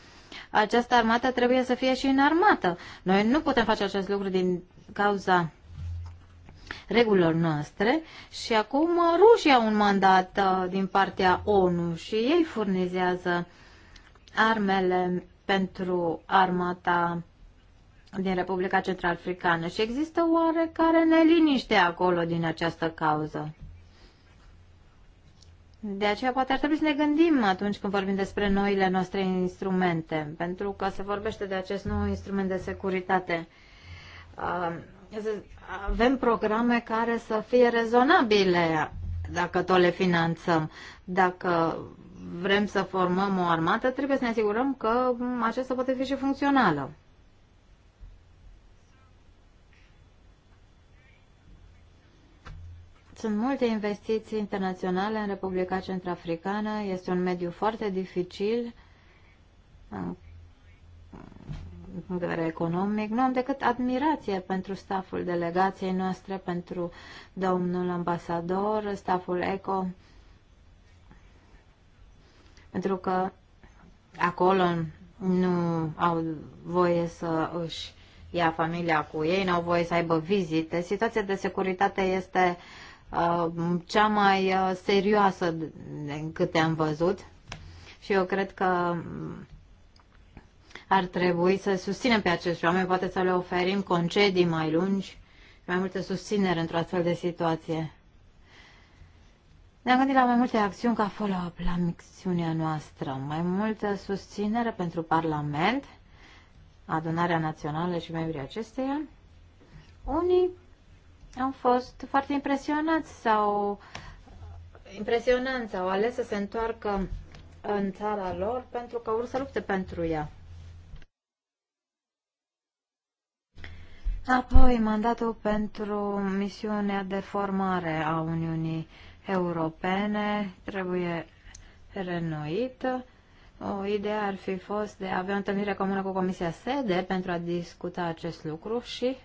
această armată trebuie să fie și armată. Noi nu putem face acest lucru din cauza regulilor noastre și acum rușii au un mandat uh, din partea ONU și ei furnizează armele pentru armata din Republica Centrafricană și există oarecare neliniște acolo din această cauză. De aceea poate ar trebui să ne gândim atunci când vorbim despre noile noastre instrumente, pentru că se vorbește de acest nou instrument de securitate. Uh, avem programe care să fie rezonabile dacă tot le finanțăm. Dacă vrem să formăm o armată, trebuie să ne asigurăm că aceasta poate fi și funcțională. Sunt multe investiții internaționale în Republica Centrafricană. Este un mediu foarte dificil punct de vedere economic, nu am decât admirație pentru staful delegației noastre, pentru domnul ambasador, staful ECO, pentru că acolo nu au voie să își ia familia cu ei, nu au voie să aibă vizite. Situația de securitate este uh, cea mai uh, serioasă în câte am văzut și eu cred că ar trebui să susținem pe acești oameni, poate să le oferim concedii mai lungi și mai multe susținere într-o astfel de situație. Ne-am gândit la mai multe acțiuni ca follow-up la misiunea noastră, mai multă susținere pentru Parlament, adunarea națională și membrii acesteia. Unii au fost foarte impresionați sau impresionanți, au ales să se întoarcă în țara lor pentru că vor să lupte pentru ea. Apoi, mandatul pentru misiunea de formare a Uniunii Europene trebuie renoită. O idee ar fi fost de a avea o întâlnire comună cu Comisia SEDE pentru a discuta acest lucru și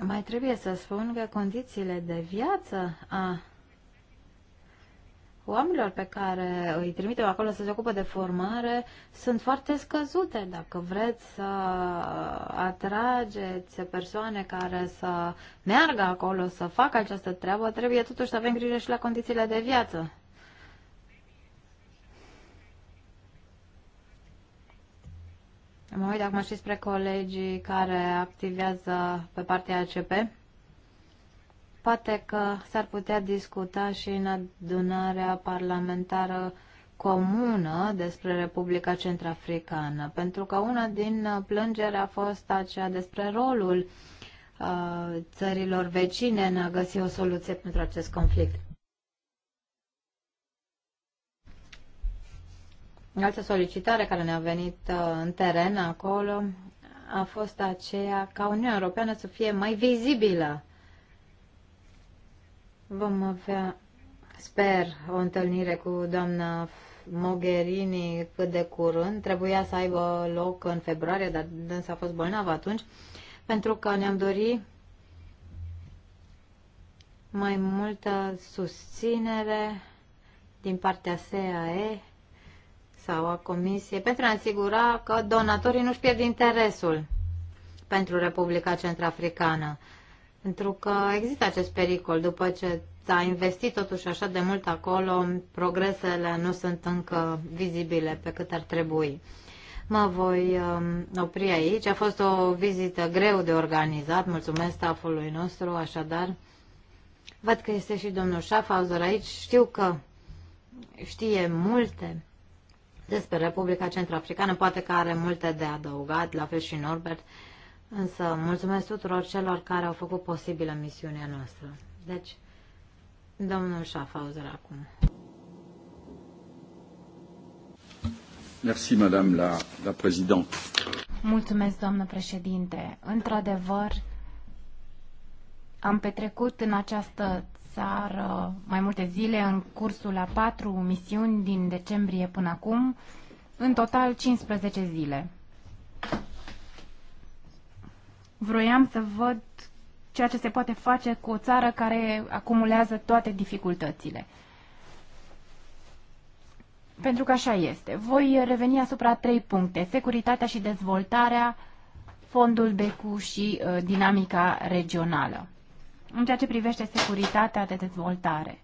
mai trebuie să spun că condițiile de viață a oamenilor pe care îi trimitem acolo să se ocupe de formare sunt foarte scăzute. Dacă vreți să atrageți persoane care să meargă acolo, să facă această treabă, trebuie totuși să avem grijă și la condițiile de viață. Mă uit acum și spre colegii care activează pe partea ACP. Poate că s-ar putea discuta și în adunarea parlamentară comună despre Republica Centrafricană, pentru că una din plângeri a fost aceea despre rolul uh, țărilor vecine în a găsi o soluție pentru acest conflict. Altă solicitare care ne-a venit uh, în teren acolo a fost aceea ca Uniunea Europeană să fie mai vizibilă Vom avea, sper, o întâlnire cu doamna Mogherini cât de curând. Trebuia să aibă loc în februarie, dar dânsa a fost bolnavă atunci, pentru că ne-am dorit mai multă susținere din partea SAE sau a Comisiei pentru a asigura că donatorii nu-și pierd interesul pentru Republica Centrafricană. Pentru că există acest pericol. După ce s-a investit totuși așa de mult acolo, progresele nu sunt încă vizibile pe cât ar trebui. Mă voi um, opri aici. A fost o vizită greu de organizat. Mulțumesc stafului nostru, așadar. Văd că este și domnul Schaffhauser aici. Știu că știe multe despre Republica Centrafricană, poate că are multe de adăugat, la fel și Norbert. Însă mulțumesc tuturor celor care au făcut posibilă misiunea noastră. Deci, domnul Schaffhauser acum. Merci, madame la, la président. Mulțumesc, doamnă președinte. Într-adevăr, am petrecut în această țară mai multe zile în cursul a patru misiuni din decembrie până acum, în total 15 zile. Vroiam să văd ceea ce se poate face cu o țară care acumulează toate dificultățile. Pentru că așa este. Voi reveni asupra trei puncte. Securitatea și dezvoltarea, fondul BECU și uh, dinamica regională. În ceea ce privește securitatea de dezvoltare.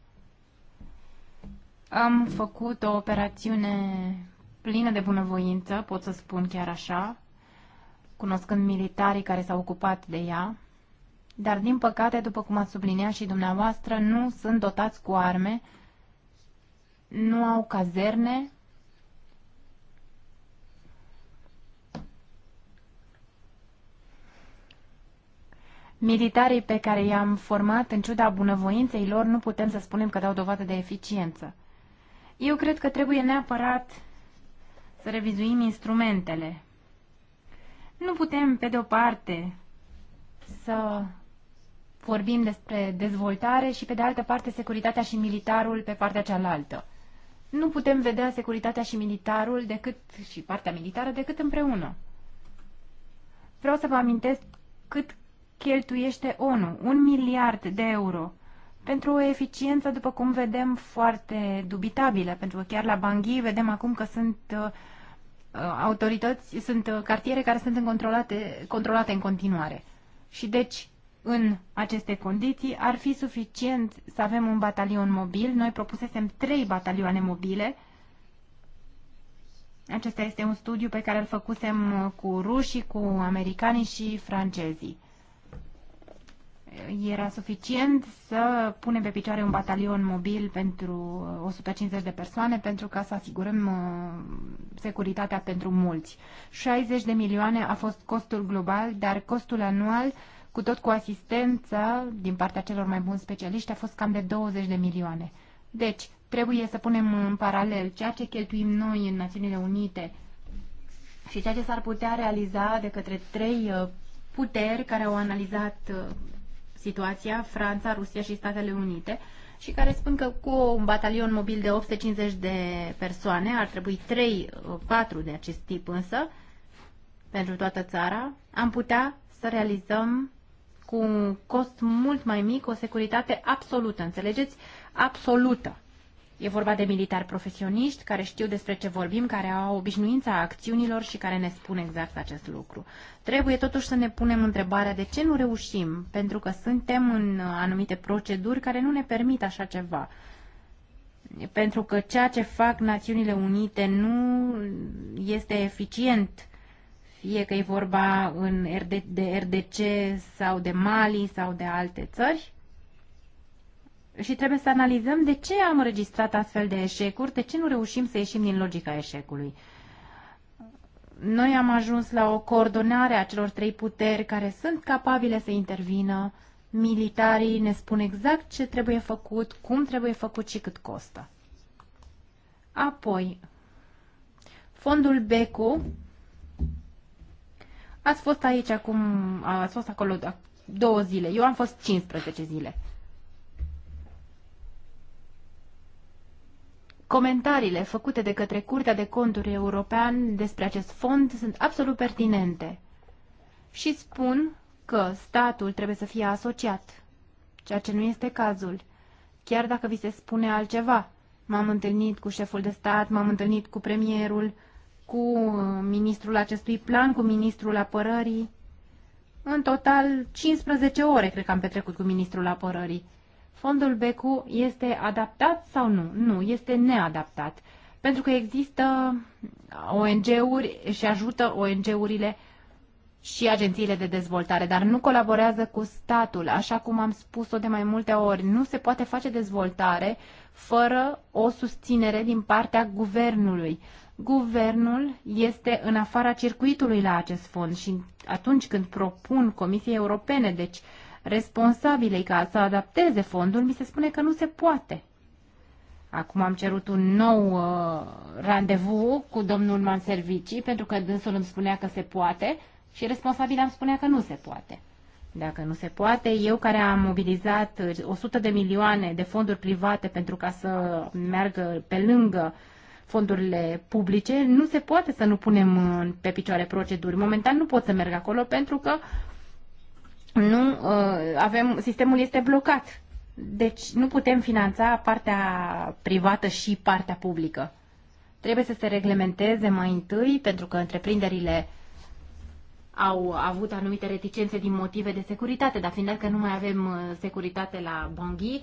Am făcut o operațiune plină de bunăvoință, pot să spun chiar așa, cunoscând militarii care s-au ocupat de ea, dar din păcate, după cum ați subliniat și dumneavoastră, nu sunt dotați cu arme, nu au cazerne, Militarii pe care i-am format, în ciuda bunăvoinței lor, nu putem să spunem că dau dovadă de eficiență. Eu cred că trebuie neapărat să revizuim instrumentele nu putem, pe de-o parte, să vorbim despre dezvoltare și, pe de altă parte, securitatea și militarul pe partea cealaltă. Nu putem vedea securitatea și militarul decât și partea militară decât împreună. Vreau să vă amintesc cât cheltuiește ONU, un miliard de euro, pentru o eficiență, după cum vedem, foarte dubitabilă, pentru că chiar la Banghi vedem acum că sunt uh, Uh, autorități, sunt uh, cartiere care sunt controlate, controlate în continuare. Și deci, în aceste condiții, ar fi suficient să avem un batalion mobil. Noi propusesem trei batalioane mobile. Acesta este un studiu pe care îl făcusem uh, cu rușii, cu americanii și francezii era suficient să punem pe picioare un batalion mobil pentru 150 uh, de persoane pentru ca să asigurăm uh, securitatea pentru mulți. 60 de milioane a fost costul global, dar costul anual, cu tot cu asistență din partea celor mai buni specialiști, a fost cam de 20 de milioane. Deci, trebuie să punem în paralel ceea ce cheltuim noi în Națiunile Unite și ceea ce s-ar putea realiza de către trei uh, puteri care au analizat situația Franța, Rusia și Statele Unite și care spun că cu un batalion mobil de 850 de persoane, ar trebui 3-4 uh, de acest tip însă, pentru toată țara, am putea să realizăm cu un cost mult mai mic o securitate absolută, înțelegeți? Absolută. E vorba de militari profesioniști care știu despre ce vorbim, care au obișnuința acțiunilor și care ne spun exact acest lucru. Trebuie totuși să ne punem întrebarea de ce nu reușim, pentru că suntem în anumite proceduri care nu ne permit așa ceva. Pentru că ceea ce fac Națiunile Unite nu este eficient, fie că e vorba în RD, de RDC sau de Mali sau de alte țări, și trebuie să analizăm de ce am înregistrat astfel de eșecuri, de ce nu reușim să ieșim din logica eșecului. Noi am ajuns la o coordonare a celor trei puteri care sunt capabile să intervină. Militarii ne spun exact ce trebuie făcut, cum trebuie făcut și cât costă. Apoi, fondul BECU. Ați fost aici acum, ați fost acolo două zile. Eu am fost 15 zile. Comentariile făcute de către Curtea de Conturi European despre acest fond sunt absolut pertinente și spun că statul trebuie să fie asociat, ceea ce nu este cazul, chiar dacă vi se spune altceva. M-am întâlnit cu șeful de stat, m-am întâlnit cu premierul, cu uh, ministrul acestui plan, cu ministrul apărării. În total, 15 ore cred că am petrecut cu ministrul apărării fondul BECU este adaptat sau nu? Nu, este neadaptat. Pentru că există ONG-uri și ajută ONG-urile și agențiile de dezvoltare, dar nu colaborează cu statul. Așa cum am spus-o de mai multe ori, nu se poate face dezvoltare fără o susținere din partea guvernului. Guvernul este în afara circuitului la acest fond și atunci când propun Comisiei Europene, deci uh, responsabilei ca să adapteze fondul, mi se spune că nu se poate. Acum am cerut un nou uh, randevu cu domnul Manservici, pentru că dânsul îmi spunea că se poate și responsabilul îmi spunea că nu se poate. Dacă nu se poate, eu care am mobilizat 100 de milioane de fonduri private pentru ca să meargă pe lângă fondurile publice, nu se poate să nu punem pe picioare proceduri. Momentan nu pot să merg acolo pentru că nu uh, avem, sistemul este blocat. Deci nu putem finanța partea privată și partea publică. Trebuie să se reglementeze mai întâi, pentru că întreprinderile au avut anumite reticențe din motive de securitate, dar fiind că nu mai avem uh, securitate la Banghi,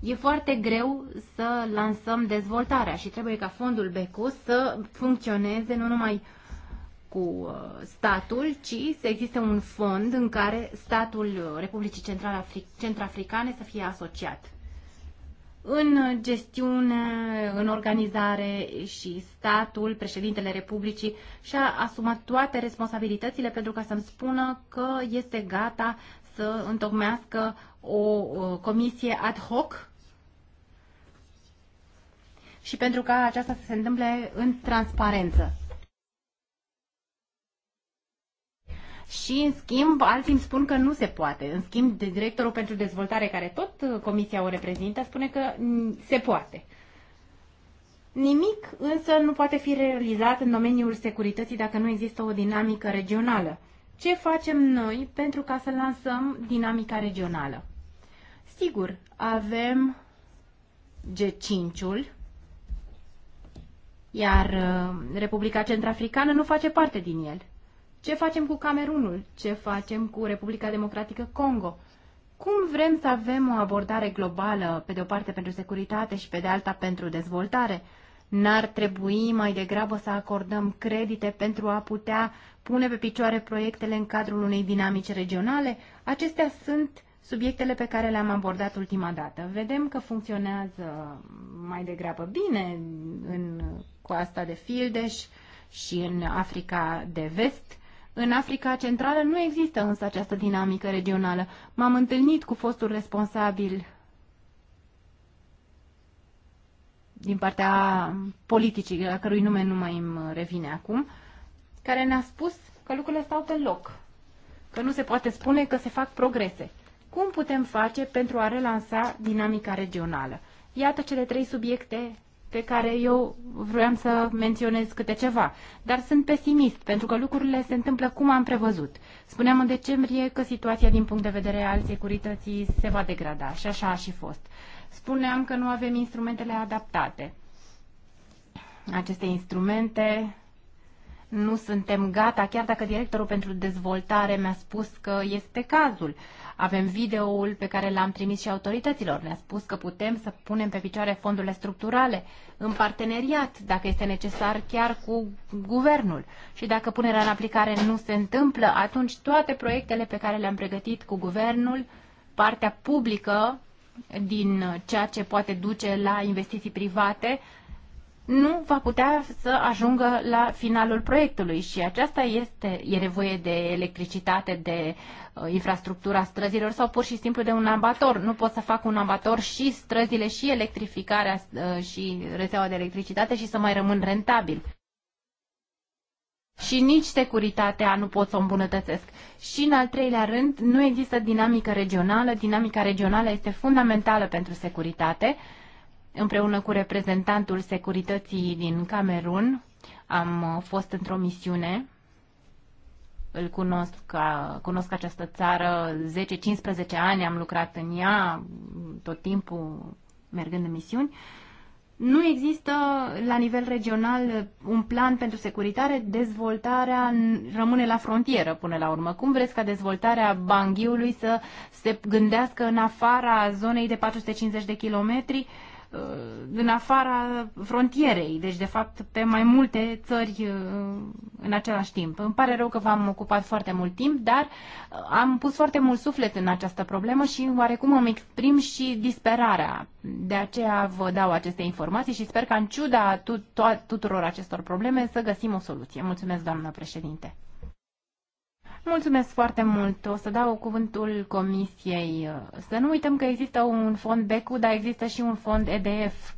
e foarte greu să lansăm dezvoltarea și trebuie ca fondul BECU să funcționeze nu numai uh, cu uh, statul, ci să existe un fond în care statul uh, Republicii Centrafricane să fie asociat. În gestiune, în organizare și statul, președintele Republicii și-a asumat toate responsabilitățile pentru ca să-mi spună că este gata să întocmească o comisie ad hoc și pentru ca aceasta să se întâmple în transparență. și, în schimb, alții îmi spun că nu se poate. În schimb, directorul pentru dezvoltare, care tot uh, comisia o reprezintă, spune că se poate. Nimic însă nu poate fi realizat în domeniul securității dacă nu există o dinamică regională. Ce facem noi pentru ca să lansăm dinamica regională? Sigur, avem G5-ul, iar uh, Republica Centrafricană nu face parte din el. Ce facem cu Camerunul? Ce facem cu Republica Democratică Congo? Cum vrem să avem o abordare globală, pe de o parte pentru securitate și pe de alta pentru dezvoltare? N-ar trebui mai degrabă să acordăm credite pentru a putea pune pe picioare proiectele în cadrul unei dinamici regionale? Acestea sunt subiectele pe care le-am abordat ultima dată. Vedem că funcționează mai degrabă bine în coasta de Fildeș și în Africa de Vest, în Africa Centrală nu există însă această dinamică regională. M-am întâlnit cu fostul responsabil din partea politicii, la cărui nume nu mai îmi revine acum, care ne-a spus că lucrurile stau pe loc, că nu se poate spune că se fac progrese. Cum putem face pentru a relansa dinamica regională? Iată cele trei subiecte pe care eu vreau să menționez câte ceva. Dar sunt pesimist, pentru că lucrurile se întâmplă cum am prevăzut. Spuneam în decembrie că situația din punct de vedere al securității se va degrada și așa a și fost. Spuneam că nu avem instrumentele adaptate. Aceste instrumente nu suntem gata, chiar dacă directorul pentru dezvoltare mi-a spus că este cazul. Avem videoul pe care l-am trimis și autorităților. Ne-a spus că putem să punem pe picioare fondurile structurale în parteneriat, dacă este necesar, chiar cu guvernul. Și dacă punerea în aplicare nu se întâmplă, atunci toate proiectele pe care le-am pregătit cu guvernul, partea publică din ceea ce poate duce la investiții private, nu va putea să ajungă la finalul proiectului și aceasta este, e nevoie de electricitate, de uh, infrastructura străzilor sau pur și simplu de un ambator. Nu pot să fac un ambator și străzile și electrificarea uh, și rețeaua de electricitate și să mai rămân rentabil. Și nici securitatea nu pot să o îmbunătățesc. Și în al treilea rând, nu există dinamică regională. Dinamica regională este fundamentală pentru securitate. Uh, Împreună cu reprezentantul securității din Camerun am uh, fost într-o misiune. Îl cunosc, cunosc această țară, 10-15 ani am lucrat în ea, tot timpul mergând în misiuni. Nu există la nivel regional un plan pentru securitate, dezvoltarea rămâne la frontieră până la urmă. Cum vreți ca dezvoltarea Banghiului să se gândească în afara zonei de 450 de kilometri? Uh, în afara frontierei, deci de fapt pe mai multe țări uh, în același timp. Îmi pare rău că v-am ocupat foarte mult timp, dar uh, am pus foarte mult suflet în această problemă și oarecum îmi exprim și disperarea. De aceea vă dau aceste informații și sper că în ciuda tuturor acestor probleme să găsim o soluție. Mulțumesc, doamnă președinte. Mulțumesc foarte mult. O să dau cuvântul Comisiei. Să nu uităm că există un fond BECU, dar există și un fond EDF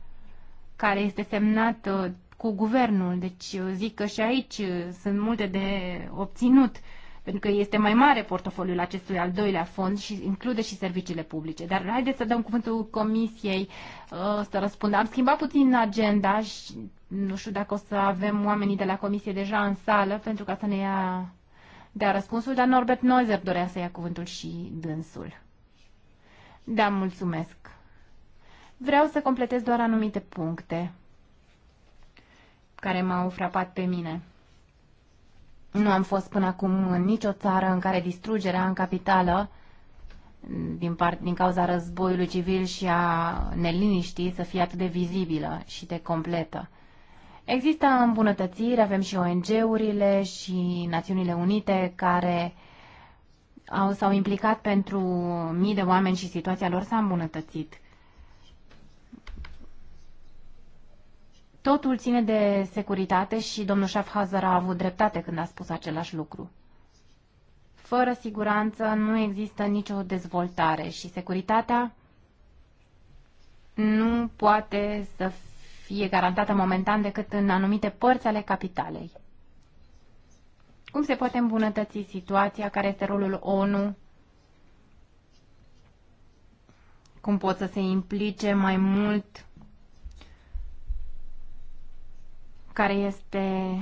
care este semnat uh, cu guvernul. Deci zic că și aici uh, sunt multe de obținut, pentru că este mai mare portofoliul acestui al doilea fond și include și serviciile publice. Dar haideți să dăm cuvântul Comisiei uh, să răspundă. Am schimbat puțin agenda și nu știu dacă o să avem oamenii de la Comisie deja în sală pentru ca să ne ia a răspunsul, dar Norbert Neuser dorea să ia cuvântul și dânsul. Da, mulțumesc. Vreau să completez doar anumite puncte care m-au frapat pe mine. Nu am fost până acum în nicio țară în care distrugerea în capitală din, part, din cauza războiului civil și a neliniștii să fie atât de vizibilă și de completă. Există îmbunătățiri, avem și ONG-urile și Națiunile Unite care au, s-au implicat pentru mii de oameni și situația lor s-a îmbunătățit. Totul ține de securitate și domnul Schaffhauser a avut dreptate când a spus același lucru. Fără siguranță nu există nicio dezvoltare și securitatea nu poate să fie garantată momentan decât în anumite părți ale capitalei. Cum se poate îmbunătăți situația? Care este rolul ONU? Cum pot să se implice mai mult? Care este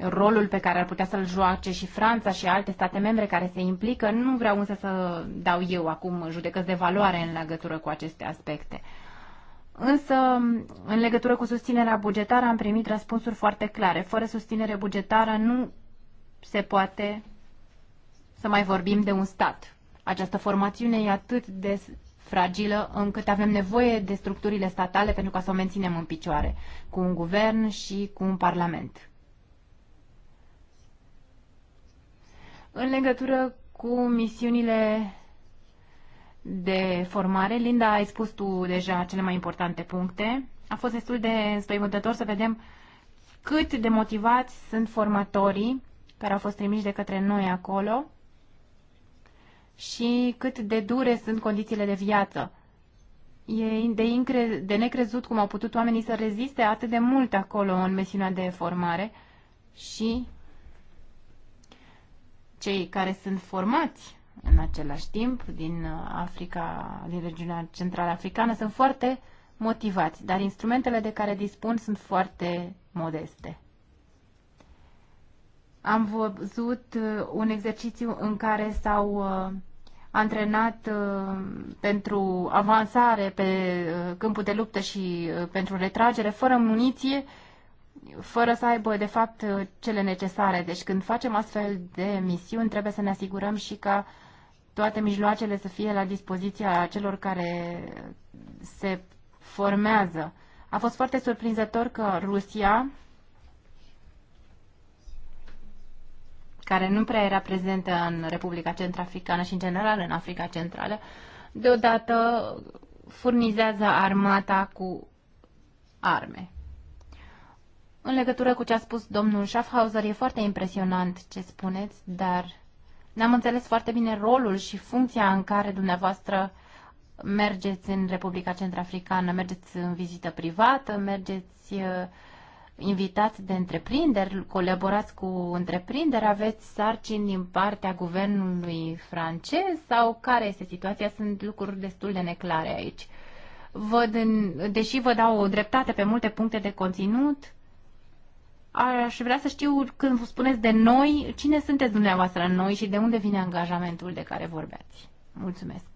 rolul pe care ar putea să-l joace și Franța și alte state membre care se implică. Nu vreau însă să dau eu acum judecăți de valoare în legătură cu aceste aspecte. Însă, în legătură cu susținerea bugetară, am primit răspunsuri foarte clare. Fără susținere bugetară nu se poate să mai vorbim de un stat. Această formațiune e atât de fragilă încât avem nevoie de structurile statale pentru ca să o menținem în picioare, cu un guvern și cu un parlament. În legătură cu misiunile de formare. Linda, ai spus tu deja cele mai importante puncte. A fost destul de înspăimântător să vedem cât de motivați sunt formatorii care au fost trimiși de către noi acolo și cât de dure sunt condițiile de viață. E de, incre- de necrezut cum au putut oamenii să reziste atât de mult acolo în mesiunea de formare și cei care sunt formați în același timp din uh, Africa, din regiunea centrală africană, sunt foarte motivați, dar instrumentele de care dispun sunt foarte modeste. Am văzut uh, un exercițiu în care s-au uh, antrenat pentru avansare pe câmpul de luptă și pentru retragere, fără muniție fără să aibă, de fapt, cele necesare. Deci când facem astfel de misiuni, trebuie să ne asigurăm și ca toate mijloacele să fie la dispoziția celor care se formează. A fost foarte surprinzător că Rusia, care nu prea era prezentă în Republica Centrafricană și în general în Africa Centrală, deodată furnizează armata cu arme. În legătură cu ce a spus domnul Schaffhauser, e foarte impresionant ce spuneți, dar n-am înțeles foarte bine rolul și funcția în care dumneavoastră mergeți în Republica Centrafricană, mergeți în vizită privată, mergeți uh, invitați de întreprinderi, colaborați cu întreprinderi, aveți sarcini din partea guvernului francez sau care este situația? Sunt lucruri destul de neclare aici. Văd în, deși vă dau o dreptate pe multe puncte de conținut, Aș vrea să știu când vă spuneți de noi, cine sunteți dumneavoastră noi și de unde vine angajamentul de care vorbeați. Mulțumesc.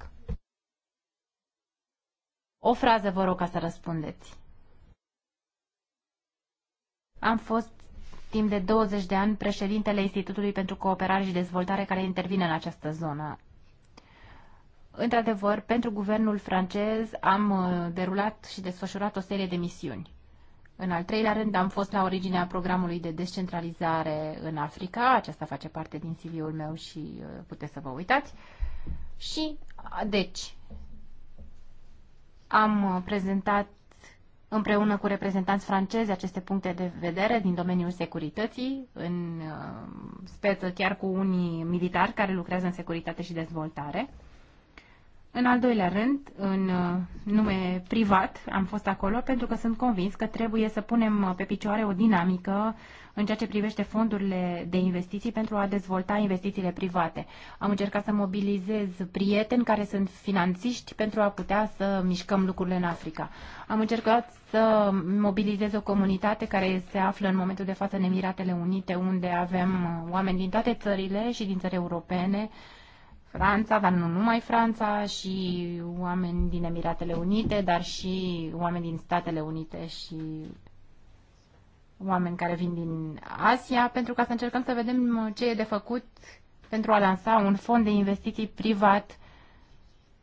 O frază vă rog ca să răspundeți. Am fost timp de 20 de ani președintele Institutului pentru Cooperare și Dezvoltare care intervine în această zonă. Într-adevăr, pentru guvernul francez am uh, derulat și desfășurat o serie de misiuni. În al treilea rând, am fost la originea programului de descentralizare în Africa. Aceasta face parte din CV-ul meu și uh, puteți să vă uitați. Și, uh, deci, am uh, prezentat împreună cu reprezentanți francezi aceste puncte de vedere din domeniul securității, în speță chiar cu unii militari care lucrează în securitate și dezvoltare. În al doilea rând, în uh, nume privat, am fost acolo pentru că sunt convins că trebuie să punem uh, pe picioare o dinamică în ceea ce privește fondurile de investiții pentru a dezvolta investițiile private. Am încercat să mobilizez prieteni care sunt finanțiști pentru a putea să mișcăm lucrurile în Africa. Am încercat să mobilizez o comunitate care se află în momentul de față în Emiratele Unite, unde avem uh, oameni din toate țările și din țări europene, Franța, dar nu numai Franța, și oameni din Emiratele Unite, dar și oameni din Statele Unite și oameni care vin din Asia, pentru ca să încercăm să vedem ce e de făcut pentru a lansa un fond de investiții privat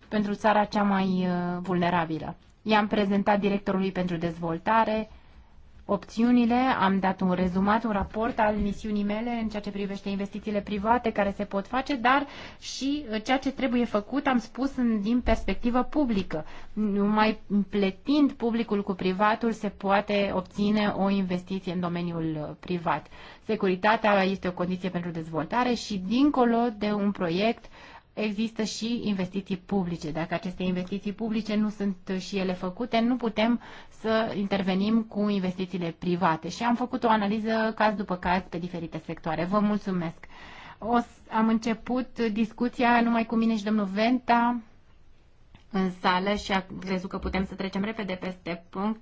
pentru țara cea mai uh, vulnerabilă. I-am prezentat directorului pentru dezvoltare, opțiunile, am dat un rezumat, un raport al misiunii mele în ceea ce privește investițiile private care se pot face, dar și uh, ceea ce trebuie făcut am spus din perspectivă publică. Numai pletind publicul cu privatul se poate obține o investiție în domeniul uh, privat. Securitatea este o condiție pentru dezvoltare și dincolo de un proiect uh, există și investiții publice. Dacă aceste investiții publice nu sunt și ele făcute, nu putem să intervenim cu investițiile private. Și am făcut o analiză caz după caz pe diferite sectoare. Vă mulțumesc! O, am început discuția numai cu mine și domnul Venta în sală și a crezut că putem să trecem repede peste punct,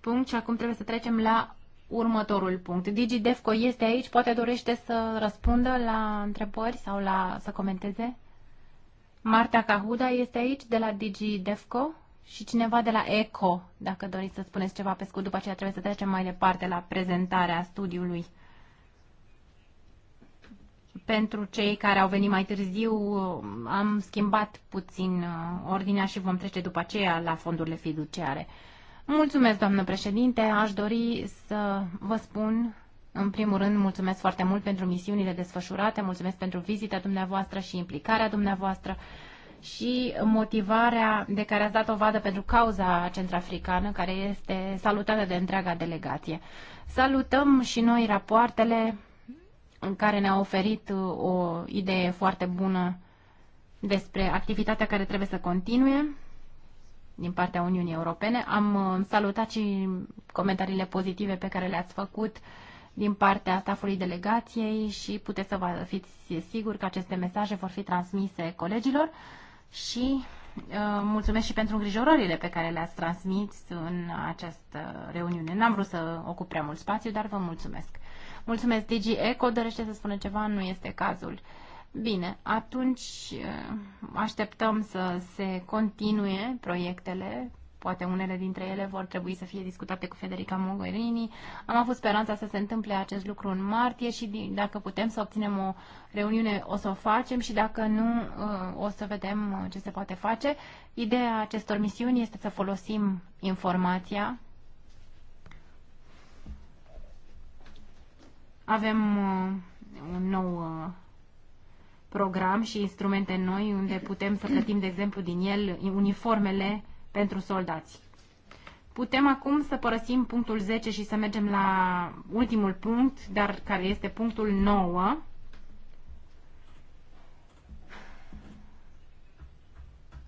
punct și acum trebuie să trecem la următorul punct. Digi Defco este aici, poate dorește să răspundă la întrebări sau la să comenteze? Marta Cahuda este aici de la Digi Defco și cineva de la ECO, dacă doriți să spuneți ceva pe scurt, după aceea trebuie să trecem mai departe la prezentarea studiului. Pentru cei care au venit mai târziu, am schimbat puțin uh, ordinea și vom trece după aceea la fondurile fiduciare. Mulțumesc, doamnă președinte. Aș dori să vă spun în primul rând, mulțumesc foarte mult pentru misiunile desfășurate, mulțumesc pentru vizita dumneavoastră și implicarea dumneavoastră și motivarea de care ați dat o vadă pentru cauza centrafricană, care este salutată de întreaga delegație. Salutăm și noi rapoartele în care ne-a oferit uh, o idee foarte bună despre activitatea care trebuie să continue din partea Uniunii Europene. Am uh, salutat și comentariile pozitive pe care le-ați făcut uh, din partea stafului delegației și puteți să vă fiți siguri că aceste mesaje vor fi transmise colegilor și uh, mulțumesc și pentru îngrijorările pe care le-ați transmis în această reuniune. N-am vrut să ocup prea mult spațiu, dar vă mulțumesc. Mulțumesc, Digi Eco. Dorește să spună ceva? Nu este cazul. Bine, atunci uh, așteptăm să se continue proiectele Poate unele dintre ele vor trebui să fie discutate cu Federica Mogherini. Am avut speranța să se întâmple acest lucru în martie și dacă putem să obținem o reuniune, o să o facem și dacă nu, uh, o să vedem uh, ce se poate face. Ideea acestor misiuni este să folosim informația. Avem uh, un nou program și instrumente noi unde putem să plătim, de exemplu, din el uniformele pentru soldați. Putem acum să părăsim punctul 10 și să mergem la ultimul punct, dar care este punctul 9.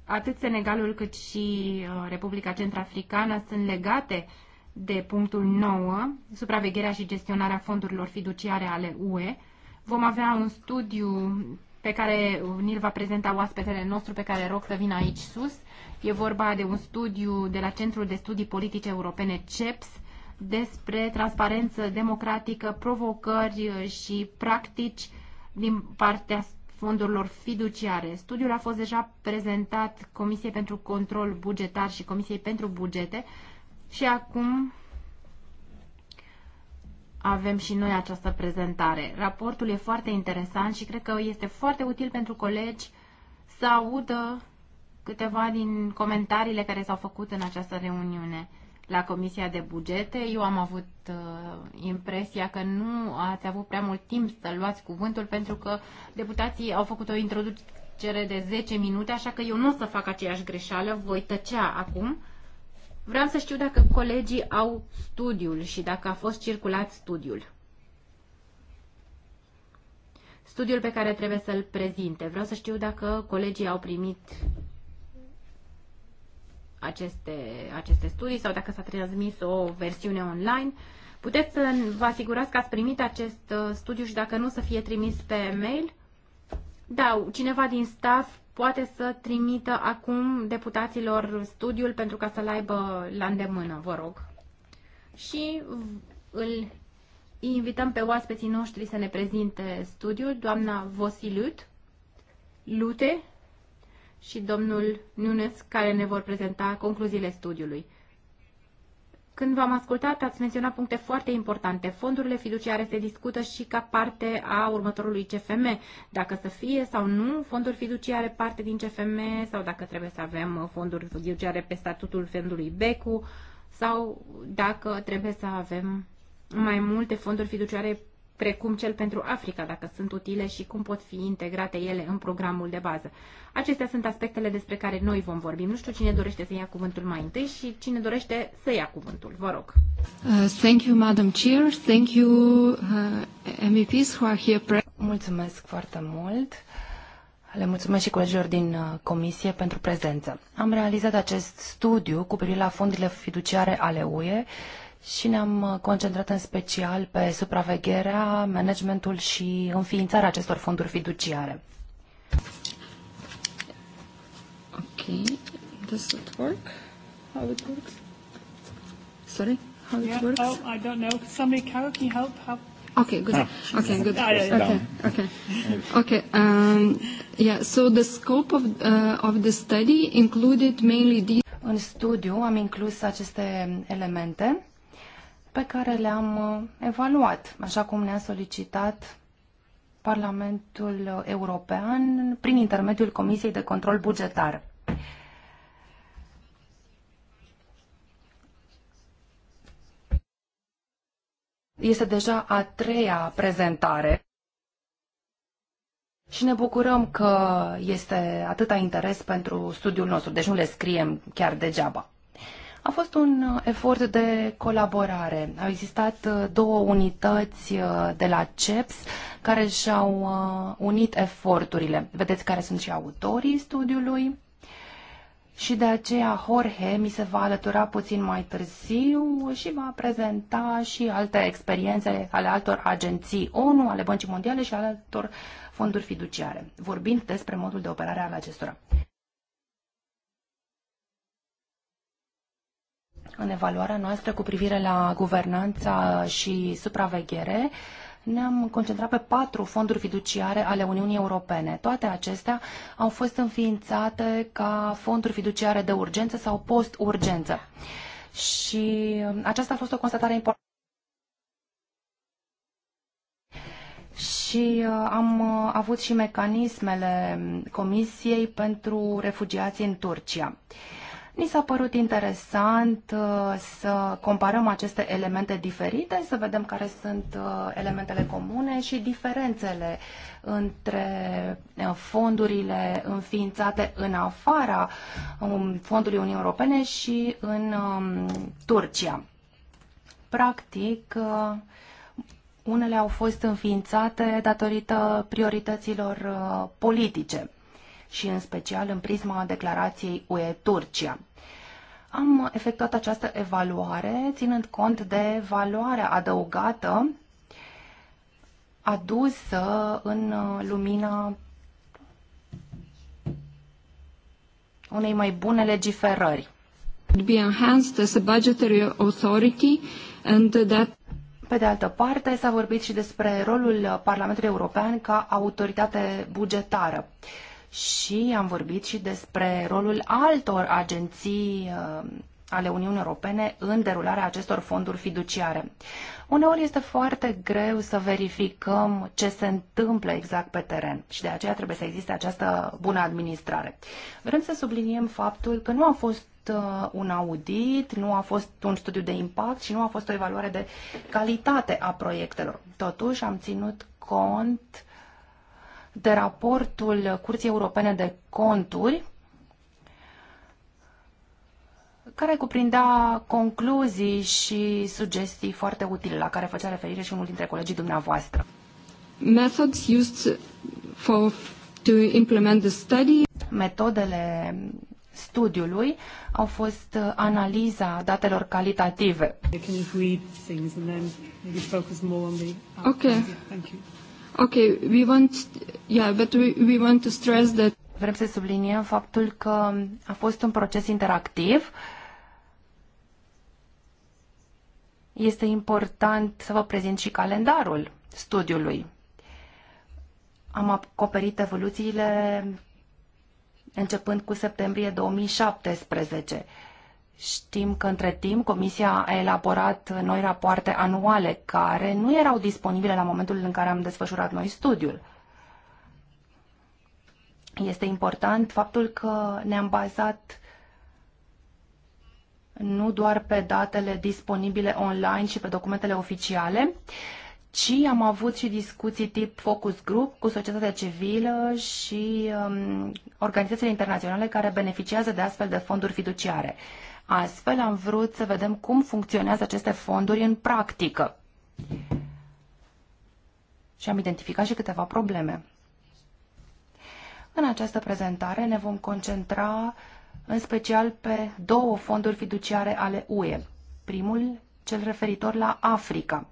Atât Senegalul cât și uh, Republica Centrafricană sunt legate de punctul 9, supravegherea și gestionarea fondurilor fiduciare ale UE. Vom avea un studiu pe care ni va prezenta oaspetele nostru, pe care rog să vină aici sus. E vorba de un studiu de la Centrul de Studii Politice Europene CEPS despre transparență democratică, provocări și practici din partea fondurilor fiduciare. Studiul a fost deja prezentat Comisiei pentru Control Bugetar și Comisiei pentru Bugete și acum avem și noi această prezentare. Raportul e foarte interesant și cred că este foarte util pentru colegi să audă câteva din comentariile care s-au făcut în această reuniune la Comisia de Bugete. Eu am avut uh, impresia că nu ați avut prea mult timp să luați cuvântul pentru că deputații au făcut o introducere de 10 minute, așa că eu nu o să fac aceeași greșeală, voi tăcea acum Vreau să știu dacă colegii au studiul și dacă a fost circulat studiul. Studiul pe care trebuie să-l prezinte. Vreau să știu dacă colegii au primit aceste, aceste studii sau dacă s-a transmis o versiune online. Puteți să vă asigurați că ați primit acest uh, studiu și dacă nu, să fie trimis pe mail? Da, cineva din staff poate să trimită acum deputaților studiul pentru ca să-l aibă la îndemână, vă rog. Și îl invităm pe oaspeții noștri să ne prezinte studiul, doamna Vosilut, Lute și domnul Nunes, care ne vor prezenta concluziile studiului. Când v-am ascultat, ați menționat puncte foarte importante. Fondurile fiduciare se discută și ca parte a următorului CFM. Dacă să fie sau nu fonduri fiduciare parte din CFM sau dacă trebuie să avem fonduri fiduciare pe statutul fondului BECU sau dacă trebuie să avem mai multe fonduri fiduciare precum cel pentru Africa, dacă sunt utile și cum pot fi integrate ele în programul de bază. Acestea sunt aspectele despre care noi vom vorbi. Nu știu cine dorește să ia cuvântul mai întâi și cine dorește să ia cuvântul. Vă rog. Uh, thank you, Madam Chair. Thank you, uh, MEPs who are here present. Mulțumesc foarte mult. Le mulțumesc și colegilor din uh, comisie pentru prezență. Am realizat acest studiu cu privire la fondurile fiduciare ale UE și ne-am uh, concentrat în special pe supravegherea, managementul și înființarea acestor fonduri fiduciare. Ok, does it work? How it works? Sorry, how it yeah, works? Oh, I don't know. Somebody, Carol, can you help? How Okay, good. Ah. Okay, good. Ah, okay, okay. Okay. Um, yeah, so the scope of, uh, of the study included mainly these. În studiu am inclus aceste elemente pe care le-am uh, evaluat, așa cum ne-a solicitat Parlamentul European prin intermediul Comisiei de Control Bugetar. Este deja a treia prezentare și ne bucurăm că este atâta interes pentru studiul nostru, deci nu le scriem chiar degeaba. A fost un uh, efort de colaborare. Au existat uh, două unități uh, de la CEPS care și-au unit eforturile. Vedeți care sunt și autorii studiului. Și de aceea Jorge mi se va alătura puțin mai târziu și va prezenta și alte experiențe ale altor agenții ONU, ale Băncii Mondiale și ale altor fonduri fiduciare, vorbind despre modul de operare al acestora. În evaluarea noastră cu privire la guvernanța și supraveghere, ne-am concentrat pe patru fonduri fiduciare ale Uniunii Europene. Toate acestea au fost înființate ca fonduri fiduciare de urgență sau post-urgență. Și um, aceasta a fost o constatare importantă. și uh, am uh, avut și mecanismele um, Comisiei pentru refugiații în Turcia. Mi s-a părut interesant uh, să comparăm aceste elemente diferite, să vedem care sunt uh, elementele comune și diferențele între uh, fondurile înființate în afara um, fondului Uniunii Europene și în um, Turcia. Practic, unele au fost înființate datorită priorităților politice și în special în prisma declarației UE-Turcia. Am efectuat această evaluare ținând cont de valoarea adăugată adusă în uh, lumina unei mai bune legiferări. Be enhanced as a budgetary authority and that pe de altă parte, s-a vorbit și despre rolul Parlamentului European ca autoritate bugetară. Uh, și am vorbit și despre rolul altor agenții uh, ale Uniunii Europene în derularea acestor fonduri fiduciare. Uneori este foarte greu să verificăm ce se întâmplă exact pe teren și de aceea trebuie să existe această bună administrare. Vrem să subliniem faptul că nu a fost uh, un audit, nu a fost un studiu de impact și nu a fost o evaluare de calitate a proiectelor. Totuși am ținut cont de raportul Curții Europene de Conturi, care cuprindea concluzii și sugestii foarte utile la care făcea referire și unul dintre colegii dumneavoastră. Methods used for to implement the study. Metodele studiului au fost uh, analiza datelor calitative. Okay we want, yeah, but we, we want to stress that Vrem să subliniem faptul că a fost un proces interactiv. Este important să vă prezint și calendarul studiului. Am acoperit evoluțiile începând cu septembrie 2017 Știm că între timp Comisia a elaborat noi rapoarte anuale care nu erau disponibile la momentul în care am desfășurat noi studiul. Este important faptul că ne-am bazat nu doar pe datele disponibile online și pe documentele oficiale, ci am avut și discuții tip focus group cu societatea civilă și um, organizațiile internaționale care beneficiază de astfel de fonduri fiduciare. Uh, Astfel am vrut să vedem cum funcționează aceste fonduri în practică. Și am identificat și câteva probleme. În această prezentare ne vom concentra în special pe două fonduri fiduciare ale UE. Primul, cel referitor la Africa,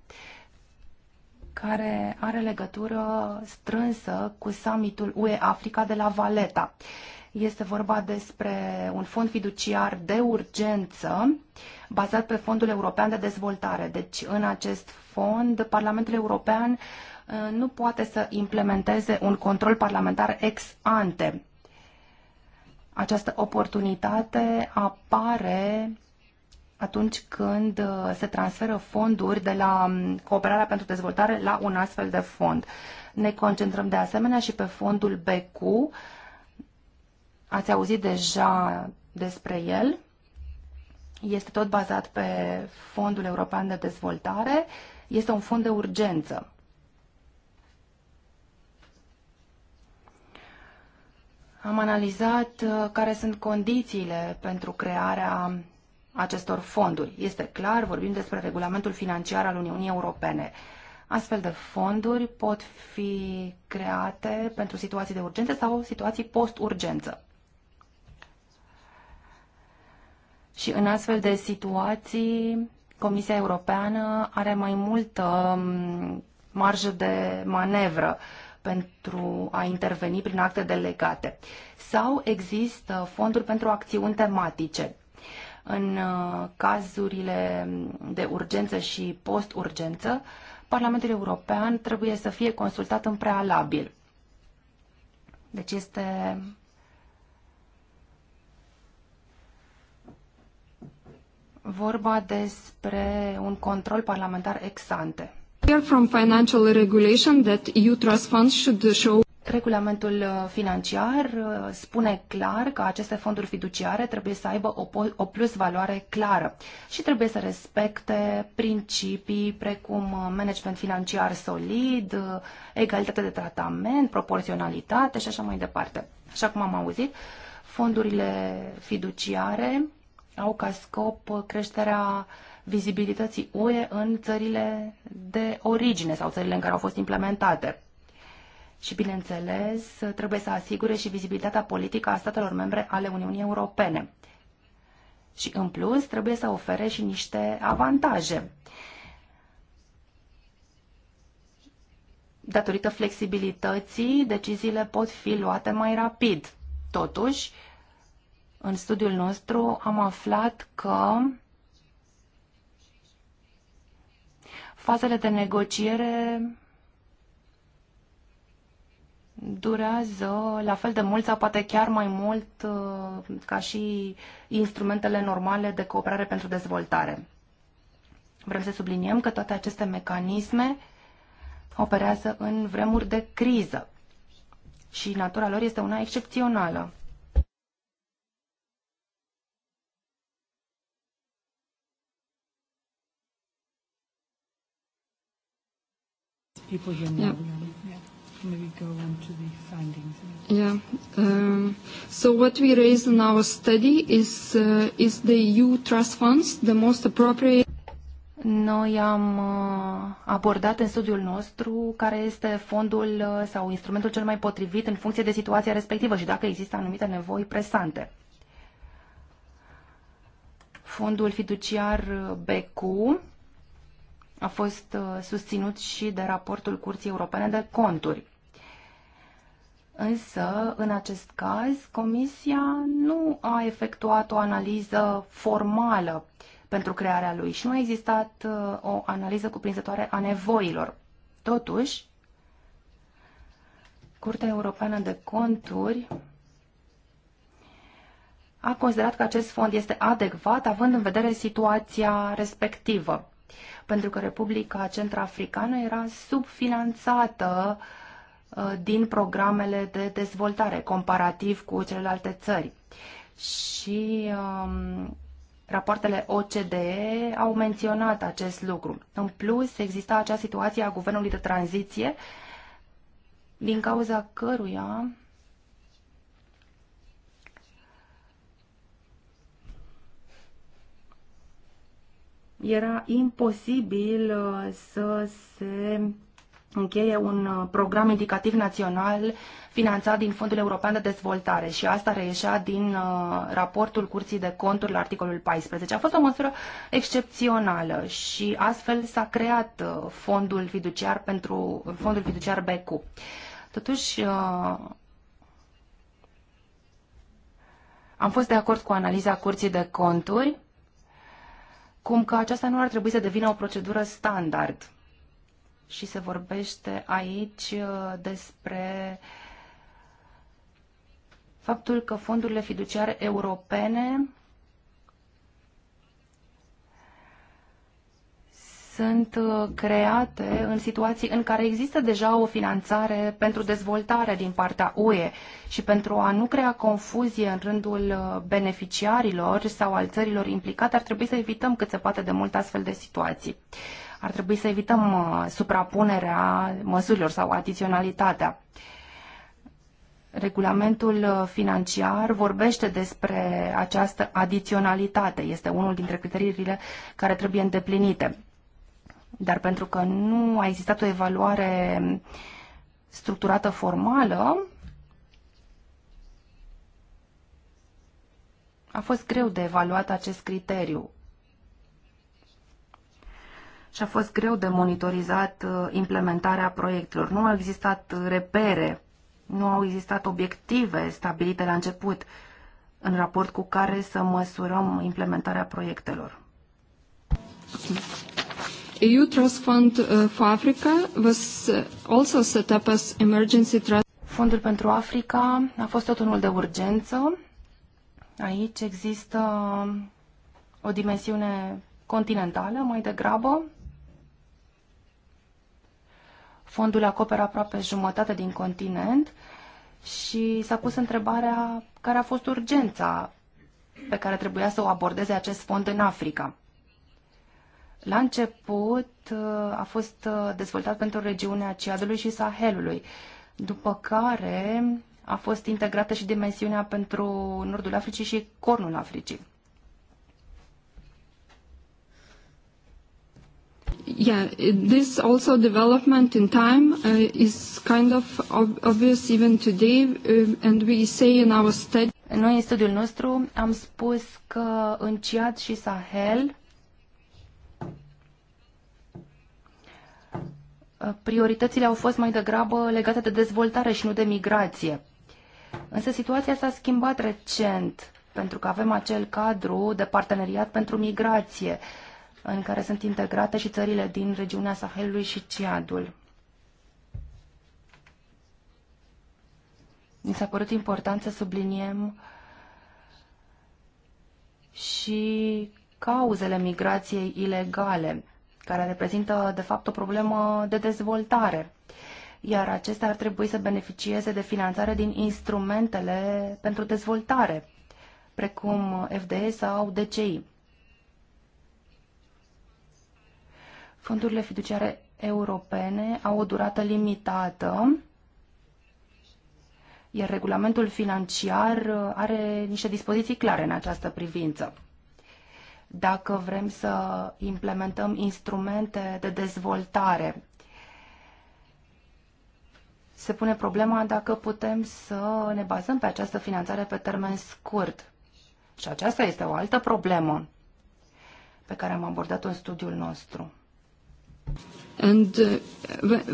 care are legătură strânsă cu summitul UE Africa de la Valeta. Este vorba despre un fond fiduciar de urgență bazat pe Fondul European de Dezvoltare. Deci, în acest fond, Parlamentul European uh, nu poate să implementeze un control parlamentar ex ante. Această oportunitate apare atunci când uh, se transferă fonduri de la um, Cooperarea pentru Dezvoltare la un astfel de fond. Ne concentrăm de asemenea și pe fondul BQ, Ați auzit deja despre el. Este tot bazat pe Fondul European de Dezvoltare. Este un fond de urgență. Am analizat uh, care sunt condițiile pentru crearea acestor fonduri. Este clar, vorbim despre regulamentul financiar al Uniunii Europene. Astfel de fonduri pot fi create pentru situații de urgență sau situații post-urgență. Și în astfel de situații, Comisia Europeană are mai multă um, marjă de manevră pentru a interveni prin acte delegate. Sau există fonduri pentru acțiuni tematice. În uh, cazurile de urgență și post-urgență, Parlamentul European trebuie să fie consultat în prealabil. Deci este vorba despre un control parlamentar ex ante. From financial regulation that EU trust funds should show Regulamentul uh, financiar uh, spune clar că aceste fonduri fiduciare trebuie să aibă o, o plus valoare clară și trebuie să respecte principii precum uh, management financiar solid, egalitate de tratament, proporționalitate și așa mai departe. Așa cum am auzit, fondurile fiduciare au ca scop creșterea vizibilității UE în țările de origine sau țările în care au fost implementate. Și, bineînțeles, trebuie să asigure și vizibilitatea politică a statelor membre ale Uniunii Europene. Și, în plus, trebuie să ofere și niște avantaje. Datorită flexibilității, deciziile pot fi luate mai rapid. Totuși, în studiul nostru am aflat că fazele de negociere durează la fel de mult sau poate chiar mai mult uh, ca și instrumentele normale de cooperare pentru dezvoltare. Vrem să subliniem că toate aceste mecanisme operează în vremuri de criză și natura lor este una excepțională. people here know. Yeah. yeah. Maybe go on to the findings. Yeah. Um, so what we raised in our study is uh, is the EU trust funds the most appropriate. Noi am uh, abordat în studiul nostru care este fondul uh, sau instrumentul cel mai potrivit în funcție de situația respectivă și dacă există anumite nevoi presante. Fondul fiduciar uh, BQ a fost uh, susținut și de raportul Curții Europene de Conturi. Însă, în acest caz, Comisia nu a efectuat o analiză formală pentru crearea lui și nu a existat uh, o analiză cuprinzătoare a nevoilor. Totuși, Curtea Europeană de Conturi a considerat că acest fond este adecvat având în vedere situația respectivă pentru că Republica Centrafricană era subfinanțată uh, din programele de dezvoltare comparativ cu celelalte țări. Și um, rapoartele OCDE au menționat acest lucru. În plus, exista acea situație a guvernului de tranziție, din cauza căruia era imposibil uh, să se încheie un uh, program indicativ național finanțat din Fondul European de Dezvoltare și asta reieșea din uh, raportul Curții de Conturi la articolul 14. A fost o măsură excepțională și astfel s-a creat fondul fiduciar pentru fondul fiduciar BECU. Totuși, am fost de acord cu analiza Curții de Conturi cum că aceasta nu ar trebui să devină o procedură standard. Și se vorbește aici uh, despre faptul că fondurile fiduciare europene sunt uh, create în situații în care există deja o finanțare pentru dezvoltare din partea UE și pentru a nu crea confuzie în rândul uh, beneficiarilor sau al țărilor implicate, ar trebui să evităm cât se poate de mult astfel de situații. Ar trebui să evităm uh, suprapunerea măsurilor sau adiționalitatea regulamentul financiar vorbește despre această adiționalitate. Este unul dintre criteriile care trebuie îndeplinite. Dar pentru că nu a existat o evaluare structurată formală, a fost greu de evaluat acest criteriu și a fost greu de monitorizat uh, implementarea proiectelor. Nu au existat repere, nu au existat obiective stabilite la început în raport cu care să măsurăm implementarea proiectelor. EU Trust Fund uh, for Africa was uh, also set up as emergency trust. Fondul pentru Africa a fost tot unul de urgență. Aici există o dimensiune continentală mai degrabă. Fondul acoperă aproape jumătate din continent și s-a pus întrebarea care a fost urgența pe care trebuia să o abordeze acest fond în Africa. La început uh, a fost uh, dezvoltat pentru regiunea Ciadului și Sahelului, după care a fost integrată și dimensiunea pentru Nordul Africii și Cornul Africii. yeah, this also development in time uh, is kind of ob obvious even today, uh, and we say in our study. Noi în studiul nostru am spus că în Ciad și Sahel prioritățile au fost mai degrabă legate de dezvoltare și nu de migrație. Însă situația s-a schimbat recent, pentru că avem acel cadru de parteneriat pentru migrație, în care sunt integrate și țările din regiunea Sahelului și Ciadul. Mi s-a părut important să subliniem și cauzele migrației ilegale care reprezintă, de fapt, o problemă de dezvoltare. Iar acestea ar trebui să beneficieze de finanțare din instrumentele pentru dezvoltare, precum FDE sau DCI. Fondurile fiduciare europene au o durată limitată, iar regulamentul financiar are niște dispoziții clare în această privință dacă vrem să implementăm instrumente de dezvoltare. Se pune problema dacă putem să ne bazăm pe această finanțare pe termen scurt. Și aceasta este o altă problemă pe care am abordat-o în studiul nostru. And uh,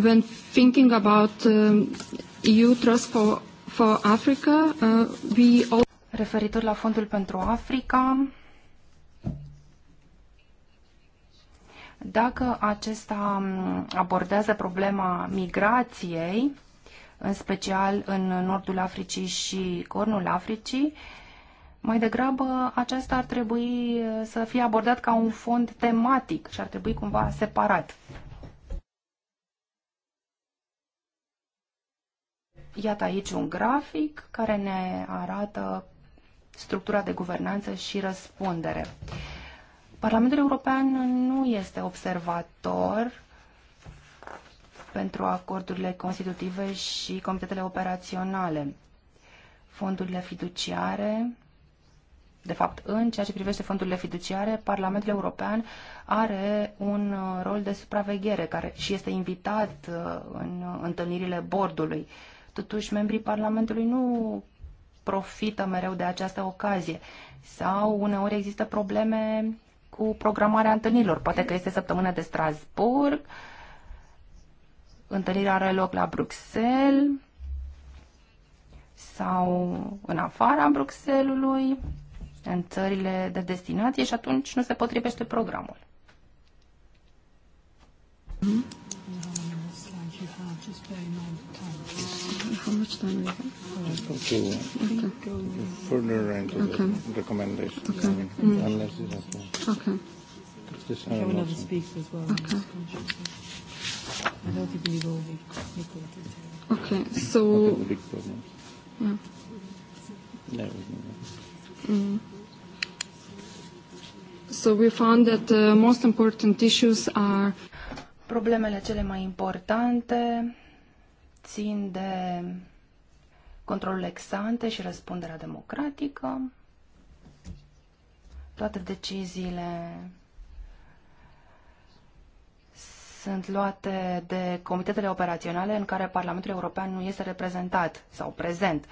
when thinking about uh, EU Trust for, for Africa, uh, we all... Referitor la Fondul pentru Africa, Dacă acesta abordează problema migrației, în special în nordul Africii și cornul Africii, mai degrabă acesta ar trebui să fie abordat ca un fond tematic și ar trebui cumva separat. Iată aici un grafic care ne arată structura de guvernanță și răspundere. Parlamentul European nu este observator pentru acordurile constitutive și comitetele operaționale. Fondurile fiduciare, de fapt, în ceea ce privește fondurile fiduciare, Parlamentul European are un uh, rol de supraveghere care și este invitat uh, în întâlnirile bordului. Totuși, membrii Parlamentului nu profită mereu de această ocazie sau uneori există probleme cu programarea întâlnirilor. Poate că este săptămâna de Strasburg, întâlnirea are loc la Bruxelles sau în afara Bruxellesului, în țările de destinație și atunci nu se potrivește programul. Mm-hmm. much time have? to okay. further into okay. the recommendation. Okay. Mm. Unless you have Okay. This, have another speaker as well. Okay. I don't Okay, so... Okay, big problem. Yeah. Mm. So we found that the most important issues are... Problemele cele mai importante țin de controlul exante și răspunderea democratică. Toate deciziile sunt luate de comitetele operaționale în care Parlamentul European nu este reprezentat sau prezent.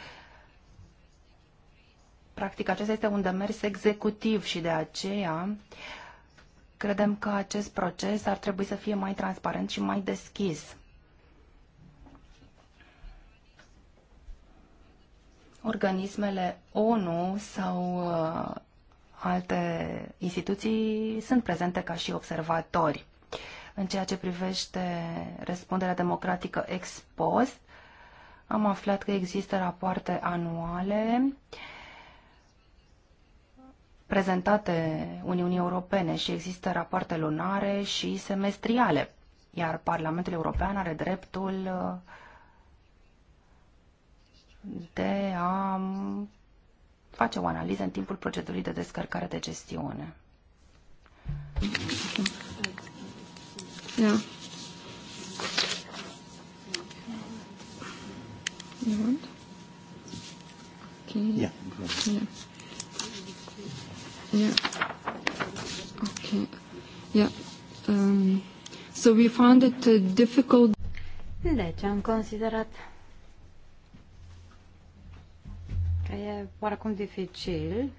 Practic, acesta este un demers executiv și de aceea credem că acest proces ar trebui să fie mai transparent și mai deschis. organismele ONU sau uh, alte instituții sunt prezente ca și observatori. În ceea ce privește răspunderea democratică ex post, am aflat că există rapoarte anuale prezentate Uniunii Europene și există rapoarte lunare și semestriale, iar Parlamentul European are dreptul uh, de a face o analiză în timpul procedurii de descărcare de gestiune. Da. da. Okay. Um, deci am considerat E oarecum dificil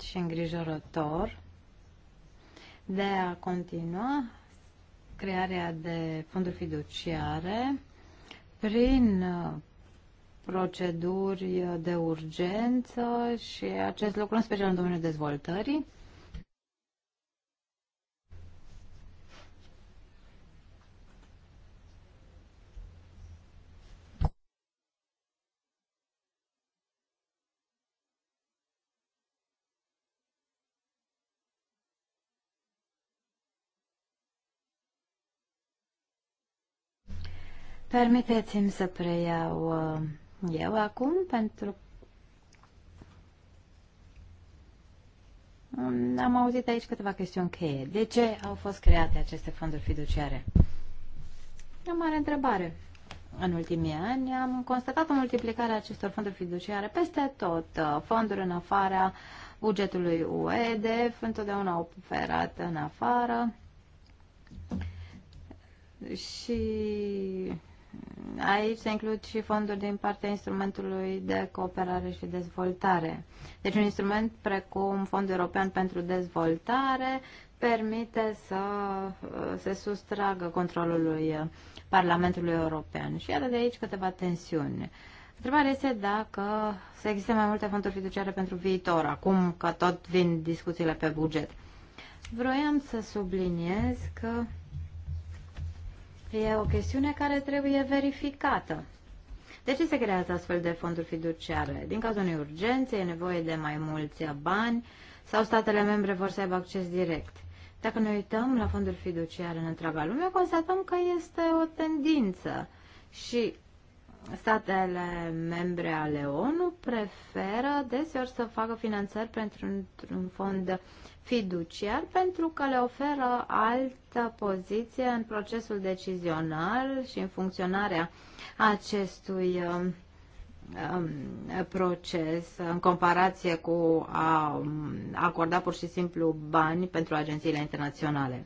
și îngrijorător de a continua crearea de fonduri fiduciare prin uh, proceduri de urgență și acest lucru în special în domeniul dezvoltării Permiteți-mi să preiau uh, eu acum pentru mm, Am auzit aici câteva chestiuni cheie. De ce au fost create aceste fonduri fiduciare? E o mare întrebare. În ultimii ani am constatat o multiplicare a acestor fonduri fiduciare peste tot. Uh, fonduri în afara bugetului UE, de întotdeauna oferat în afară. Și Aici se includ și fonduri din partea instrumentului de cooperare și dezvoltare. Deci un instrument precum Fondul European pentru Dezvoltare permite să uh, se sustragă controlului uh, Parlamentului European. Și iată de aici câteva tensiuni. Întrebarea este dacă să existe mai multe fonduri fiduciare pentru viitor, acum că tot vin discuțiile pe buget. Vroiam să subliniez că E o chestiune care trebuie verificată. De ce se creează astfel de fonduri fiduciare? Din cazul unei urgențe, e nevoie de mai mulți bani sau statele membre vor să aibă acces direct? Dacă ne uităm la fonduri fiduciare în întreaga lume, constatăm că este o tendință și statele membre ale ONU preferă deseori să facă finanțări pentru un fond fiduciar pentru că le oferă altă poziție în procesul decizional și în funcționarea acestui um, um, proces în comparație cu a um, acorda pur și simplu bani pentru agențiile internaționale.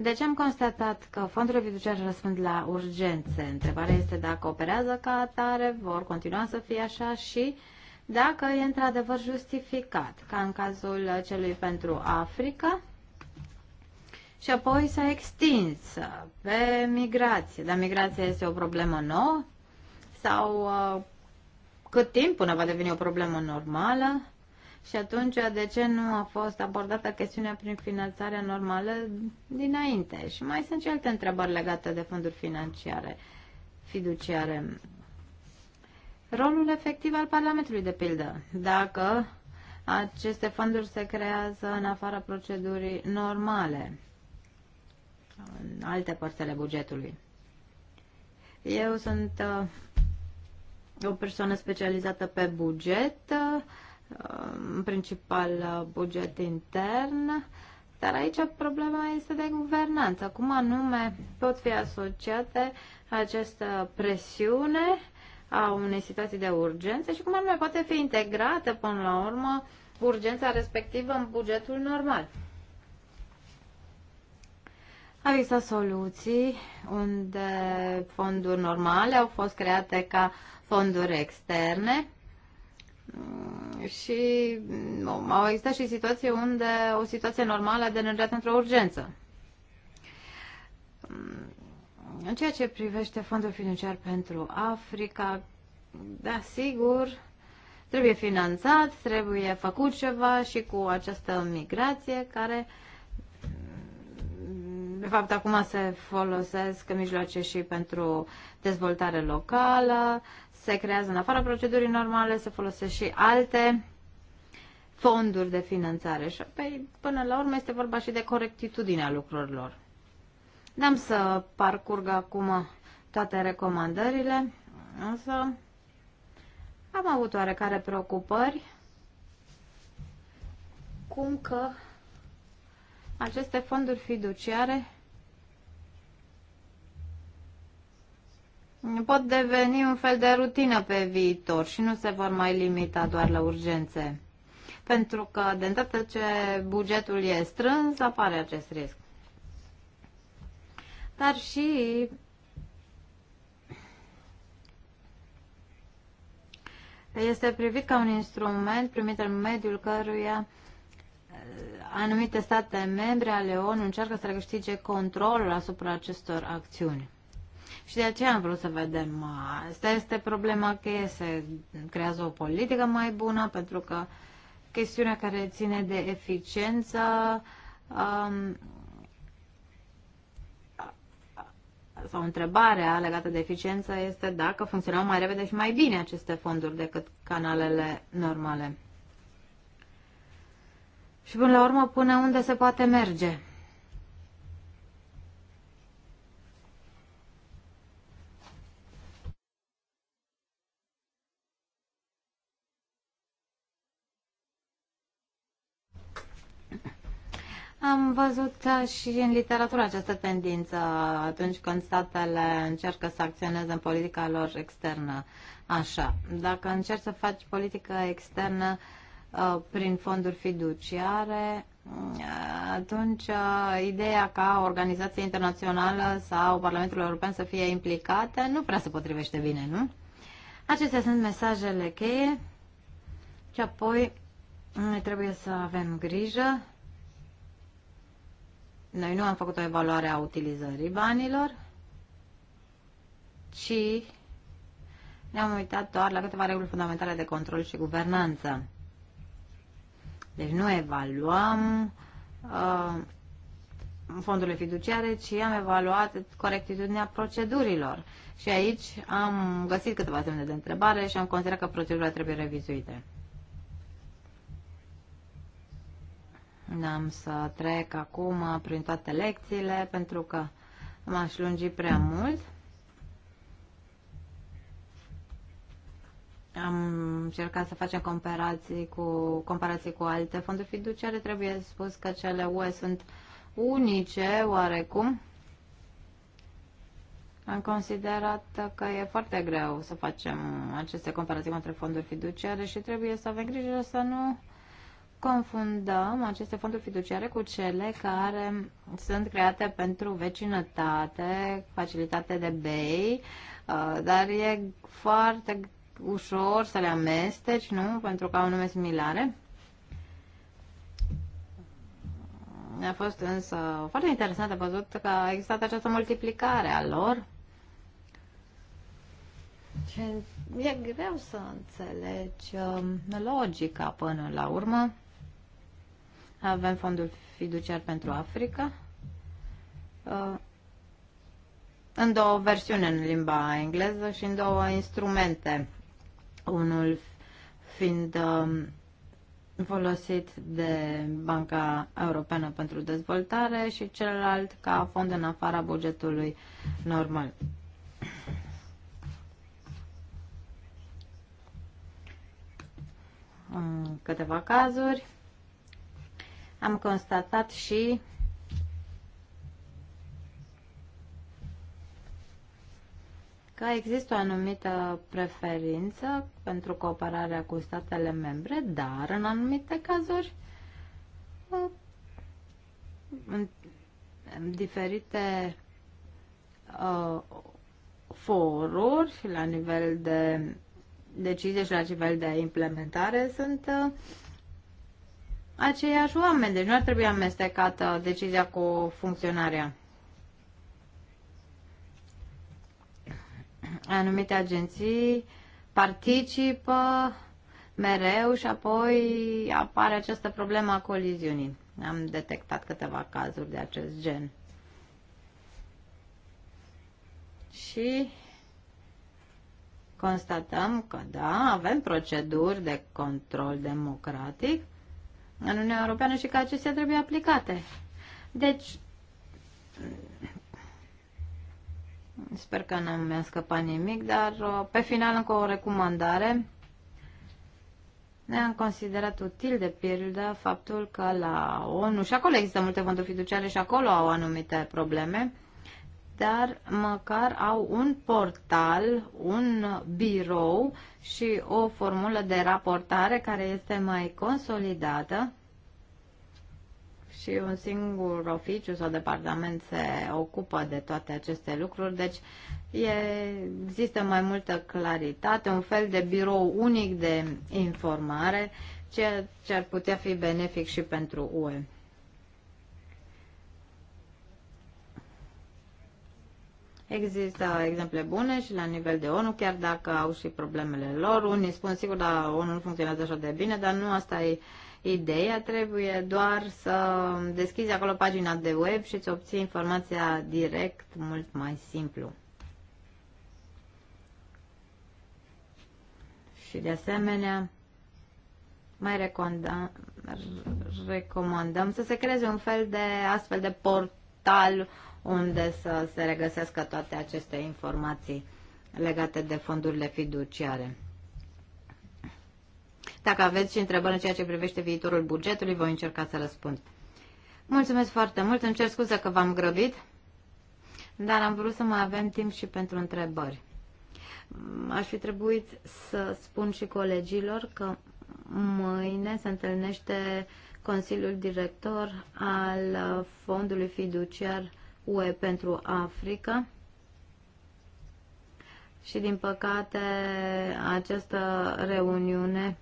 Deci am constatat că fondurile fiduciare răspund la urgențe. Întrebarea este dacă operează ca atare, vor continua să fie așa și dacă e într-adevăr justificat, ca în cazul celui pentru Africa, și apoi s-a extins pe migrație. Dar migrația este o problemă nouă? Sau uh, cât timp până va deveni o problemă normală? Și atunci, de ce nu a fost abordată chestiunea prin finanțarea normală dinainte? Și mai sunt și alte întrebări legate de fonduri financiare, fiduciare. Rolul efectiv al Parlamentului, de pildă. Dacă aceste fonduri se creează în afara procedurii normale, în alte părțile bugetului. Eu sunt uh, o persoană specializată pe buget uh, în um, principal uh, buget intern, dar aici problema este de guvernanță. Cum anume pot fi asociate această presiune a unei situații de urgență și cum anume poate fi integrată până la urmă urgența respectivă în bugetul normal. Au existat soluții unde fonduri normale au fost create ca fonduri externe și mm, au existat și situații unde o situație normală a degenerat într-o urgență. Mm, în ceea ce privește fondul financiar pentru Africa, da, sigur, trebuie finanțat, trebuie făcut ceva și cu această migrație care, mm, de fapt, acum se folosesc mijloace și pentru dezvoltare locală, se creează în afara procedurii normale, se folosesc și alte fonduri de finanțare. Și pe, păi, până la urmă este vorba și de corectitudinea lucrurilor. N-am să parcurg acum toate recomandările, însă am avut oarecare preocupări cum că aceste fonduri fiduciare pot deveni un fel de rutină pe viitor și nu se vor mai limita doar la urgențe. Pentru că, de îndată ce bugetul e strâns, apare acest risc. Dar și este privit ca un instrument primit în mediul căruia uh, anumite state membre ale ONU încearcă să recâștige controlul asupra acestor acțiuni. Și de aceea am vrut să vedem. Asta este problema că se creează o politică mai bună, pentru că chestiunea care ține de eficiență um, sau întrebarea legată de eficiență este dacă funcționau mai repede și mai bine aceste fonduri decât canalele normale. Și până la urmă, până unde se poate merge. Am văzut și în literatură această tendință atunci când statele încearcă să acționeze în politica lor externă. Așa, dacă încerci să faci politică externă uh, prin fonduri fiduciare, uh, atunci uh, ideea ca organizația internațională sau Parlamentul European să fie implicată nu prea se potrivește bine, nu? Acestea sunt mesajele cheie și apoi noi trebuie să avem grijă noi nu am făcut o evaluare a utilizării banilor, ci ne-am uitat doar la câteva reguli fundamentale de control și guvernanță. Deci nu evaluăm uh, fondurile fiduciare, ci am evaluat corectitudinea procedurilor. Și aici am găsit câteva semne de întrebare și am considerat că procedurile trebuie revizuite. N-am să trec acum prin toate lecțiile pentru că m-aș lungi prea mult. Am încercat să facem comparații cu, comparații cu alte fonduri fiduciare. Trebuie spus că cele UE sunt unice, oarecum. Am considerat că e foarte greu să facem aceste comparații între fonduri fiduciare și trebuie să avem grijă să nu confundăm aceste fonduri fiduciare cu cele care sunt create pentru vecinătate, facilitate de bei, uh, dar e foarte ușor să le amesteci, nu? Pentru că au nume similare. A fost însă foarte interesant de văzut că a existat această multiplicare a lor. e greu să înțelegi um, logica până la urmă. Avem fondul fiduciar pentru Africa. Uh, în două versiuni în limba engleză și în două instrumente. Unul fiind um, folosit de Banca Europeană pentru Dezvoltare și celălalt ca fond în afara bugetului normal. În câteva cazuri, am constatat și că există o anumită preferință pentru cooperarea cu statele membre, dar în anumite cazuri în diferite uh, foruri la nivel de decizie și la nivel de implementare sunt uh, aceiași oameni, deci nu ar trebui amestecată decizia cu funcționarea. Anumite agenții participă mereu și apoi apare această problemă a coliziunii. Am detectat câteva cazuri de acest gen. Și constatăm că da, avem proceduri de control democratic, în Uniunea Europeană și că acestea trebuie aplicate. Deci, sper că nu mi-a scăpat nimic, dar uh, pe final încă o recomandare. Ne-am considerat util de pildă faptul că la ONU și acolo există multe fonduri fiduciare și acolo au anumite probleme dar măcar au un portal, un birou și o formulă de raportare care este mai consolidată și un singur oficiu sau departament se ocupă de toate aceste lucruri, deci e, există mai multă claritate, un fel de birou unic de informare, ceea ce ar putea fi benefic și pentru UE. Există exemple bune și la nivel de ONU, chiar dacă au și problemele lor. Unii spun, sigur, dar ONU nu funcționează așa de bine, dar nu asta e ideea. Trebuie doar să deschizi acolo pagina de web și îți obții informația direct, mult mai simplu. Și de asemenea, mai recomandăm, recomandăm să se creeze un fel de astfel de portal unde să se regăsească toate aceste informații legate de fondurile fiduciare. Dacă aveți și întrebări în ceea ce privește viitorul bugetului, voi încerca să răspund. Mulțumesc foarte mult, îmi cer scuze că v-am grăbit, dar am vrut să mai avem timp și pentru întrebări. Aș fi trebuit să spun și colegilor că mâine se întâlnește Consiliul Director al Fondului Fiduciar UE pentru Africa. Și din păcate această reuniune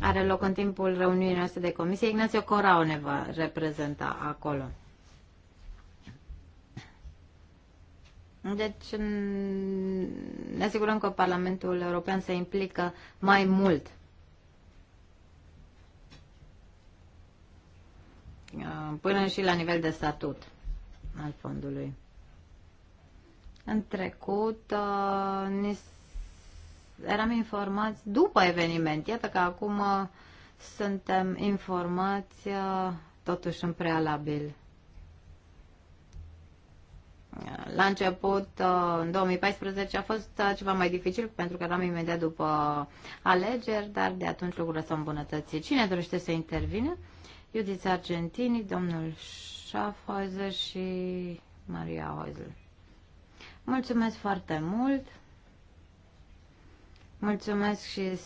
are loc în timpul reuniunii noastre de comisie. Ignacio Corau ne va reprezenta acolo. Deci ne asigurăm că Parlamentul European se implică mai mult Uh, până și la nivel de statut al fondului. În trecut, uh, eram informați după eveniment. Iată că acum uh, suntem informați totuși în prealabil. La început, în 2014, a fost ceva mai dificil pentru că eram imediat după alegeri, dar de atunci lucrurile s-au îmbunătățit. Cine dorește să intervine? Iudița Argentini, domnul Schaffhäuser și Maria Häusel. Mulțumesc foarte mult! Mulțumesc și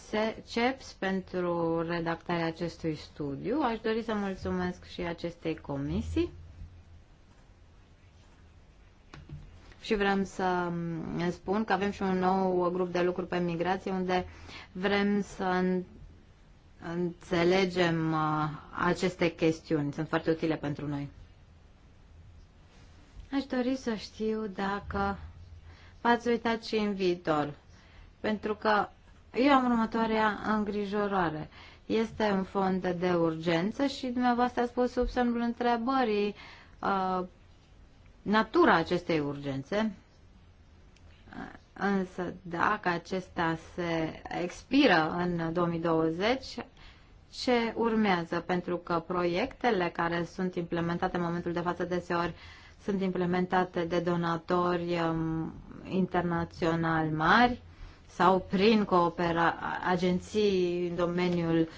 CEPS pentru redactarea acestui studiu. Aș dori să mulțumesc și acestei comisii. și vrem să mm, spun că avem și un nou grup de lucru pe migrație unde vrem să înțelegem uh, aceste chestiuni. Sunt foarte utile pentru noi. Aș dori să știu dacă v-ați uitat și în viitor. Pentru că eu am următoarea îngrijorare. Este un fond de urgență și dumneavoastră a spus sub semnul întrebării uh, natura acestei urgențe. Însă dacă acesta se expiră în 2020, ce urmează, pentru că proiectele care sunt implementate în momentul de față deseori sunt implementate de donatori um, internaționali mari sau prin coopera- agenții în domeniul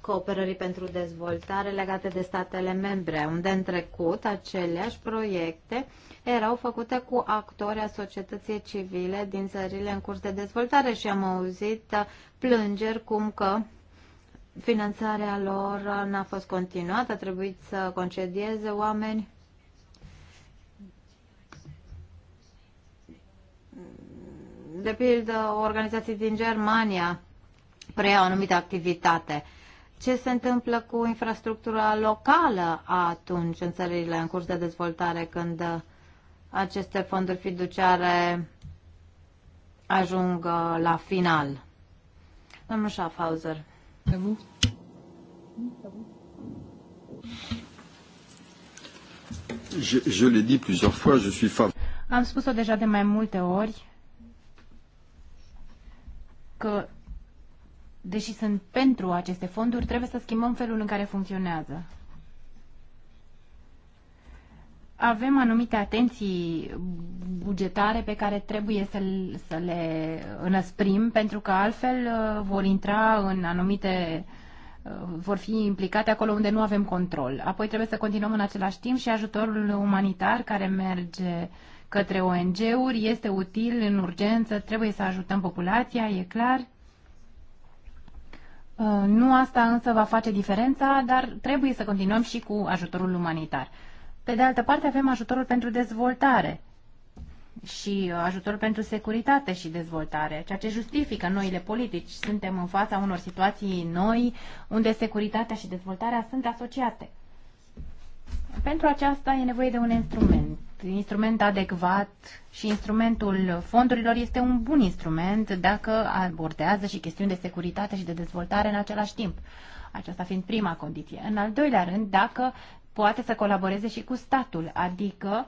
cooperării pentru dezvoltare legate de statele membre, unde în trecut aceleași proiecte erau făcute cu actori a societății civile din țările în curs de dezvoltare și am auzit plângeri cum că finanțarea lor n-a fost continuată, a trebuit să concedieze oameni. De pildă, organizații din Germania preiau anumite activitate. Ce se întâmplă cu infrastructura locală atunci în țările în curs de dezvoltare când aceste fonduri fiduciare ajung uh, la final? Domnul Schaffhauser. À vous. Je, je l'ai dit plusieurs fois, je suis Am spus-o deja de mai multe ori că, deși sunt pentru aceste fonduri, trebuie să schimbăm felul în care funcționează avem anumite atenții bugetare pe care trebuie să, să le înăsprim, pentru că altfel uh, vor intra în anumite uh, vor fi implicate acolo unde nu avem control. Apoi trebuie să continuăm în același timp și ajutorul umanitar care merge către ONG-uri este util în urgență, trebuie să ajutăm populația, e clar. Uh, nu asta însă va face diferența, dar trebuie să continuăm și cu ajutorul umanitar. Pe de altă parte avem ajutorul pentru dezvoltare și uh, ajutorul pentru securitate și dezvoltare, ceea ce justifică noile politici. Suntem în fața unor situații noi unde securitatea și dezvoltarea sunt asociate. Pentru aceasta e nevoie de un instrument, instrument adecvat și instrumentul fondurilor este un bun instrument dacă abordează și chestiuni de securitate și de dezvoltare în același timp. Aceasta fiind prima condiție. În al doilea rând, dacă poate să colaboreze și cu statul, adică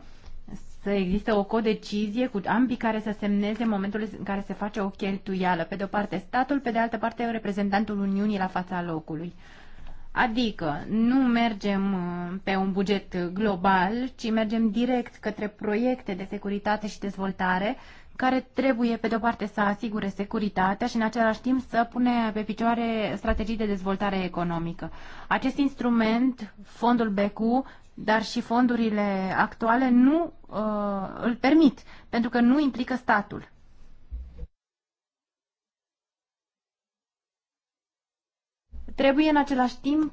să existe o codecizie cu ambii care să semneze momentul în care se face o cheltuială. Pe de o parte statul, pe de altă parte reprezentantul Uniunii la fața locului. Adică nu mergem uh, pe un buget global, ci mergem direct către proiecte de securitate și dezvoltare care trebuie, pe de-o parte, să asigure securitatea și, în același timp, să pune pe picioare strategii de dezvoltare economică. Acest instrument, fondul BQ, dar și fondurile actuale nu uh, îl permit, pentru că nu implică statul. Trebuie, în același timp,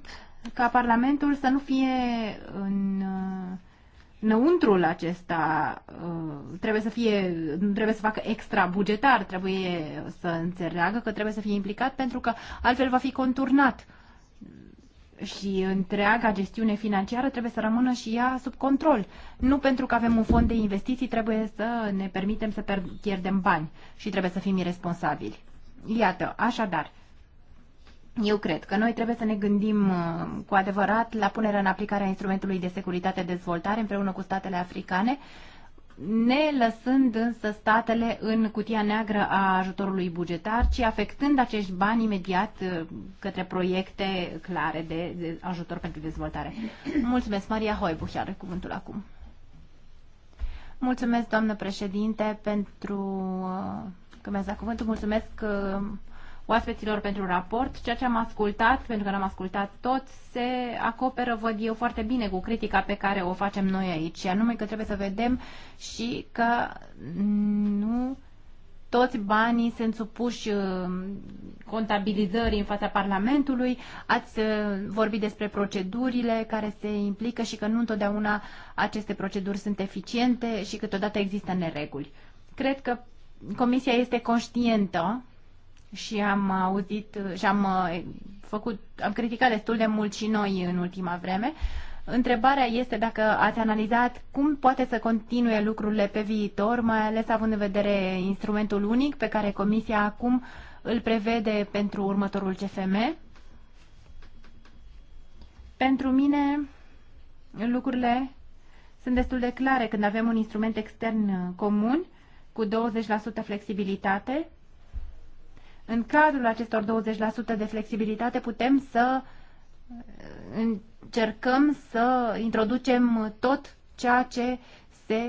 ca Parlamentul să nu fie în uh, năuntrul acesta uh, trebuie să fie, trebuie să facă extra bugetar, trebuie să înțeleagă că trebuie să fie implicat pentru că altfel va fi conturnat și întreaga gestiune financiară trebuie să rămână și ea sub control. Nu pentru că avem un fond de investiții trebuie să ne permitem să pierdem bani și trebuie să fim irresponsabili. Iată, așadar, eu cred că noi trebuie să ne gândim uh, cu adevărat la punerea în aplicare a instrumentului de securitate dezvoltare împreună cu statele africane, ne lăsând însă statele în cutia neagră a ajutorului bugetar, ci afectând acești bani imediat uh, către proiecte clare de, de ajutor pentru dezvoltare. Mulțumesc, Maria Hoibuch, are cuvântul acum. Mulțumesc, doamnă președinte, pentru uh, că mi-ați dat cuvântul. Mulțumesc că oaspeților pentru raport. Ceea ce am ascultat, pentru că l-am ascultat tot, se acoperă, văd eu, foarte bine cu critica pe care o facem noi aici, și anume că trebuie să vedem și că nu toți banii sunt supuși uh, contabilizării în fața Parlamentului. Ați uh, vorbit despre procedurile care se implică și că nu întotdeauna aceste proceduri sunt eficiente și câteodată există nereguli. Cred că Comisia este conștientă și am auzit și am uh, făcut, am criticat destul de mult și noi în ultima vreme. Întrebarea este dacă ați analizat cum poate să continue lucrurile pe viitor, mai ales având în vedere instrumentul unic pe care Comisia acum îl prevede pentru următorul CFM. Pentru mine, lucrurile sunt destul de clare când avem un instrument extern uh, comun cu 20% flexibilitate în cadrul acestor 20% de flexibilitate putem să uh, încercăm să introducem tot ceea ce se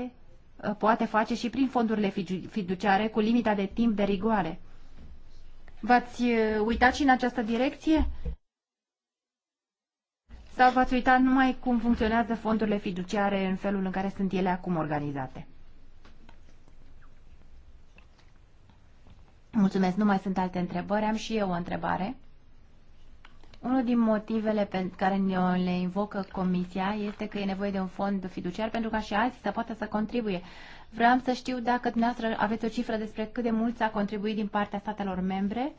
uh, poate face și prin fondurile fiduciare cu limita de timp de rigoare. V-ați uh, uitat și în această direcție? Sau v-ați uitat numai cum funcționează fondurile fiduciare în felul în care sunt ele acum organizate? Mulțumesc, nu mai sunt alte întrebări. Am și eu o întrebare. Unul din motivele pe care le invocă Comisia este că e nevoie de un fond fiduciar pentru ca și alții să poată să contribuie. Vreau să știu dacă dumneavoastră aveți o cifră despre cât de mult s-a contribuit din partea statelor membre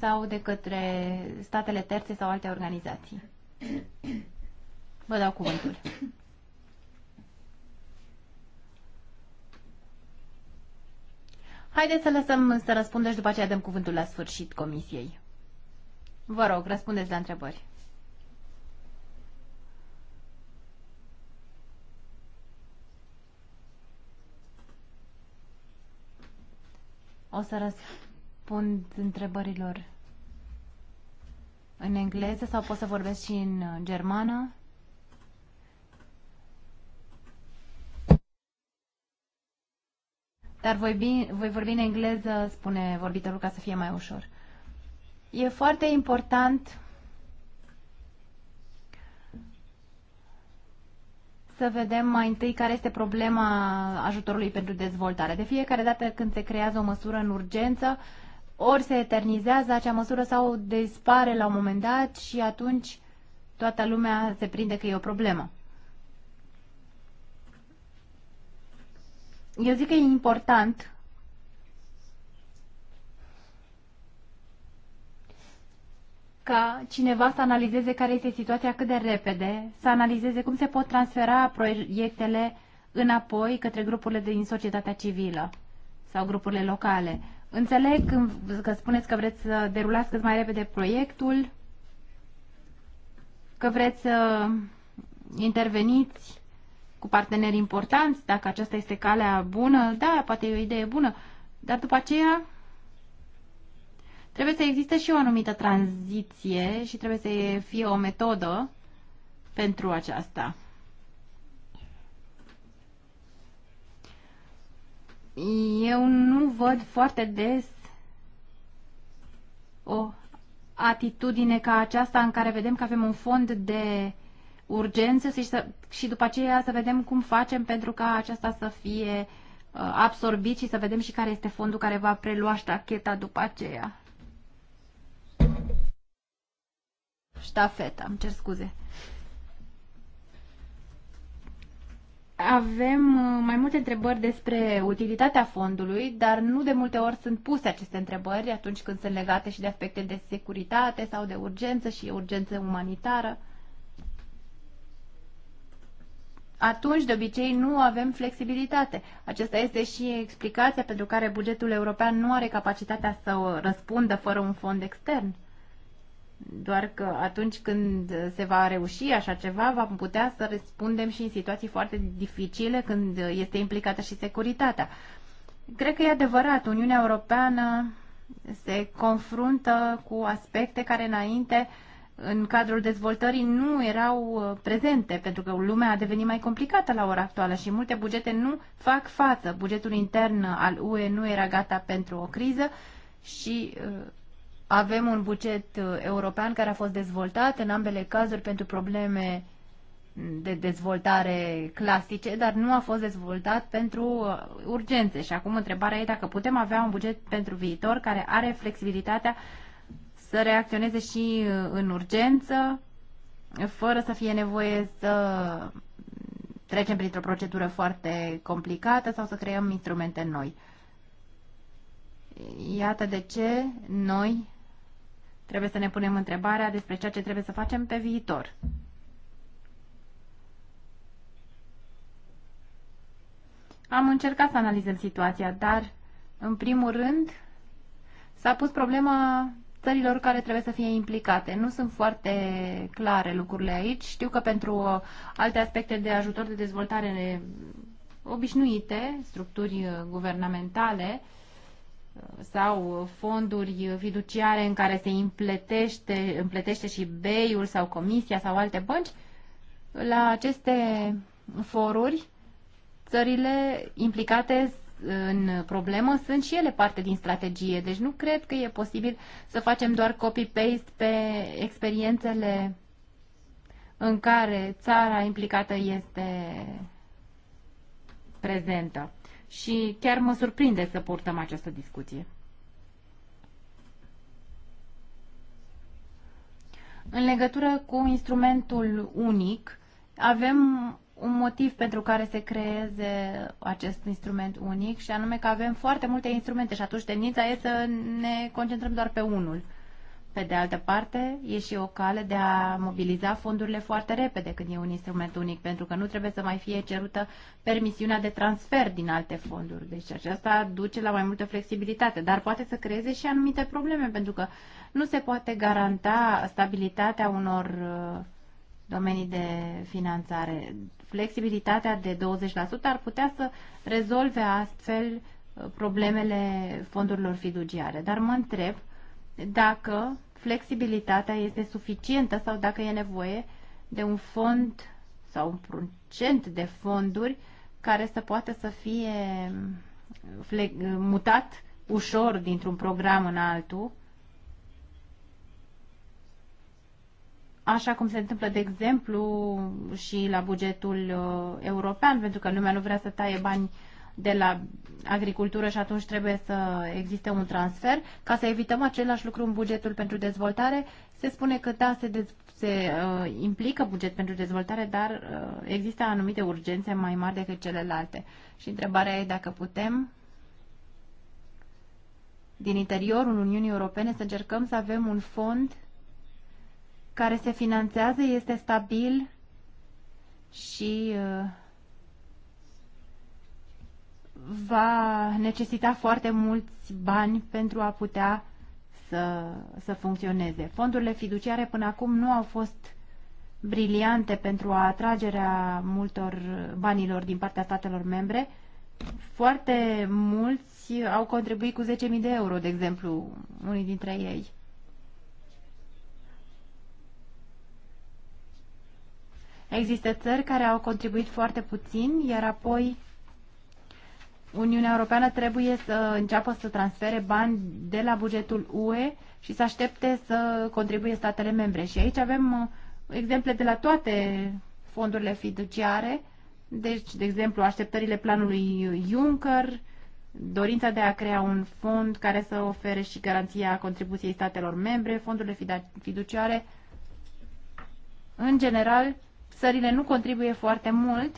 sau de către statele terțe sau alte organizații. Vă dau cuvântul. Haideți să lăsăm să răspundă și după aceea dăm cuvântul la sfârșit comisiei. Vă rog, răspundeți la întrebări. O să răspund întrebărilor în engleză sau pot să vorbesc și în germană? dar voi, bine, voi vorbi în engleză, spune vorbitorul, ca să fie mai ușor. E foarte important să vedem mai întâi care este problema ajutorului pentru dezvoltare. De fiecare dată când se creează o măsură în urgență, ori se eternizează acea măsură sau dispare la un moment dat și atunci toată lumea se prinde că e o problemă. eu zic că e important ca cineva să analizeze care este situația cât de repede, să analizeze cum se pot transfera proiectele înapoi către grupurile din societatea civilă sau grupurile locale. Înțeleg că spuneți că vreți să derulați cât mai repede proiectul, că vreți să interveniți cu parteneri importanți, dacă aceasta este calea bună, da, poate e o idee bună, dar după aceea trebuie să existe și o anumită tranziție și trebuie să fie o metodă pentru aceasta. Eu nu văd foarte des o atitudine ca aceasta în care vedem că avem un fond de urgență și, să, și după aceea să vedem cum facem pentru ca aceasta să fie uh, absorbit și să vedem și care este fondul care va prelua ștacheta după aceea. Ștafeta, îmi cer scuze. Avem uh, mai multe întrebări despre utilitatea fondului, dar nu de multe ori sunt puse aceste întrebări atunci când sunt legate și de aspecte de securitate sau de urgență și urgență umanitară atunci de obicei nu avem flexibilitate. Acesta este și explicația pentru care bugetul european nu are capacitatea să răspundă fără un fond extern. Doar că atunci când se va reuși așa ceva, vom putea să răspundem și în situații foarte dificile când este implicată și securitatea. Cred că e adevărat, Uniunea Europeană se confruntă cu aspecte care înainte uh, în cadrul dezvoltării nu erau uh, prezente, pentru că lumea a devenit mai complicată la ora actuală și multe bugete nu fac față. Bugetul intern al UE nu era gata pentru o criză și uh, avem un buget uh, european care a fost dezvoltat în ambele cazuri pentru probleme de dezvoltare clasice, dar nu a fost dezvoltat pentru urgențe. Și acum întrebarea e dacă putem avea un buget pentru viitor care are flexibilitatea să reacționeze și uh, în urgență, fără să fie nevoie să trecem printr-o procedură foarte complicată sau să creăm instrumente noi. Iată de ce noi trebuie să ne punem întrebarea despre ceea ce trebuie să facem pe viitor. Am încercat să analizăm situația, dar, în primul rând, s-a pus problema țărilor care trebuie să fie implicate. Nu sunt foarte clare lucrurile aici. Știu că pentru uh, alte aspecte de ajutor de dezvoltare obișnuite, structuri uh, guvernamentale uh, sau fonduri fiduciare în care se împletește, împletește și BEI-ul sau Comisia sau alte bănci, la aceste foruri țările implicate în problemă sunt și ele parte din strategie. Deci nu cred că e posibil să facem doar copy-paste pe experiențele în care țara implicată este prezentă. Și chiar mă surprinde să purtăm această discuție. În legătură cu instrumentul unic, avem un motiv pentru care se creeze acest instrument unic și anume că avem foarte multe instrumente și atunci tendința e să ne concentrăm doar pe unul. Pe de altă parte, e și o cale de a mobiliza fondurile foarte repede când e un instrument unic, pentru că nu trebuie să mai fie cerută permisiunea de transfer din alte fonduri. Deci aceasta duce la mai multă flexibilitate, dar poate să creeze și anumite probleme, pentru că nu se poate garanta stabilitatea unor uh, domenii de finanțare flexibilitatea de 20% ar putea să rezolve astfel uh, problemele fondurilor fiduciare. Dar mă întreb dacă flexibilitatea este suficientă sau dacă e nevoie de un fond sau un procent de fonduri care să poată să fie mutat ușor dintr-un program în altul așa cum se întâmplă, de exemplu, și la bugetul uh, european, pentru că lumea nu vrea să taie bani de la agricultură și atunci trebuie să existe un transfer. Ca să evităm același lucru în bugetul pentru dezvoltare, se spune că da, se, dez- se uh, implică buget pentru dezvoltare, dar uh, există anumite urgențe mai mari decât celelalte. Și întrebarea e dacă putem din interiorul Uniunii Europene să încercăm să avem un fond care se finanțează este stabil și uh, va necesita foarte mulți bani pentru a putea să, să funcționeze. Fondurile fiduciare până acum nu au fost briliante pentru a atragerea multor banilor din partea statelor membre. Foarte mulți au contribuit cu 10.000 de euro, de exemplu, unii dintre ei. Există țări care au contribuit foarte puțin, iar apoi Uniunea Europeană trebuie să înceapă să transfere bani de la bugetul UE și să aștepte să contribuie statele membre. Și aici avem uh, exemple de la toate fondurile fiduciare, deci, de exemplu, așteptările planului Juncker, dorința de a crea un fond care să ofere și garanția contribuției statelor membre, fondurile fiduciare, în general, țările nu contribuie foarte mult,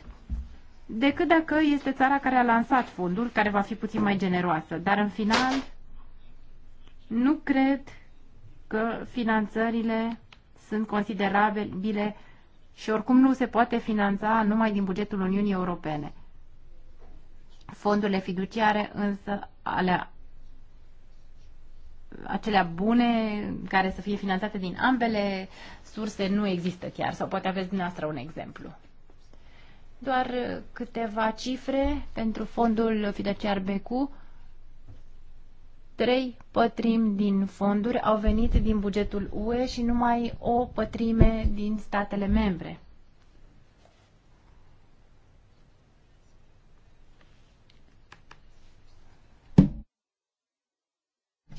decât dacă este țara care a lansat fondul, care va fi puțin mai generoasă. Dar în final, nu cred că finanțările sunt considerabile și oricum nu se poate finanța numai din bugetul Uniunii Europene. Fondurile fiduciare însă ale acelea bune care să fie finanțate din ambele surse nu există chiar sau poate aveți dumneavoastră un exemplu. Doar uh, câteva cifre pentru fondul fiduciar BQ. Trei pătrimi din fonduri au venit din bugetul UE și numai o pătrime din statele membre.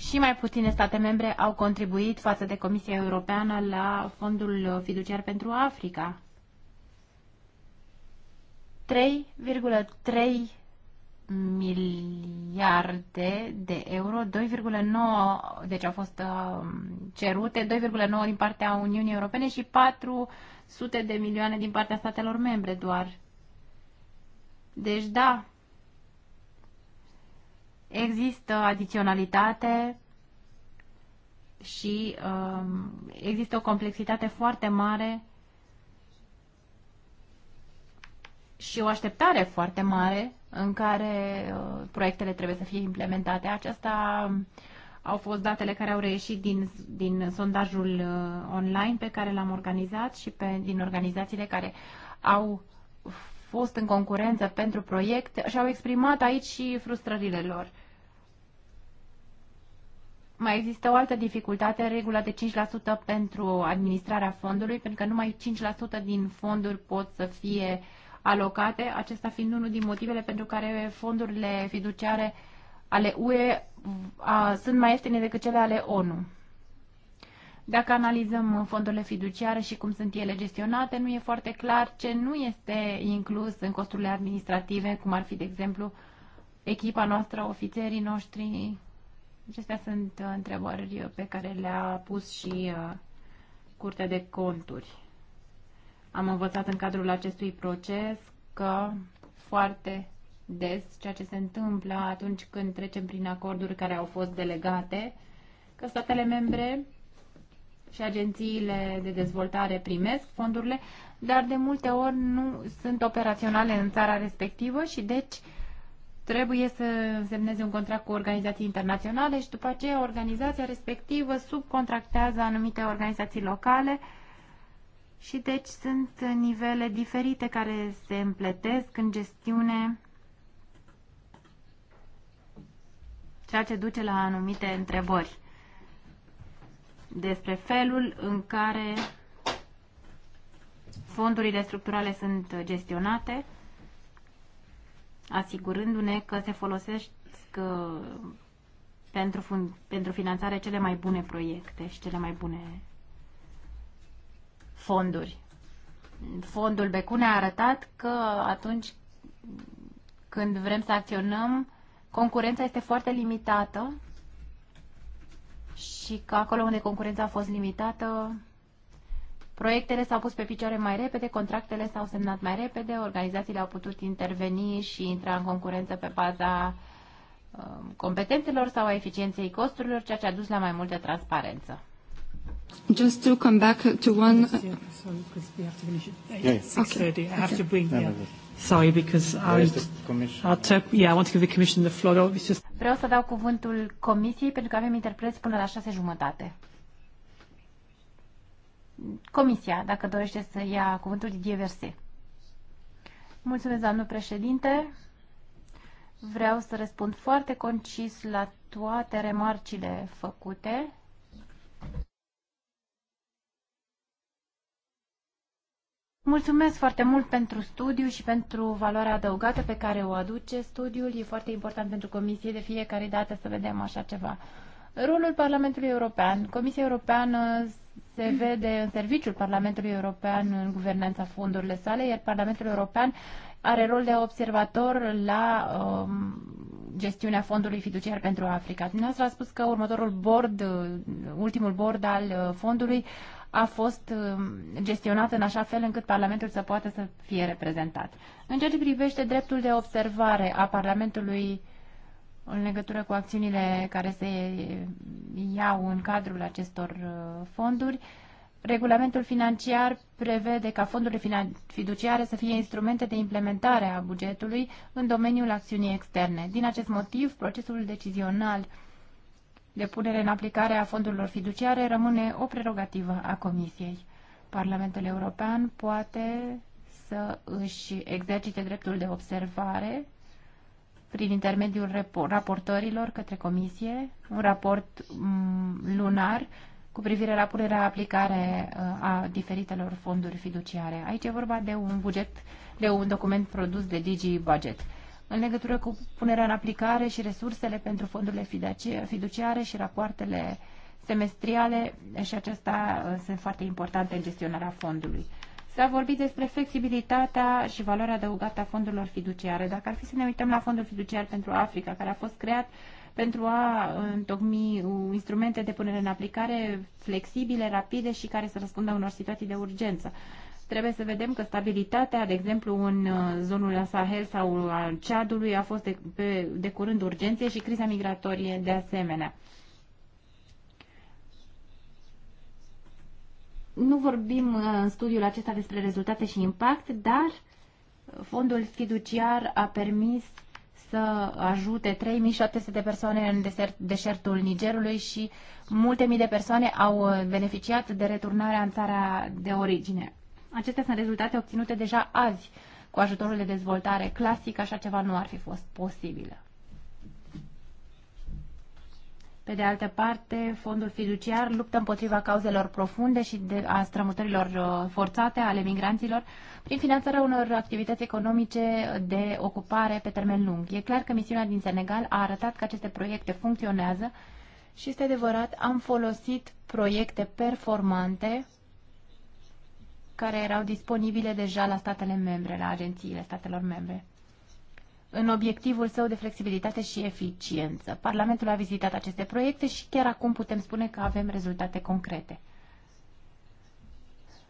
și mai puține state membre au contribuit față de Comisia Europeană la Fondul Fiduciar pentru Africa. 3,3 miliarde de euro, 2,9, deci au fost uh, cerute, 2,9 din partea Uniunii Europene și 400 de milioane din partea statelor membre doar. Deci da, Există adiționalitate și um, există o complexitate foarte mare și o așteptare foarte mare în care uh, proiectele trebuie să fie implementate. Aceasta um, au fost datele care au reieșit din, din sondajul uh, online pe care l-am organizat și pe, din organizațiile care au uh, fost în concurență pentru proiect și-au exprimat aici și frustrările lor. Mai există o altă dificultate, regula de 5% pentru administrarea fondului, pentru că numai 5% din fonduri pot să fie alocate, acesta fiind unul din motivele pentru care fondurile fiduciare ale UE a, sunt mai ieftine decât cele ale ONU. Dacă analizăm fondurile fiduciare și cum sunt ele gestionate, nu e foarte clar ce nu este inclus în costurile administrative, cum ar fi, de exemplu, echipa noastră, ofițerii noștri. Acestea sunt uh, întrebări pe care le-a pus și uh, Curtea de Conturi. Am învățat în cadrul acestui proces că foarte des ceea ce se întâmplă atunci când trecem prin acorduri care au fost delegate, că statele membre și agențiile de dezvoltare primesc fondurile, dar de multe ori nu sunt operaționale în țara respectivă și deci trebuie să semneze un contract cu organizații internaționale și după aceea organizația respectivă subcontractează anumite organizații locale și deci sunt nivele diferite care se împletesc în gestiune, ceea ce duce la anumite întrebări despre felul în care fondurile structurale sunt gestionate, asigurându-ne că se folosesc uh, pentru, pentru finanțare cele mai bune proiecte și cele mai bune fonduri. Fondul Becune a arătat că atunci când vrem să acționăm, concurența este foarte limitată și că acolo unde concurența a fost limitată, proiectele s-au pus pe picioare mai repede, contractele s-au semnat mai repede, organizațiile au putut interveni și intra în concurență pe baza um, competențelor sau a eficienței costurilor, ceea ce a dus la mai multă transparență. Just to come back to one. Sorry, because we have to finish at yeah, yeah. 6:30. Okay. I have okay. to bring. Yeah. Sorry, because I'll, yeah, I want to give the commission the floor. It's just... Vreau să dau cuvântul comisiei pentru că avem interpreți până la șase jumătate. Comisia, dacă dorește să ia cuvântul Didier Verse. Mulțumesc, doamnă președinte. Vreau să răspund foarte concis la toate remarcile făcute Mulțumesc foarte mult pentru studiu și pentru valoarea adăugată pe care o aduce studiul. E foarte important pentru Comisie de fiecare dată să vedem așa ceva. Rolul Parlamentului European. Comisia Europeană se vede în serviciul Parlamentului European în guvernanța fondurile sale, iar Parlamentul European are rol de observator la um, gestiunea fondului fiduciar pentru Africa. Dumneavoastră a spus că următorul board, uh, ultimul board al uh, fondului, a fost uh, gestionată în așa fel încât Parlamentul să poată să fie reprezentat. În ceea ce privește dreptul de observare a Parlamentului în legătură cu acțiunile care se iau în cadrul acestor uh, fonduri, regulamentul financiar prevede ca fondurile fiduciare să fie instrumente de implementare a bugetului în domeniul acțiunii externe. Din acest motiv, procesul decizional de punere în aplicare a fondurilor fiduciare rămâne o prerogativă a Comisiei. Parlamentul European poate să își exercite dreptul de observare prin intermediul raportorilor către Comisie, un raport mm, lunar cu privire la punerea aplicare uh, a diferitelor fonduri fiduciare. Aici e vorba de un buget, de un document produs de DG Budget în legătură cu punerea în aplicare și resursele pentru fondurile fiduciare și rapoartele semestriale și acestea uh, sunt foarte importante în gestionarea fondului. S-a vorbit despre flexibilitatea și valoarea adăugată a fondurilor fiduciare. Dacă ar fi să ne uităm la fondul fiduciar pentru Africa, care a fost creat pentru a uh, întocmi uh, instrumente de punere în aplicare flexibile, rapide și care să răspundă unor situații de urgență trebuie să vedem că stabilitatea, de exemplu, în uh, zonul Sahel sau a Ceadului a fost de, pe, de curând urgenție și criza migratorie de asemenea. Nu vorbim uh, în studiul acesta despre rezultate și impact, dar fondul fiduciar a permis să ajute 3700 de persoane în desert, deșertul Nigerului și multe mii de persoane au uh, beneficiat de returnarea în țara de origine. Acestea sunt rezultate obținute deja azi. Cu ajutorul de dezvoltare clasic, așa ceva nu ar fi fost posibil. Pe de altă parte, fondul fiduciar luptă împotriva cauzelor profunde și de a strămutărilor uh, forțate ale migranților prin finanțarea unor activități economice de ocupare pe termen lung. E clar că misiunea din Senegal a arătat că aceste proiecte funcționează și este adevărat, am folosit proiecte performante care erau disponibile deja la statele membre, la agențiile statelor membre. În obiectivul său de flexibilitate și eficiență, Parlamentul a vizitat aceste proiecte și chiar acum putem spune că avem rezultate concrete.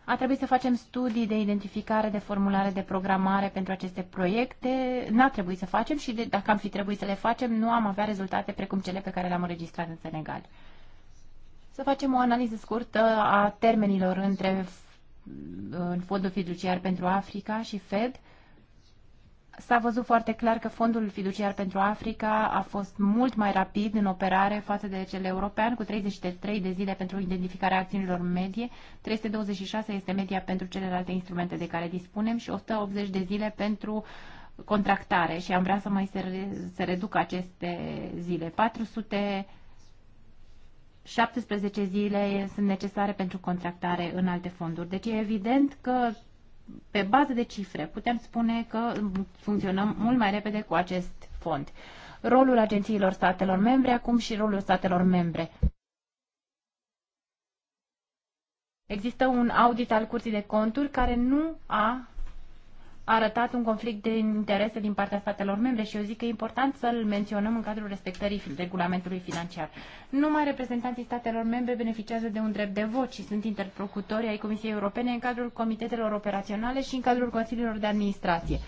A trebuit să facem studii de identificare, de formulare, de programare pentru aceste proiecte. N-a trebuit să facem și de, dacă am fi trebuit să le facem, nu am avea rezultate precum cele pe care le-am înregistrat în Senegal. Să facem o analiză scurtă a termenilor între în Fondul Fiduciar pentru Africa și Fed, s-a văzut foarte clar că Fondul Fiduciar pentru Africa a fost mult mai rapid în operare față de cel european, cu 33 de zile pentru identificarea acțiunilor medie, 326 este media pentru celelalte instrumente de care dispunem și 180 de zile pentru contractare și am vrea să mai se, se reducă aceste zile. 400 17 zile sunt necesare pentru contractare în alte fonduri. Deci e evident că pe bază de cifre putem spune că funcționăm mult mai repede cu acest fond. Rolul agențiilor statelor membre acum și rolul statelor membre. Există un audit al Curții de Conturi care nu a arătat un conflict de interese din partea statelor membre și eu zic că e important să-l menționăm în cadrul respectării regulamentului financiar. Numai reprezentanții statelor membre beneficiază de un drept de vot și sunt interlocutori ai Comisiei Europene în cadrul comitetelor operaționale și în cadrul consiliilor de administrație.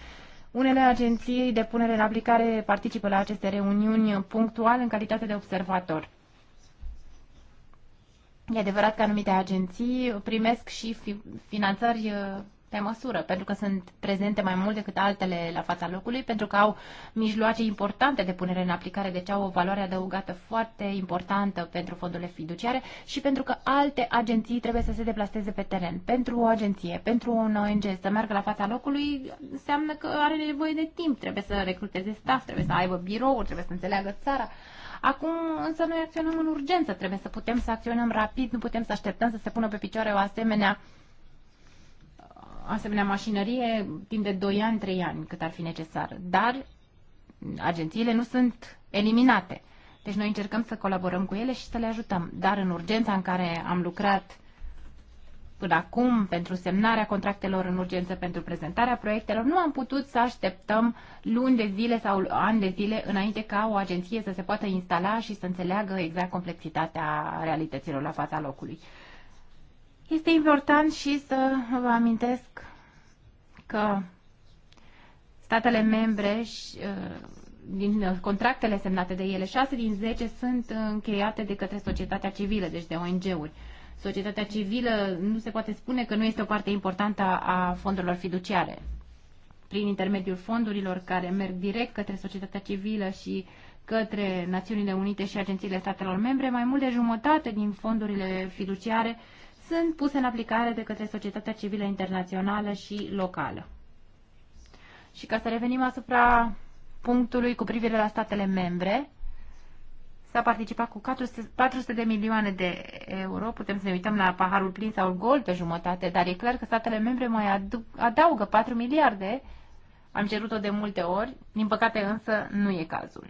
Unele agenții de punere în aplicare participă la aceste reuniuni punctual în calitate de observator. E adevărat că anumite agenții primesc și finanțări pe măsură, pentru că sunt prezente mai mult decât altele la fața locului, pentru că au mijloace importante de punere în aplicare, deci au o valoare adăugată foarte importantă pentru fondurile fiduciare și pentru că alte agenții trebuie să se deplaseze pe teren. Pentru o agenție, pentru un ONG să meargă la fața locului, înseamnă că are nevoie de timp, trebuie să recruteze staff, trebuie să aibă birouri, trebuie să înțeleagă țara. Acum însă noi acționăm în urgență, trebuie să putem să acționăm rapid, nu putem să așteptăm să se pună pe picioare o asemenea uh, asemenea mașinărie timp de 2 ani, 3 ani, cât ar fi necesar. Dar agențiile nu sunt eliminate. Deci noi încercăm să colaborăm cu ele și să le ajutăm. Dar în urgența în care am lucrat până acum pentru semnarea contractelor în urgență, pentru prezentarea proiectelor, nu am putut să așteptăm luni de zile sau ani de zile înainte ca o agenție să se poată instala și să înțeleagă exact complexitatea realităților la fața locului. Este important și să vă amintesc că statele membre și, uh, din uh, contractele semnate de ele, 6 din 10 sunt încheiate de către societatea civilă, deci de ONG-uri. Societatea civilă nu se poate spune că nu este o parte importantă a fondurilor fiduciare. Prin intermediul fondurilor care merg direct către societatea civilă și către Națiunile Unite și agențiile statelor membre, mai mult de jumătate din fondurile fiduciare uh, sunt puse în aplicare de către societatea civilă internațională și locală. Și ca să revenim asupra punctului cu privire la statele membre, s-a participat cu 400, 400 de milioane de euro, putem să ne uităm la paharul plin sau gol pe jumătate, dar e clar că statele membre mai adaugă 4 miliarde, am cerut-o de multe ori, din păcate însă nu e cazul.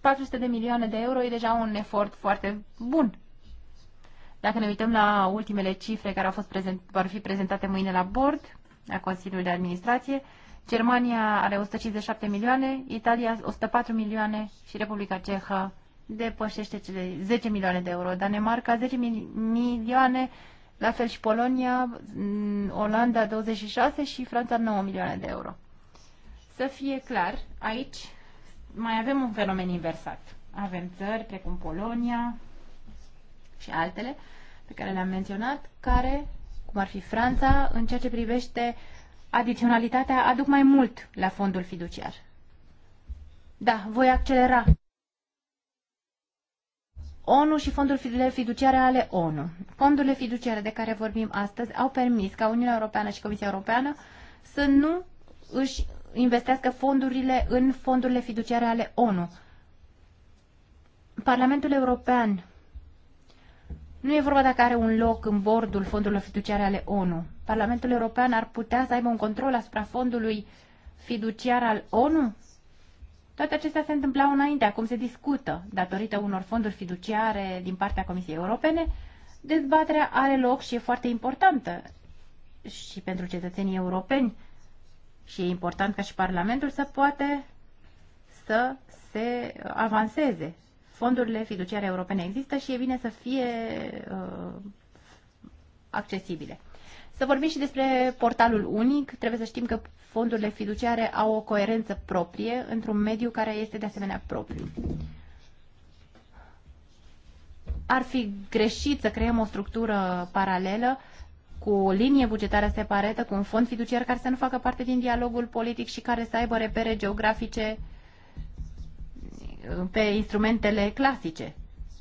400 de milioane de euro e deja un efort foarte bun dacă ne uităm la ultimele cifre care au fost prezent, vor fi prezentate mâine la bord, la Consiliul de Administrație, Germania are 157 milioane, Italia 104 milioane și Republica Cehă depășește cele 10 milioane de euro. Danemarca 10 milioane, la fel și Polonia, mm, Olanda 26 și Franța 9 milioane de euro. Să fie clar, aici mai avem un fenomen inversat. Avem țări precum Polonia și altele pe care le-am menționat, care, cum ar fi Franța, în ceea ce privește adiționalitatea, aduc mai mult la fondul fiduciar. Da, voi accelera. ONU și fondurile fiduciare ale ONU. Fondurile fiduciare de care vorbim astăzi au permis ca Uniunea Europeană și Comisia Europeană să nu își investească fondurile în fondurile fiduciare ale ONU. Parlamentul European nu e vorba dacă are un loc în bordul fondurilor fiduciare ale ONU. Parlamentul European ar putea să aibă un control asupra fondului fiduciar al ONU? Toate acestea se întâmplau înainte, acum se discută, datorită unor fonduri fiduciare din partea Comisiei Europene. Dezbaterea are loc și e foarte importantă și pentru cetățenii europeni și e important ca și Parlamentul să poate să se avanseze fondurile fiduciare europene există și e bine să fie uh, accesibile. Să vorbim și despre portalul unic. Trebuie să știm că fondurile fiduciare au o coerență proprie într-un mediu care este de asemenea propriu. Ar fi greșit să creăm o structură paralelă cu o linie bugetară separată, cu un fond fiduciar care să nu facă parte din dialogul politic și care să aibă repere geografice pe instrumentele clasice.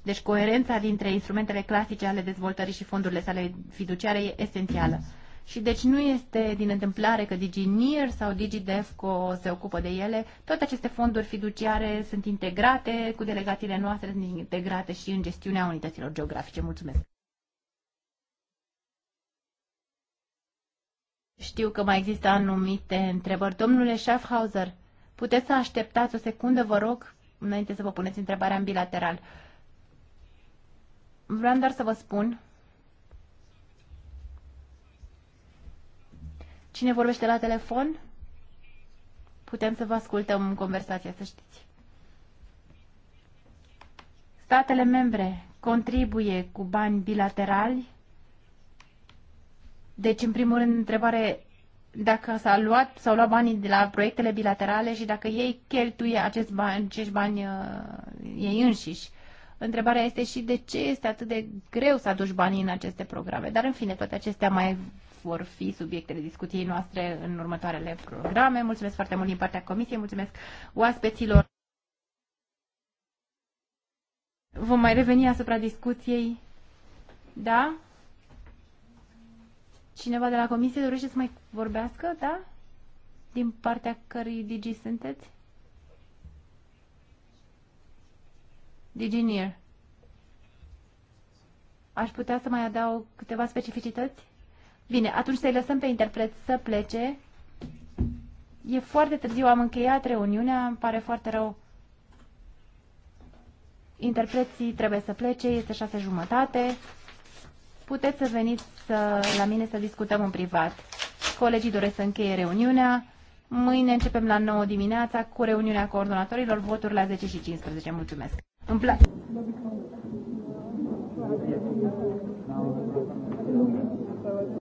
Deci coerența dintre instrumentele clasice ale dezvoltării și fondurile sale fiduciare e esențială. Și deci nu este din întâmplare că DigiNear sau DigiDefco se ocupă de ele. Toate aceste fonduri fiduciare sunt integrate cu delegațiile noastre, sunt integrate și în gestiunea unităților geografice. Mulțumesc! Știu că mai există anumite întrebări. Domnule Schaffhauser, puteți să așteptați o secundă, vă rog? înainte să vă puneți întrebarea în bilateral. Vreau doar să vă spun Cine vorbește la telefon? Putem să vă ascultăm în conversația, să știți. Statele membre contribuie cu bani bilaterali. Deci, în primul rând, întrebare dacă s au luat, s-au luat banii de la proiectele bilaterale și dacă ei cheltuie acest bani, acești bani uh, ei înșiși. Întrebarea este și de ce este atât de greu să aduci banii în aceste programe. Dar, în fine, toate acestea mai vor fi subiectele discuției noastre în următoarele programe. Mulțumesc foarte mult din partea Comisiei, mulțumesc oaspeților. Vom mai reveni asupra discuției. Da? Cineva de la comisie dorește să mai vorbească, da? Din partea cărui digi sunteți? Diginier. Aș putea să mai adaug câteva specificități? Bine, atunci să-i lăsăm pe interpret să plece. E foarte târziu, am încheiat reuniunea, îmi pare foarte rău. Interpreții trebuie să plece, este șase jumătate puteți să veniți să, la mine să discutăm în privat. Colegii doresc să încheie reuniunea. Mâine începem la 9 dimineața cu reuniunea coordonatorilor, voturi la 10 și 15. Mulțumesc! Îmi place!